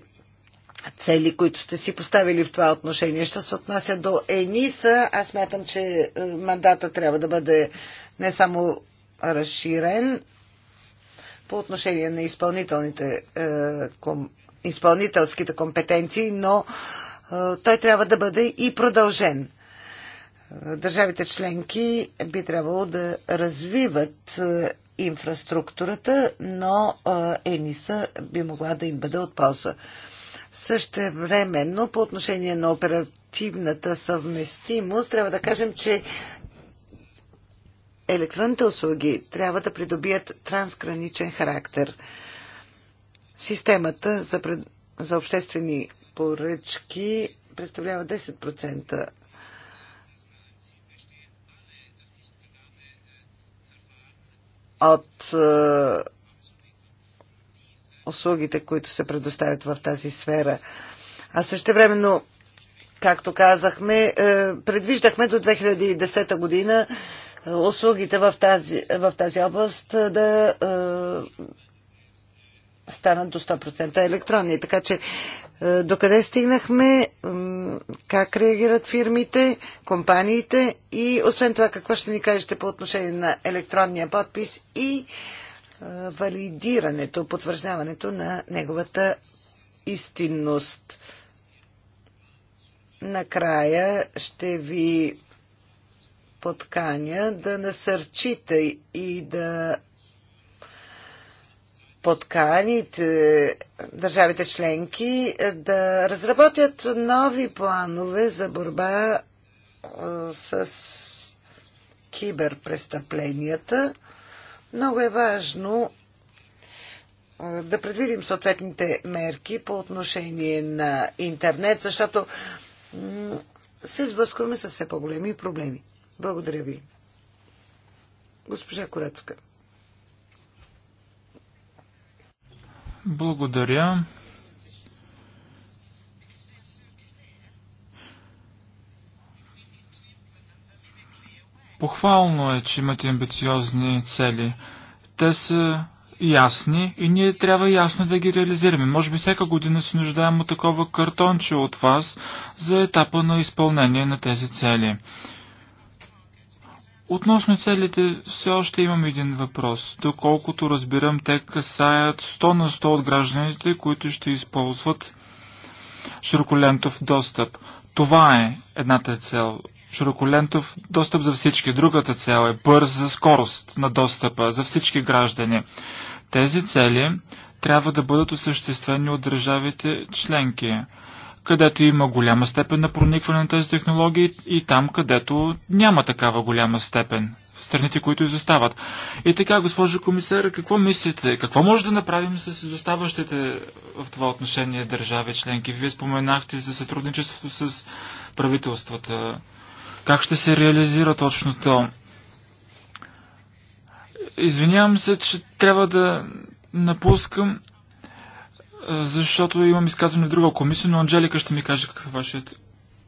цели, които сте си поставили в това отношение. Що се отнася до ЕНИСА, аз мятам, че е, мандата трябва да бъде не само разширен, по отношение на изпълнителните, е, ком, изпълнителските компетенции, но е, той трябва да бъде и продължен. Е, държавите членки би трябвало да развиват инфраструктурата, но ЕНИСА би могла да им бъде от полза. Същевременно, по отношение на оперативната съвместимост, трябва да кажем, че електронните услуги трябва да придобият трансграничен характер. Системата за, пред... за обществени поръчки представлява 10% от е, услугите, които се предоставят в тази сфера. А също времено, както казахме, е, предвиждахме до 2010 година услугите в тази, в тази област да е, станат до 100% електронни. Така че е, докъде стигнахме, как реагират фирмите, компаниите и освен това какво ще ни кажете по отношение на електронния подпис и е, валидирането, потвърждаването на неговата истинност. Накрая ще ви подканя да насърчите и да подканите държавите членки да разработят нови планове за борба с киберпрестъпленията. Много е важно да предвидим съответните мерки по отношение на интернет, защото се сблъскваме с все по-големи проблеми. Благодаря ви. Госпожа Корецка. Благодаря. Похвално е, че имате амбициозни цели. Те са ясни и ние трябва ясно да ги реализираме. Може би всяка година се нуждаем от такова картонче от вас за етапа на изпълнение на тези цели. Относно целите, все още имам един въпрос. Доколкото разбирам, те касаят 100 на 100 от гражданите, които ще използват широколентов достъп. Това е едната цел. Широколентов достъп за всички. Другата цел е бърза скорост на достъпа за всички граждани. Тези цели трябва да бъдат осъществени от държавите членки където има голяма степен на проникване на тези технологии и там, където няма такава голяма степен в страните, които изостават. И така, госпожо комисар, какво мислите? Какво може да направим с изоставащите в това отношение държави членки? Вие споменахте за сътрудничеството с правителствата. Как ще се реализира точно то? Извинявам се, че трябва да напускам. Защото имам изказване в друга комисия, но Анджелика ще ми каже какъв е вашият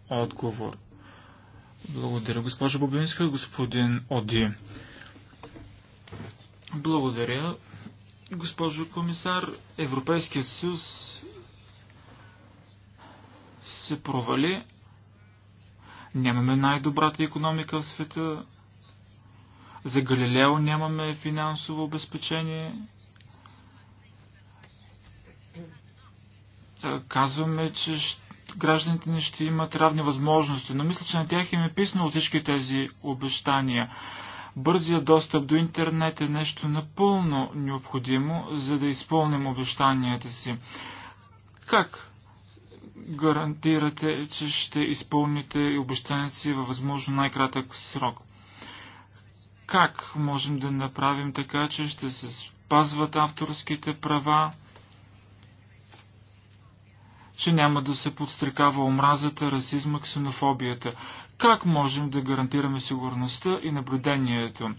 отговор. Благодаря, госпожа Бобинска, господин Оди. Благодаря, госпожо комисар. Европейският съюз се провали. Нямаме най-добрата економика в света. За Галилео нямаме финансово обезпечение. Е, казваме, че гражданите ни ще имат равни възможности, но мисля, че на тях им е писнало всички тези обещания. Бързия достъп до интернет е нещо напълно необходимо, за да изпълним обещанията си. Как гарантирате, че ще изпълните обещанията си във възможно най-кратък срок? Как можем да направим така, че ще се спазват авторските права че няма да се подстрекава омразата, расизма, ксенофобията. Как можем да гарантираме сигурността и наблюдението?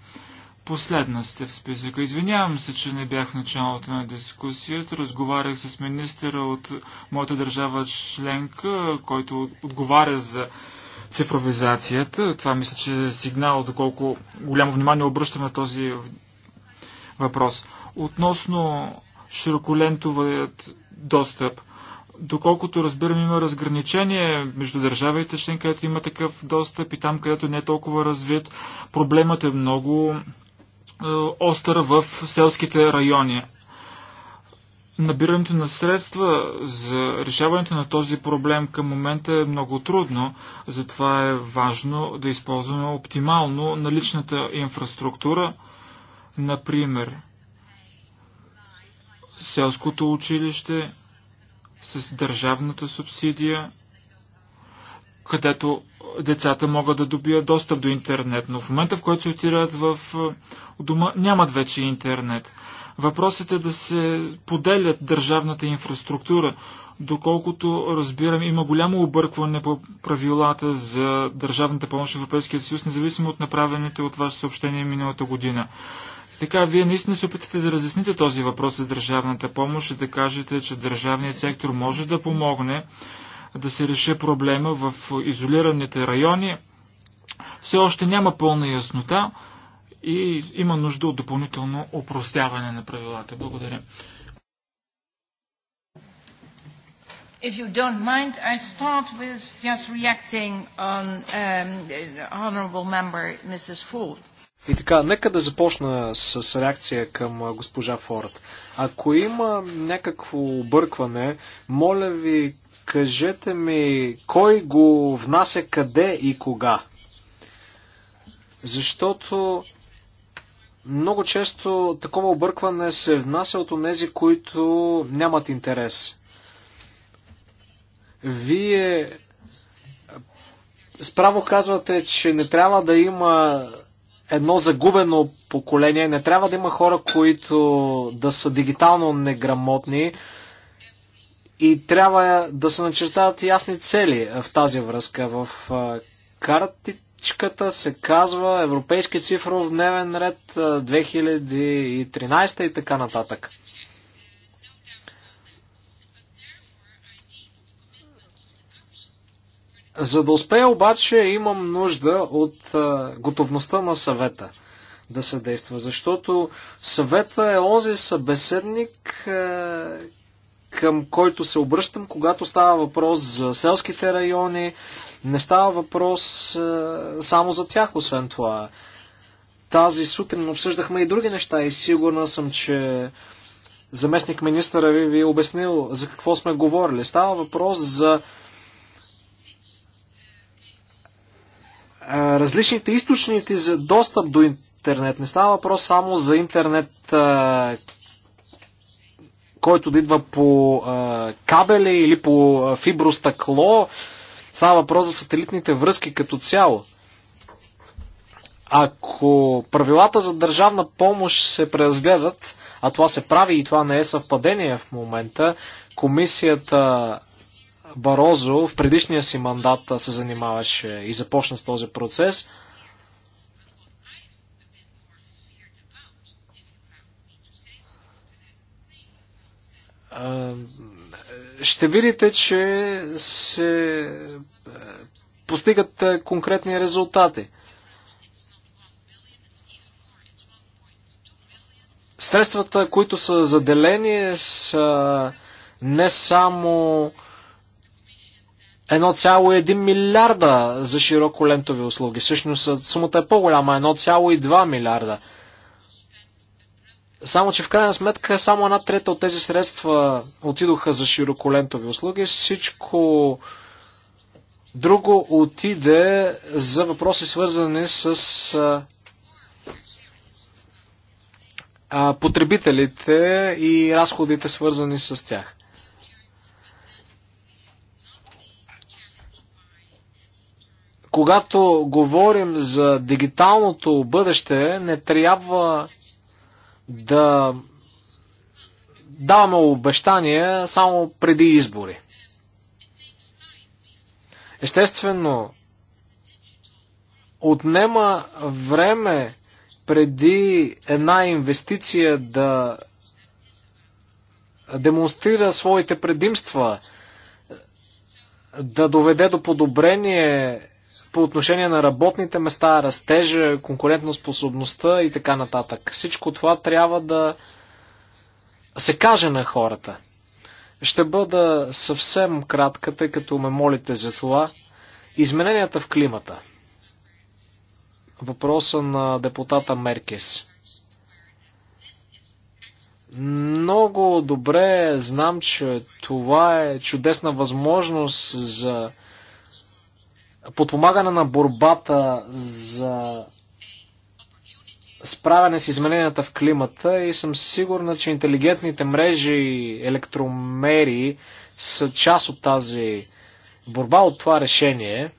Последна сте в списъка. Извинявам се, че не бях в началото на дискусията. Разговарях с министъра от моята държава членка, който отговаря за цифровизацията. Това мисля, че е сигнал доколко голямо внимание обръщам на този въпрос. Относно широколентовият достъп – Доколкото разбирам, има разграничение между държавите член, където има такъв достъп и там, където не е толкова развит. Проблемът е много е, остър в селските райони. Набирането на средства за решаването на този проблем към момента е много трудно, затова е важно да използваме оптимално наличната инфраструктура, например селското училище, с държавната субсидия, където децата могат да добият достъп до интернет, но в момента, в който се отират в е, дома, нямат вече интернет. Въпросът е да се поделят държавната инфраструктура. Доколкото разбирам, има голямо объркване по правилата за държавната помощ в Европейския съюз, независимо от направените от ваше съобщение миналата година. Така, вие наистина се опитате да разясните този въпрос за държавната помощ и да кажете, че държавният сектор може да помогне да се реши проблема в изолираните райони. Все още няма пълна яснота и има нужда от допълнително упростяване на правилата. Благодаря. If you don't mind, I start with just reacting on um, honorable member Mrs. Ford. И така, нека да започна с реакция към госпожа Форд. Ако има някакво объркване, моля ви, кажете ми, кой го внася къде и кога? Защото много често такова объркване се внася от онези, които нямат интерес. Вие справо казвате, че не трябва да има едно загубено поколение. Не трябва да има хора, които да са дигитално неграмотни и трябва да се начертават ясни цели в тази връзка. В картичката се казва Европейски цифров дневен ред 2013 и така нататък. За да успея обаче имам нужда от готовността на съвета да се действа, защото съвета е онзи събеседник, към който се обръщам, когато става въпрос за селските райони. Не става въпрос само за тях, освен това. Тази сутрин обсъждахме и други неща и сигурна съм, че заместник министъра ви, ви е обяснил за какво сме говорили. Става въпрос за различните източници за достъп до интернет. Не става въпрос само за интернет, който да идва по кабели или по фибростъкло. Става въпрос за сателитните връзки като цяло. Ако правилата за държавна помощ се преразгледат, а това се прави и това не е съвпадение в момента, комисията Барозо в предишния си мандат се занимаваше и започна с този процес. Ще видите, че се постигат конкретни резултати. Средствата, които са заделени, са не само 1,1 милиарда за широколентови услуги. Всъщност сумата е по-голяма 1,2 милиарда. Само, че в крайна сметка само една трета от тези средства отидоха за широколентови услуги. Всичко друго отиде за въпроси свързани с а, а, потребителите и разходите свързани с тях. Когато говорим за дигиталното бъдеще, не трябва да даваме обещания само преди избори. Естествено, отнема време преди една инвестиция да демонстрира своите предимства, да доведе до подобрение по отношение на работните места, растежа, конкурентоспособността и така нататък. Всичко това трябва да се каже на хората. Ще бъда съвсем кратка, тъй като ме молите за това. Измененията в климата. Въпроса на депутата Меркес. Много добре знам, че това е чудесна възможност за подпомагане на борбата за справяне с измененията в климата и съм сигурна, че интелигентните мрежи и електромери са част от тази борба, от това решение.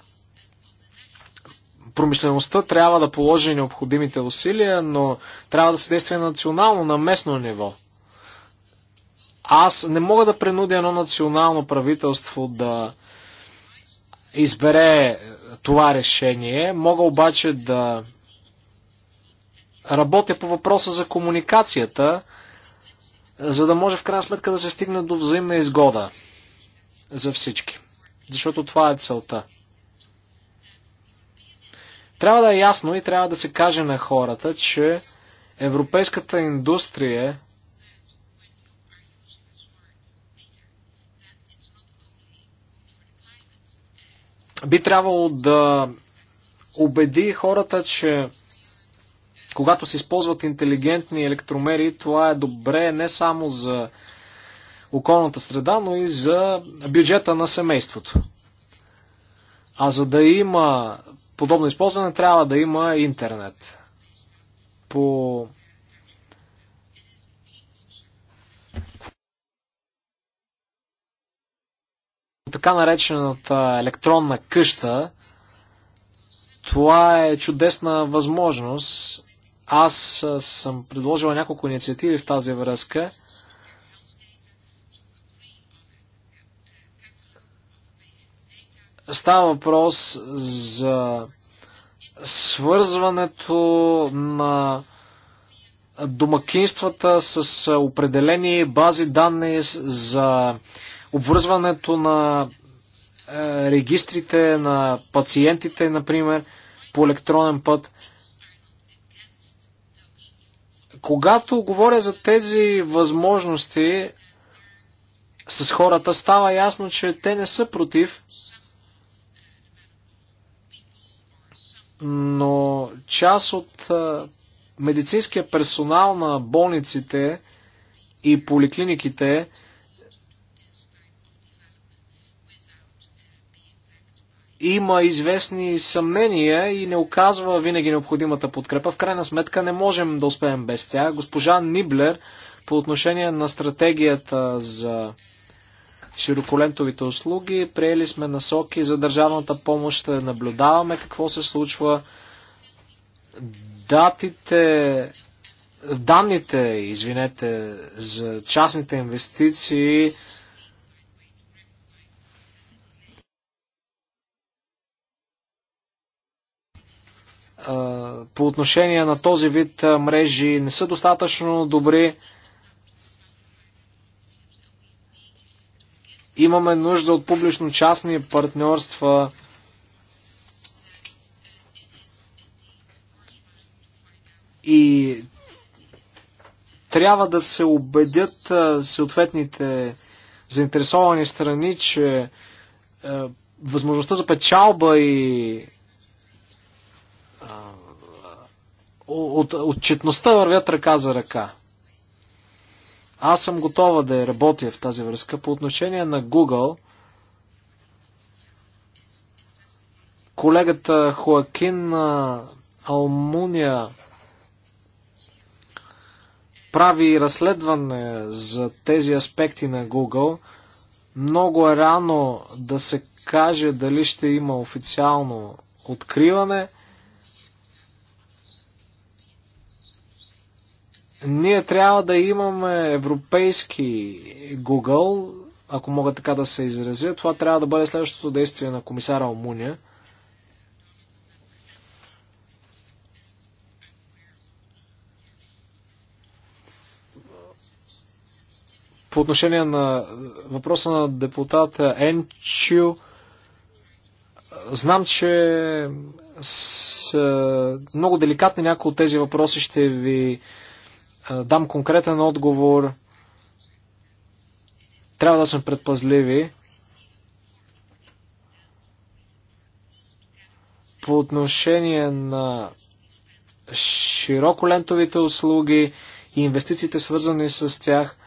Промишлеността трябва да положи необходимите усилия, но трябва да се действа на национално, на местно ниво. Аз не мога да принудя едно национално правителство да избере това решение. Мога обаче да работя по въпроса за комуникацията, за да може в крайна сметка да се стигне до взаимна изгода за всички. Защото това е целта. Трябва да е ясно и трябва да се каже на хората, че европейската индустрия би трябвало да убеди хората, че когато се използват интелигентни електромери, това е добре не само за околната среда, но и за бюджета на семейството. А за да има подобно използване, трябва да има интернет. По така наречената електронна къща, това е чудесна възможност. Аз съм предложила няколко инициативи в тази връзка. Става въпрос за свързването на домакинствата с определени бази данни за обвързването на е, регистрите на пациентите, например, по електронен път. Когато говоря за тези възможности с хората, става ясно, че те не са против, но част от е, медицинския персонал на болниците и поликлиниките има известни съмнения и не оказва винаги необходимата подкрепа. В крайна сметка не можем да успеем без тях. Госпожа Ниблер по отношение на стратегията за широколентовите услуги, приели сме насоки за държавната помощ, ще наблюдаваме какво се случва. Датите, данните, извинете, за частните инвестиции по отношение на този вид мрежи не са достатъчно добри. Имаме нужда от публично-частни партньорства. И трябва да се убедят съответните заинтересовани страни, че възможността за печалба и от отчетността вървят ръка за ръка. Аз съм готова да работя в тази връзка. По отношение на Google, колегата Хоакин Алмуния прави разследване за тези аспекти на Google. Много е рано да се каже дали ще има официално откриване. Ние трябва да имаме европейски Google, ако мога така да се изразя. Това трябва да бъде следващото действие на комисара Омуния. по отношение на въпроса на депутата Енчу. знам, че с много деликатни някои от тези въпроси ще ви дам конкретен отговор. Трябва да сме предпазливи. По отношение на широколентовите услуги и инвестициите свързани с тях,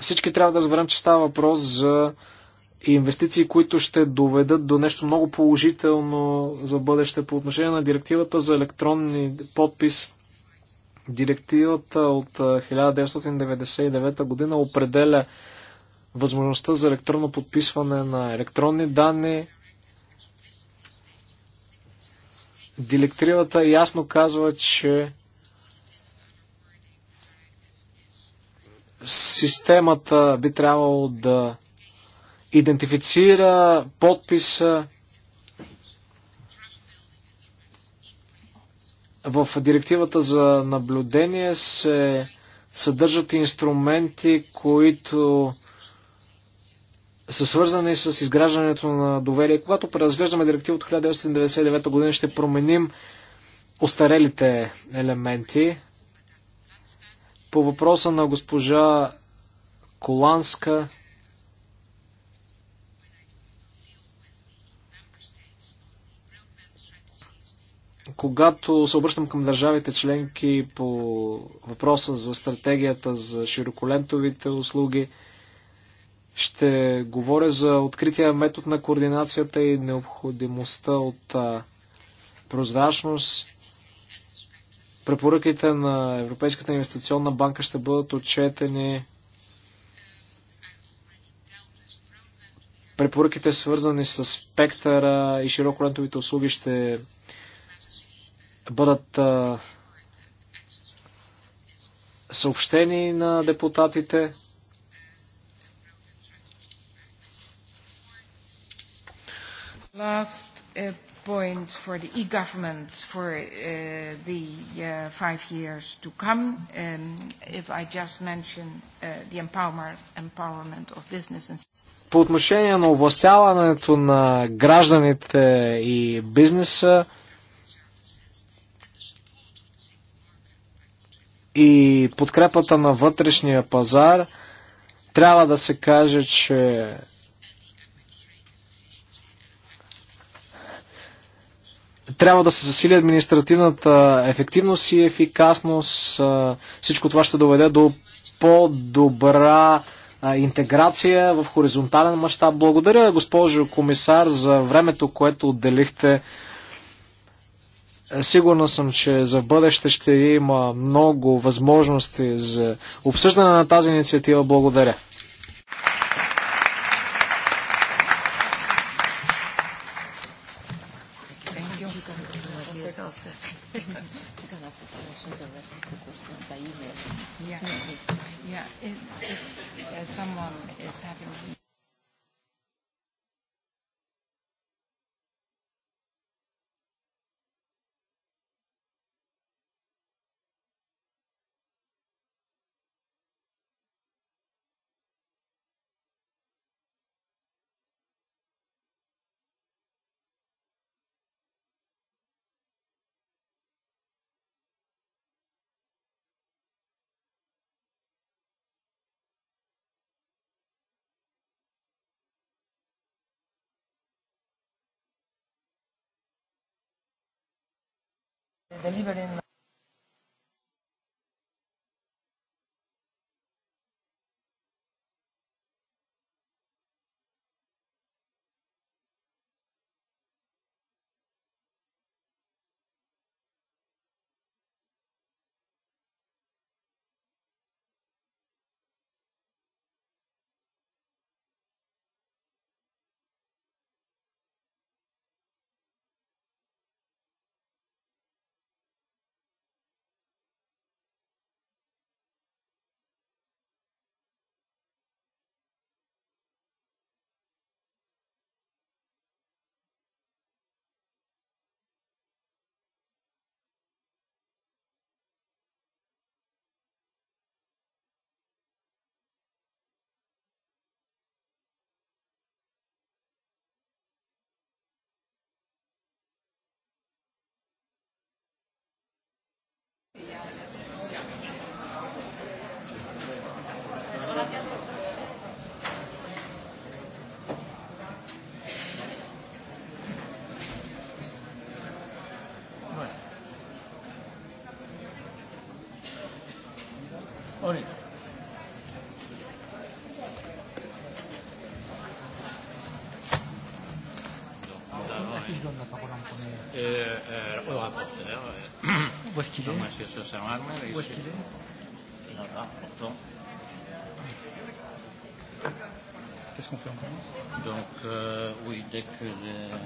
всички трябва да разберем, че става въпрос за инвестиции, които ще доведат до нещо много положително за бъдеще по отношение на директивата за електронни подпис. Директивата от 1999 година определя възможността за електронно подписване на електронни данни. Директивата ясно казва, че системата би трябвало да идентифицира подписа В директивата за наблюдение се съдържат инструменти, които са свързани с изграждането на доверие. Когато преразглеждаме директива от 1999 година, ще променим остарелите елементи. По въпроса на госпожа Коланска, когато се обръщам към държавите членки по въпроса за стратегията за широколентовите услуги, ще говоря за открития метод на координацията и необходимостта от прозрачност. Препоръките на Европейската инвестиционна банка ще бъдат отчетени. Препоръките, свързани с спектъра и широколентовите услуги, ще бъдат а, съобщени на депутатите. Last point for the e-government for uh, the uh, five years to come. Um, if I just mention uh, the empowerment, empowerment of business and По отношение на овластяването на гражданите и бизнеса, uh, и подкрепата на вътрешния пазар, трябва да се каже, че трябва да се засили административната ефективност и ефикасност. Всичко това ще доведе до по-добра интеграция в хоризонтален мащаб. Благодаря, госпожо комисар, за времето, което отделихте е, сигурна съм, че за бъдеще ще има много възможности за обсъждане на тази инициатива. Благодаря. delivering Professor Wagner is notre rapporteur. Qu'est-ce qu'on fait en commence Donc, euh, oui, dès que. Le...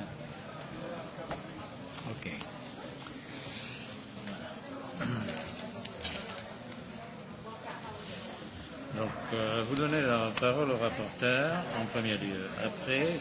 Ok. Donc, euh, vous donnez la parole au rapporteur en premier lieu. Après.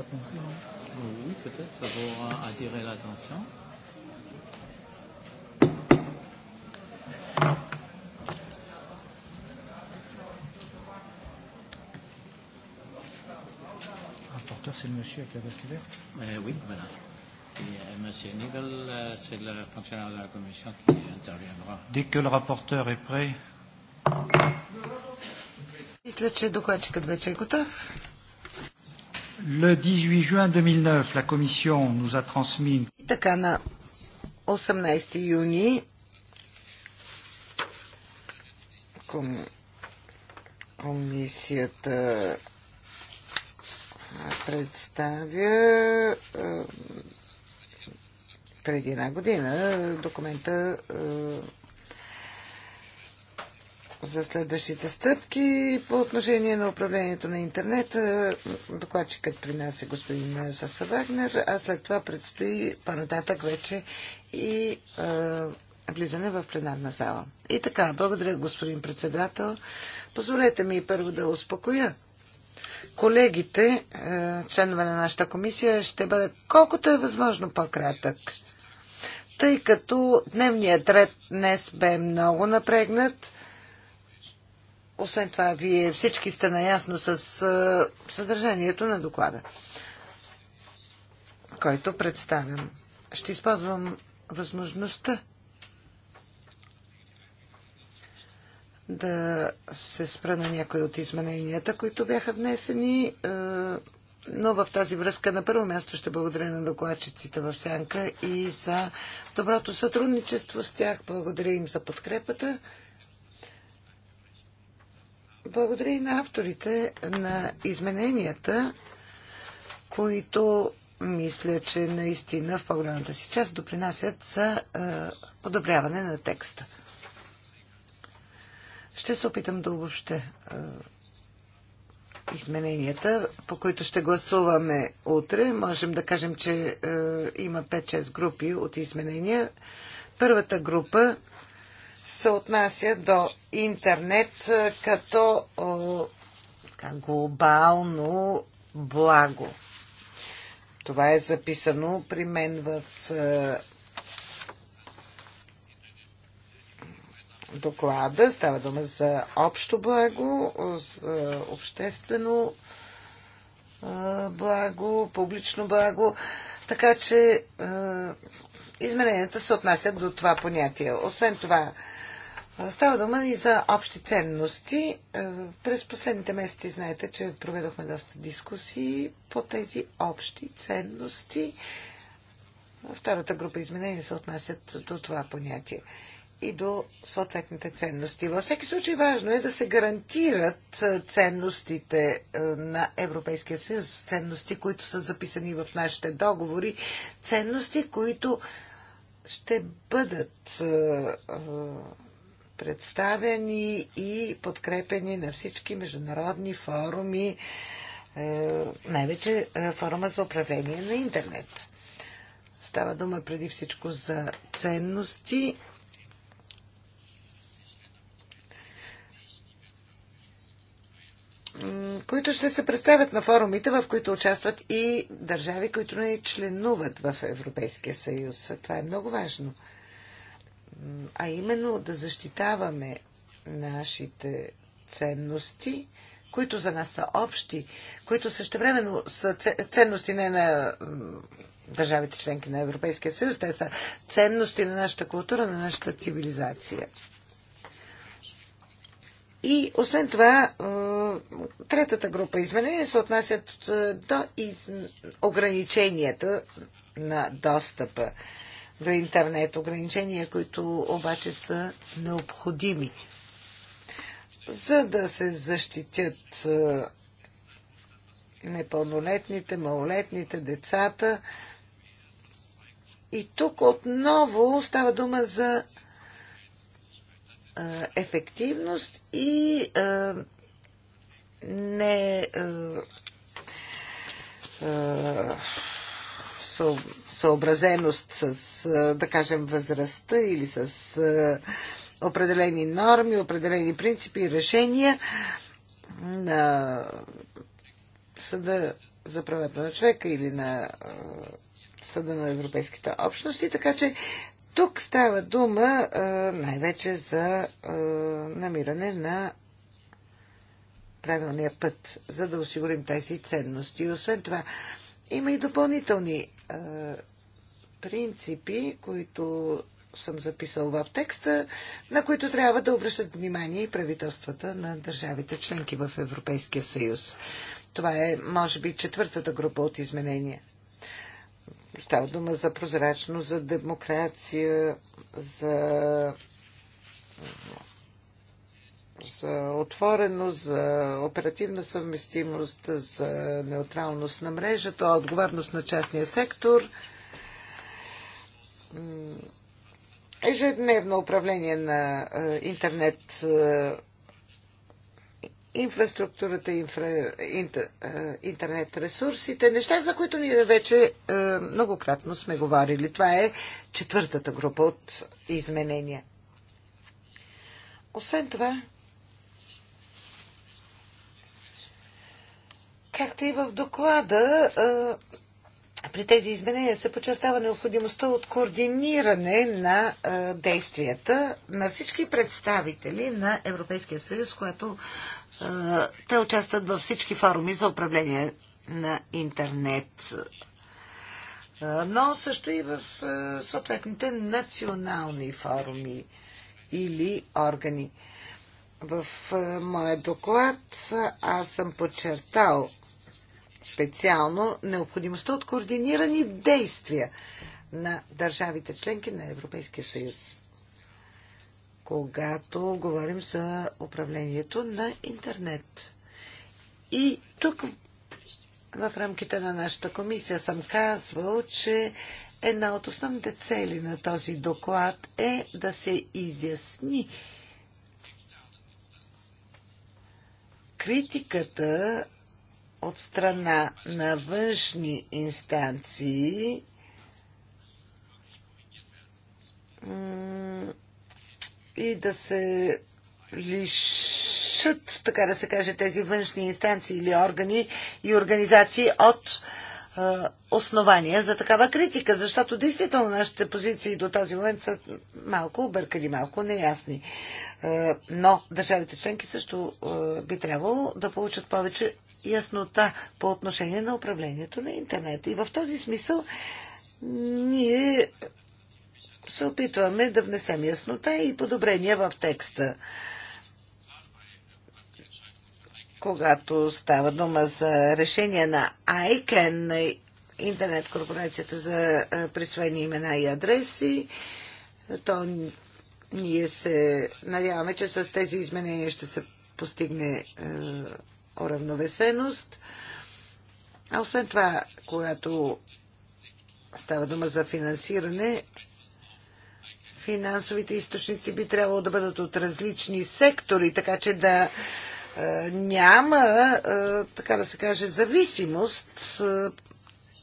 Oui, peut-être d'abord attirer l'attention. Rapporteur, c'est le monsieur avec la euh, Oui, voilà. Et euh, Nigel, euh, c'est le fonctionnaire de la commission qui interviendra. Dès que le rapporteur est prêt. че докладчикът вече е готов. Le 18 juin 2009, la Commission nous a transmis Така на 18 юни ком... комисията представя преди една година документа за следващите стъпки по отношение на управлението на интернет. Докладчикът при нас е господин Соса Вагнер, а след това предстои по-нататък вече и а, влизане в пленарна зала. И така, благодаря господин председател. Позволете ми първо да успокоя колегите, членове на нашата комисия, ще бъде колкото е възможно по-кратък. Тъй като дневният ред днес бе много напрегнат, освен това, вие всички сте наясно с съдържанието на доклада, който представям. Ще използвам възможността да се спра на някои от измененията, които бяха внесени. Но в тази връзка на първо място ще благодаря на докладчиците в Сянка и за доброто сътрудничество с тях. Благодаря им за подкрепата. Благодаря и на авторите на измененията, които мисля, че наистина в по-голямата си част допринасят за е, подобряване на текста. Ще се опитам да обобща е, измененията, по които ще гласуваме утре. Можем да кажем, че е, има 5-6 групи от изменения. Първата група се отнася до интернет е, като е, така, глобално благо. Това е записано при мен в е, доклада. Става дума за общо благо, за обществено благо, публично благо. Така че измененията се отнасят до това понятие. Освен това, Става дума и за общи ценности. Е, през последните месеци знаете, че проведохме доста дискусии по тези общи ценности. Втората група изменения се отнасят до това понятие и до съответните ценности. Във всеки случай важно е да се гарантират е, ценностите е, на Европейския съюз, ценности, които са записани в нашите договори, ценности, които ще бъдат представени и подкрепени на всички международни форуми, е, най-вече е, форума за управление на интернет. Става дума преди всичко за ценности. които ще се представят на форумите, в които участват и държави, които не членуват в Европейския съюз. Това е много важно а именно да защитаваме нашите ценности, които за нас са общи, които същевременно са ценности не на държавите членки на Европейския съюз, те са ценности на нашата култура, на нашата цивилизация. И освен това, третата група изменения се отнасят е, до из... ограниченията на достъпа. В интернет. Ограничения, които обаче са необходими, за да се защитят непълнолетните, малолетните, децата. И тук отново става дума за ефективност и не а, а, съобразеност с, да кажем, възрастта или с определени норми, определени принципи и решения на Съда за правата на човека или на Съда на Европейските общности. Така че тук става дума най-вече за намиране на правилния път, за да осигурим тези ценности. И освен това, има и допълнителни принципи, които съм записал в текста, на които трябва да обръщат внимание и правителствата на държавите членки в Европейския съюз. Това е, може би, четвъртата група от изменения. Става дума за прозрачност, за демокрация, за за отвореност, за оперативна съвместимост, за неутралност на мрежата, отговорност на частния сектор, ежедневно управление на е, интернет е, инфраструктурата, инфра, интер, интернет ресурсите, неща, за които ние вече е, многократно сме говорили. Това е четвъртата група от изменения. Освен това, Както и в доклада, при тези изменения се подчертава необходимостта от координиране на действията на всички представители на Европейския съюз, което те участват във всички форуми за управление на интернет. Но също и в съответните национални форуми или органи. В моя доклад аз съм подчертал специално необходимостта от координирани действия на държавите членки на Европейския съюз, когато говорим за управлението на интернет. И тук в рамките на нашата комисия съм казвал, че една от основните цели на този доклад е да се изясни критиката от страна на външни инстанции и да се лишат, така да се каже, тези външни инстанции или органи и организации от основания за такава критика, защото действително нашите позиции до този момент са малко объркани, малко неясни. Но държавите членки също би трябвало да получат повече яснота по отношение на управлението на интернет. И в този смисъл ние се опитваме да внесем яснота и подобрения в текста когато става дума за решение на ICANN, интернет корпорацията за присвоени имена и адреси, то ние се надяваме, че с тези изменения ще се постигне уравновесеност. А освен това, когато става дума за финансиране, финансовите източници би трябвало да бъдат от различни сектори, така че да е, няма, е, така да се каже, зависимост е,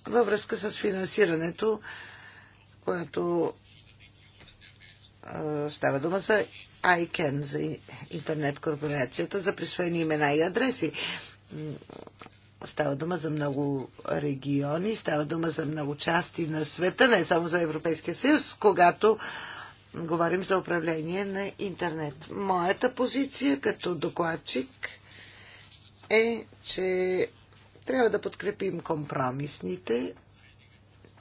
във връзка с финансирането, което става дума за ICANN, за интернет корпорацията, за присвоени имена и адреси. Става дума за много региони, става дума за много части на света, не само за Европейския съюз, когато Говорим за управление на интернет. Моята позиция като докладчик е, че трябва да подкрепим компромисните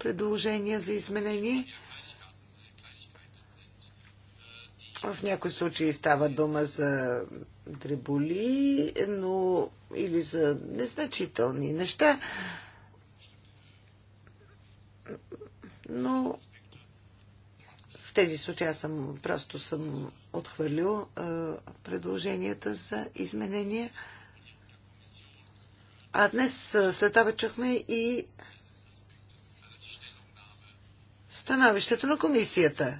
предложения за изменение. В някои случаи става дума за дреболи, но или за незначителни неща. Но тези случаи аз съм, просто съм отхвърлил а, предложенията за изменения. А днес след това чухме и становището на комисията.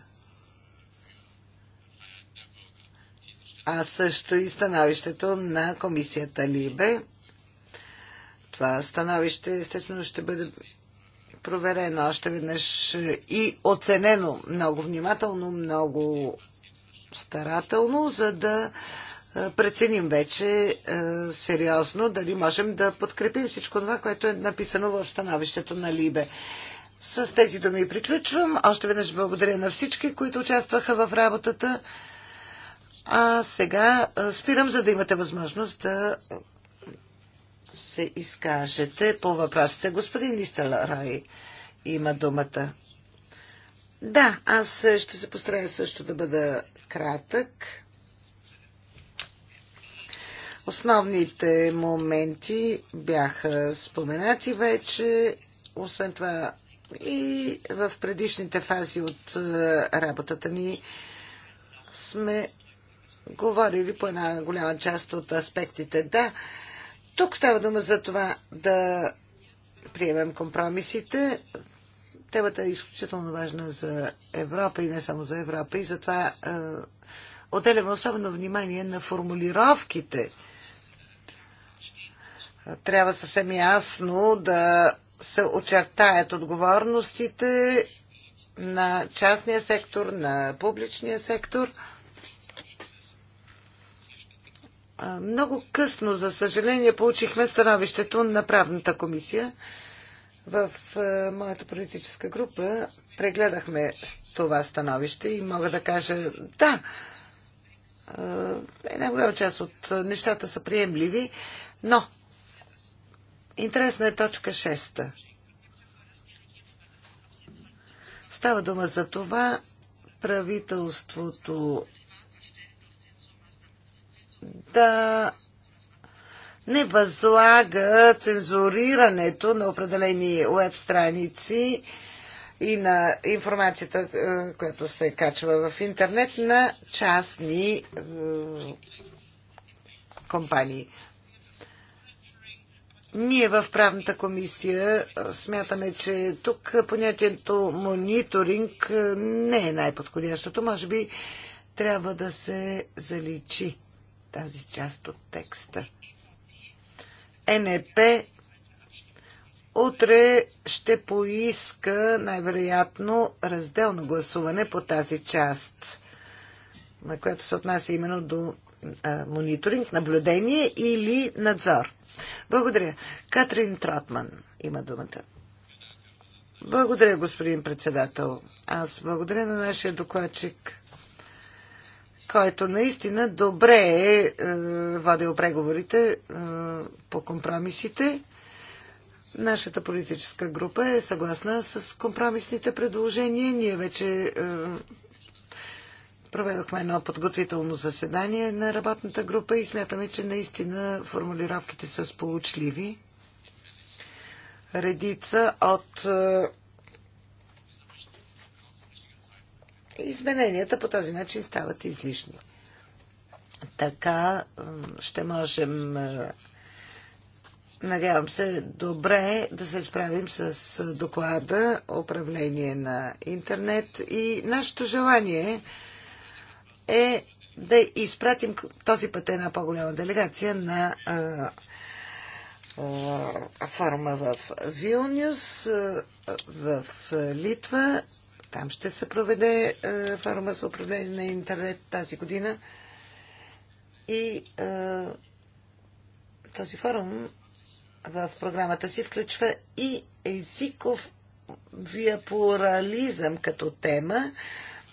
А също и становището на комисията Либе. Това становище, естествено, ще бъде проверено още веднъж и оценено много внимателно, много старателно, за да преценим вече сериозно дали можем да подкрепим всичко това, което е написано в становището на Либе. С тези думи приключвам. Още веднъж благодаря на всички, които участваха в работата. А сега спирам, за да имате възможност да се изкажете по въпросите. Господин Рай има думата. Да, аз ще се постарая също да бъда кратък. Основните моменти бяха споменати вече. Освен това и в предишните фази от е, работата ни сме говорили по една голяма част от аспектите. Да, тук става дума за това да приемем компромисите. Темата е изключително важна за Европа и не само за Европа и затова е, отделяме особено внимание на формулировките. Трябва съвсем ясно да се очертаят отговорностите на частния сектор, на публичния сектор – много късно, за съжаление, получихме становището на правната комисия. В моята политическа група прегледахме това становище и мога да кажа, да, една голяма част от нещата са приемливи, но интересна е точка 6. Става дума за това правителството да не възлага цензурирането на определени веб страници и на информацията, е, която се качва в интернет, на частни е, компании. Ние в правната комисия е, смятаме, че тук понятието мониторинг не е най-подходящото. Може би трябва да се заличи тази част от текста. НЕП утре ще поиска най-вероятно разделно гласуване по тази част, на която се отнася именно до а, мониторинг, наблюдение или надзор. Благодаря. Катрин Тротман има думата. Благодаря, господин председател. Аз благодаря на нашия докладчик който наистина добре е, е водил преговорите е, по компромисите. Нашата политическа група е съгласна с компромисните предложения. Ние вече е, проведохме едно подготвително заседание на работната група и смятаме, че наистина формулировките са сполучливи. Редица от измененията по този начин стават излишни. Така ще можем, надявам се, добре да се справим с доклада управление на интернет и нашето желание е да изпратим този път една по-голяма делегация на форма форума в Вилнюс, в Литва там ще се проведе е, форума за управление на интернет тази година. И е, този форум в програмата си включва и езиков вия плурализъм като тема,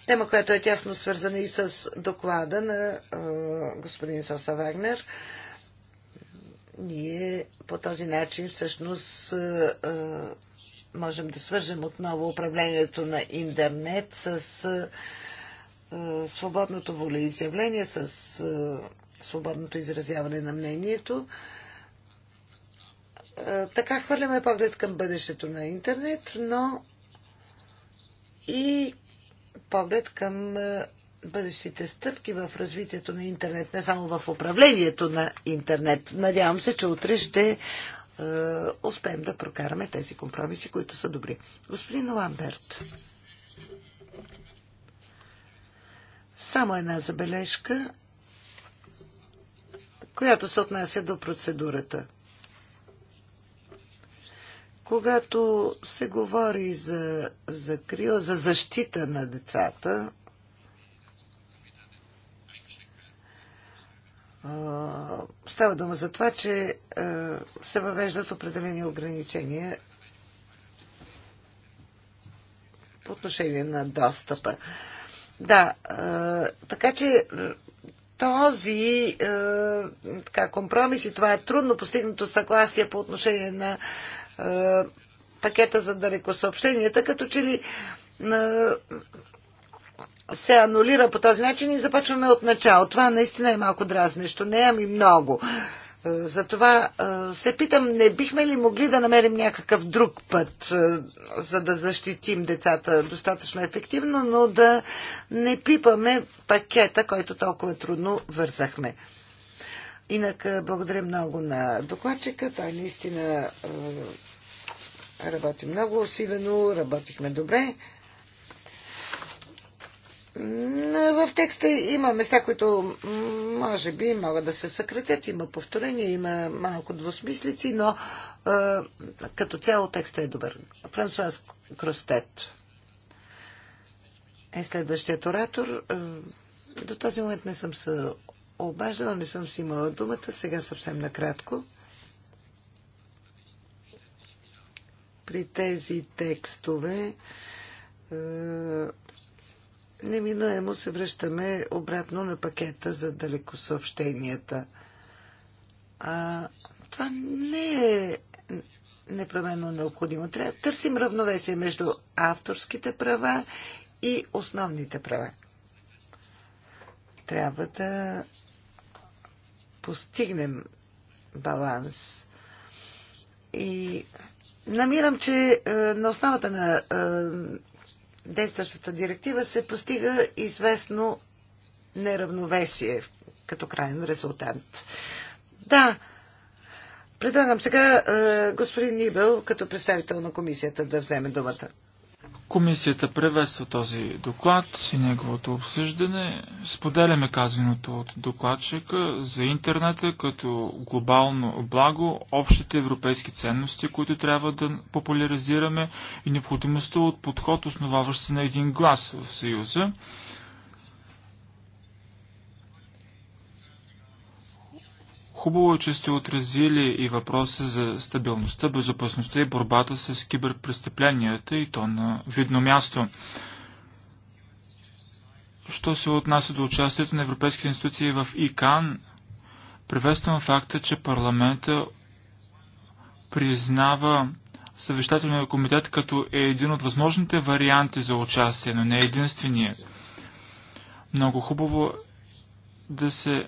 тема, която е тясно свързана и с доклада на е, господин Соса Вагнер. Ние по този начин всъщност е, е, можем да свържем отново управлението на интернет с свободното волеизявление, с свободното изразяване на мнението. Така хвърляме поглед към бъдещето на интернет, но и поглед към бъдещите стъпки в развитието на интернет, не само в управлението на интернет. Надявам се, че утре ще е, успеем да прокараме тези компромиси, които са добри. Господин Ламберт. Само една забележка, която се отнася до процедурата. Когато се говори за закрила, за защита на децата, Става дума за това, че се въвеждат определени ограничения по отношение на достъпа. Да, така че този така, компромис и това е трудно постигнато съгласие по отношение на пакета за далекосъобщенията, като че ли се анулира по този начин и започваме от начало. Това наистина е малко дразнещо. Не, ами много. Е, затова е, се питам, не бихме ли могли да намерим някакъв друг път, е, за да защитим децата достатъчно ефективно, но да не пипаме пакета, който толкова трудно вързахме. Инак, благодаря много на докладчика. Той наистина работи много усилено, работихме добре. В текста има места, които може би могат да се съкратят, има повторения, има малко двусмислици, но е, като цяло текста е добър. Франсуаз Кростет е следващият оратор. До този момент не съм се обаждала, не съм си имала думата, сега съвсем накратко. При тези текстове е, неминуемо се връщаме обратно на пакета за далекосъобщенията. А, това не е непременно необходимо. Трябва да търсим равновесие между авторските права и основните права. Трябва да постигнем баланс. И намирам, че е, на основата на е, действащата директива се постига известно неравновесие като крайен резултат. Да, предлагам сега е, господин Нибел като представител на комисията да вземе думата. Комисията приветства този доклад и неговото обсъждане. Споделяме казаното от докладчика за интернета като глобално благо, общите европейски ценности, които трябва да популяризираме и необходимостта от подход, основаващ се на един глас в Съюза. Хубаво е, че сте отразили и въпроса за стабилността, безопасността и борбата с киберпрестъпленията и то на видно място. Що се отнася до участието на европейски институции в ИКАН, приветствам факта, че парламента признава съвещателния комитет като е един от възможните варианти за участие, но не единствения. Много хубаво е да се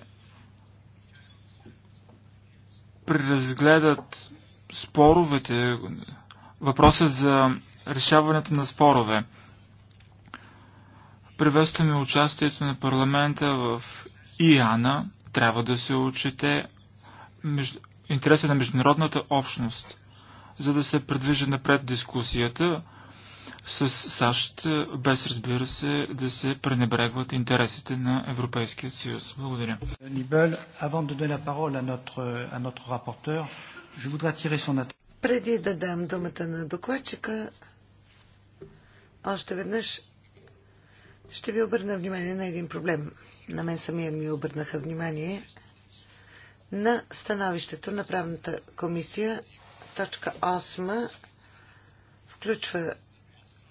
преразгледат споровете, въпросът за решаването на спорове. Приветстваме участието на парламента в ИАНА. Трябва да се учите между... интереса на международната общност, за да се предвижи напред дискусията с САЩ, без разбира се да се пренебрегват интересите на Европейския съюз. Благодаря. Преди да дам думата на докладчика, още веднъж ще ви обърна внимание на един проблем. На мен самия ми обърнаха внимание на становището на правната комисия. Точка 8 включва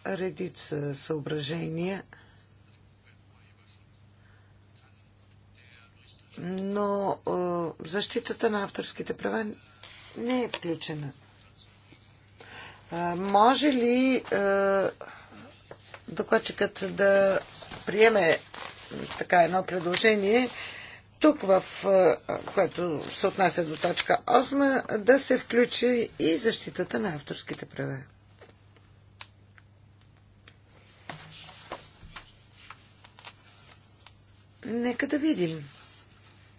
редица съображения, но защитата на авторските права не е включена. Може ли докладчикът да приеме така едно предложение, тук в, което се отнася до точка 8, да се включи и защитата на авторските права. Нека да видим.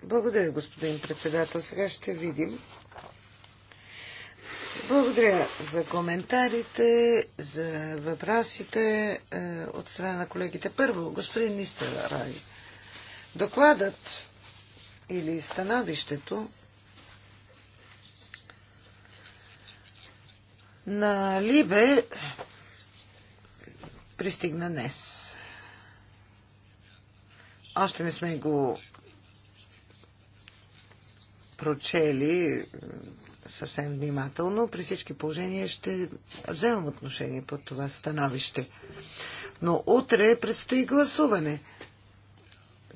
Благодаря, господин председател. Сега ще видим. Благодаря за коментарите, за въпросите е, от страна на колегите. Първо, господин Нистер Рай, докладът или становището на Либе пристигна днес. Още не сме го прочели е, съвсем внимателно. При всички положения ще вземам отношение по това становище. Но утре предстои гласуване.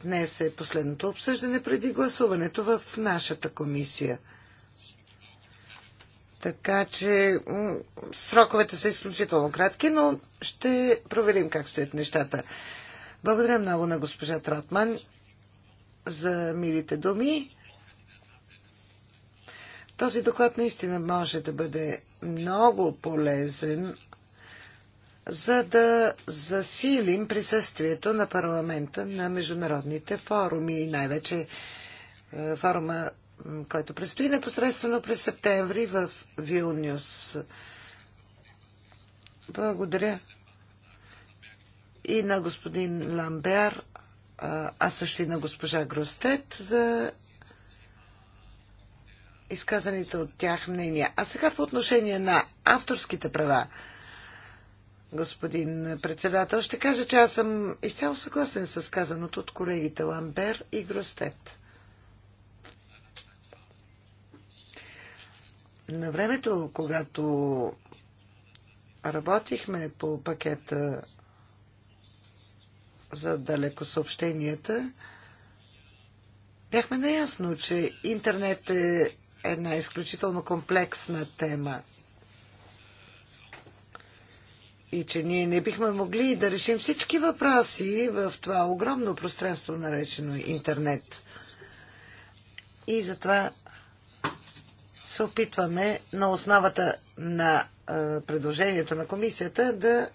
Днес е последното обсъждане преди гласуването в нашата комисия. Така че сроковете са изключително кратки, но ще проверим как стоят нещата. Благодаря много на госпожа Тротман за милите думи. Този доклад наистина може да бъде много полезен, за да засилим присъствието на парламента на международните форуми и най-вече е, форума, който предстои непосредствено през септември в Вилнюс. Благодаря и на господин Ламбер, а също и на госпожа Гростет за изказаните от тях мнения. А сега по отношение на авторските права, господин председател, ще кажа, че аз съм изцяло съгласен с казаното от колегите Ламбер и Гростет. На времето, когато работихме по пакета за далеко съобщенията. бяхме наясно, че интернет е една изключително комплексна тема и че ние не бихме могли да решим всички въпроси в това огромно пространство, наречено интернет. И затова се опитваме на основата на предложението на комисията да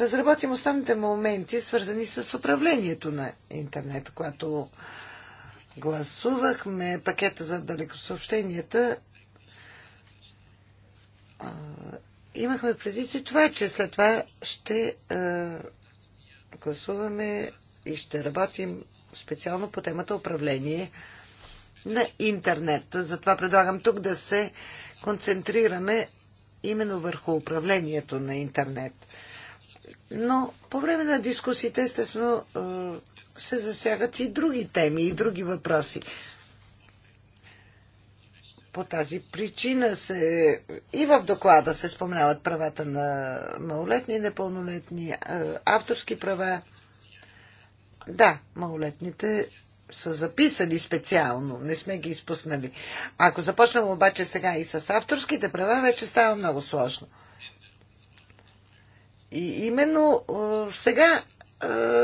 разработим основните моменти, свързани с управлението на интернет, когато гласувахме пакета за далекосъобщенията. Имахме преди това, че след това ще гласуваме и ще работим специално по темата управление на интернет. Затова предлагам тук да се концентрираме именно върху управлението на интернет. Но по време на дискусиите, естествено, се засягат и други теми, и други въпроси. По тази причина се, и в доклада се споменават правата на малолетни, и непълнолетни, авторски права. Да, малолетните са записали специално, не сме ги изпуснали. Ако започнем обаче сега и с авторските права, вече става много сложно. И именно сега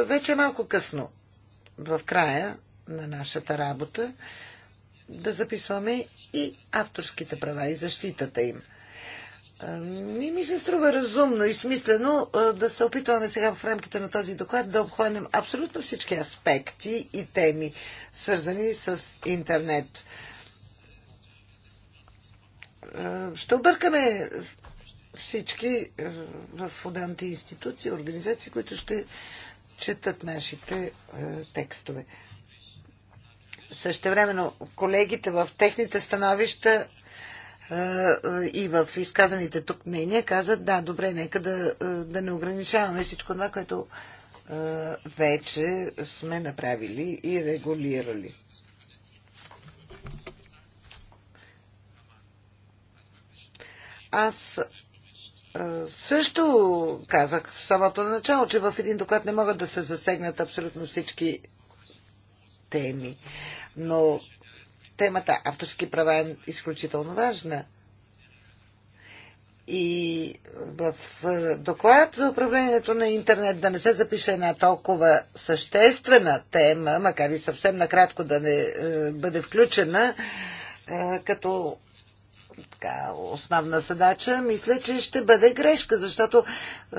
вече е малко късно в края на нашата работа да записваме и авторските права и защитата им. Не ми се струва разумно и смислено да се опитваме сега в рамките на този доклад да обхванем абсолютно всички аспекти и теми, свързани с интернет. Ще объркаме всички е, в отделните институции, организации, които ще четат нашите е, текстове. Същевременно колегите в техните становища е, и в изказаните тук мнения казват, да, добре, нека да, да не ограничаваме всичко това, което вече сме направили и регулирали. Аз също казах в самото начало, че в един доклад не могат да се засегнат абсолютно всички теми. Но темата авторски права е изключително важна. И в доклад за управлението на интернет да не се запише една толкова съществена тема, макар и съвсем накратко да не бъде включена, като така основна задача, мисля, че ще бъде грешка, защото е,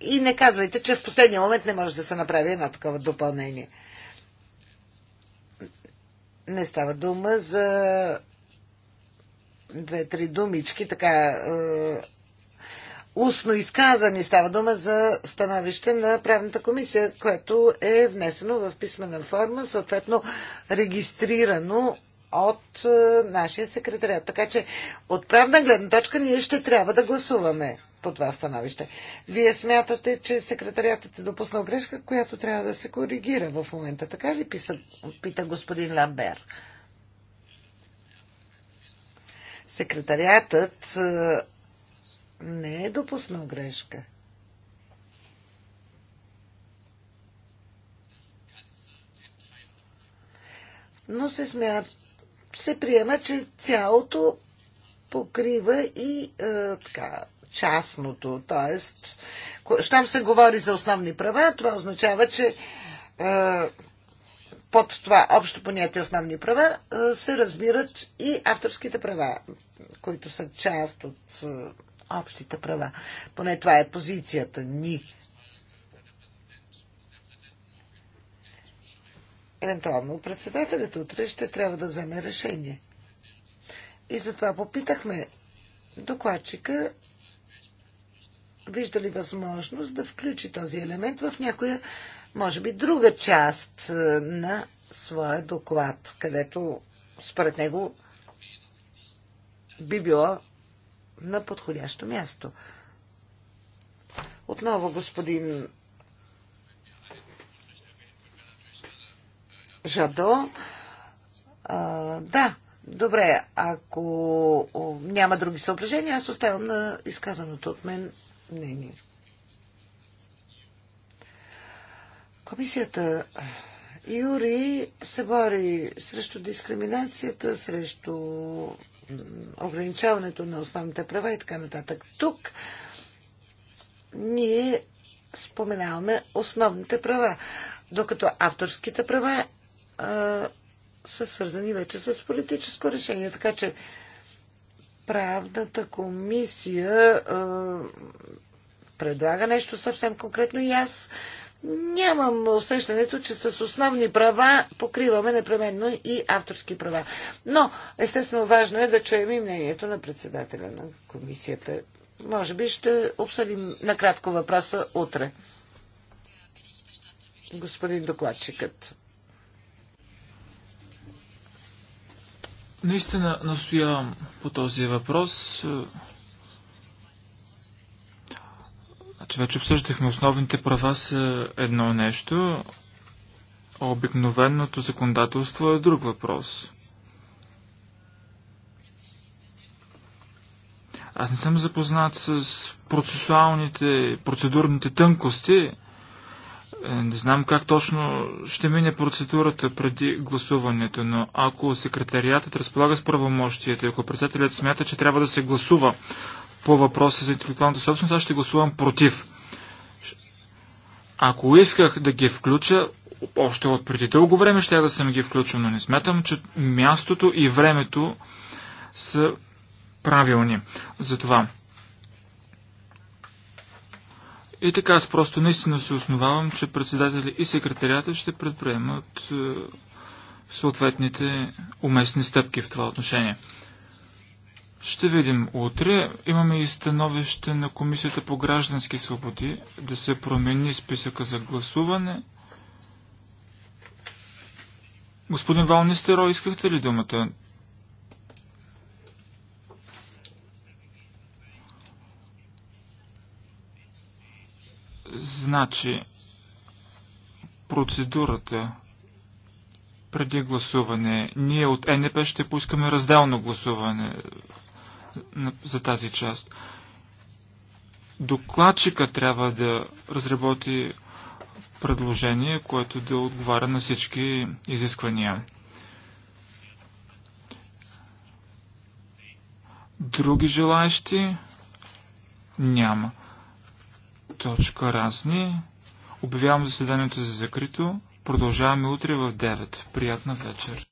и не казвайте, че в последния момент не може да се направи едно такова допълнение. Не става дума за две-три думички, така е, устно изказани. Става дума за становище на правната комисия, което е внесено в писмена форма, съответно регистрирано от е, нашия секретарят. Така че от правна гледна точка ние ще трябва да гласуваме по това становище. Вие смятате, че секретарятът е допуснал грешка, която трябва да се коригира в момента. Така ли писа, пита господин Ламбер? а, е, не е допуснал грешка. Но се смята се приема, че цялото покрива и е, така, частното. Тоест, щом се говори за основни права, това означава, че е, под това общо понятие основни права е, се разбират и авторските права, които са част от е, общите права. Поне това е позицията ни евентуално председателят утре ще трябва да вземе решение. И затова попитахме докладчика вижда ли възможност да включи този елемент в някоя, може би, друга част е, на своя доклад, където според него би било на подходящо място. Отново господин Жадо. А, да, добре, ако няма други съображения, аз оставям на изказаното от мен мнение. Комисията Юри се бори срещу дискриминацията, срещу ограничаването на основните права и така нататък. Тук ние споменаваме основните права, докато авторските права а, са свързани вече с политическо решение. Така че правната комисия а, предлага нещо съвсем конкретно и аз нямам усещането, че с основни права покриваме непременно и авторски права. Но, естествено, важно е да чуем и мнението на председателя на комисията. Може би ще обсъдим накратко въпроса утре. Господин докладчикът. Наистина настоявам по този въпрос. Значи вече обсъждахме основните права са е, едно нещо, а обикновеното законодателство е друг въпрос. Аз не съм запознат с процесуалните, процедурните тънкости, е, не знам как точно ще мине процедурата преди гласуването, но ако секретариатът разполага с правомощията и ако председателят смята, че трябва да се гласува по въпроса за интелектуалната собственост, аз ще гласувам против. Ако исках да ги включа, още от преди дълго време ще да съм ги включил, но не смятам, че мястото и времето са правилни. Затова и така, аз просто наистина се основавам, че председатели и секретарията ще предприемат е, съответните уместни стъпки в това отношение. Ще видим утре. Имаме и становище на Комисията по граждански свободи да се промени списъка за гласуване. Господин Валнистеро, искахте ли думата? Значи, процедурата преди гласуване. Ние от НП ще поискаме разделно гласуване за тази част. Докладчика трябва да разработи предложение, което да отговаря на всички изисквания. Други желаящи? Няма. Точка разни. Обявявам заседанието за закрито. Продължаваме утре в 9. Приятна вечер.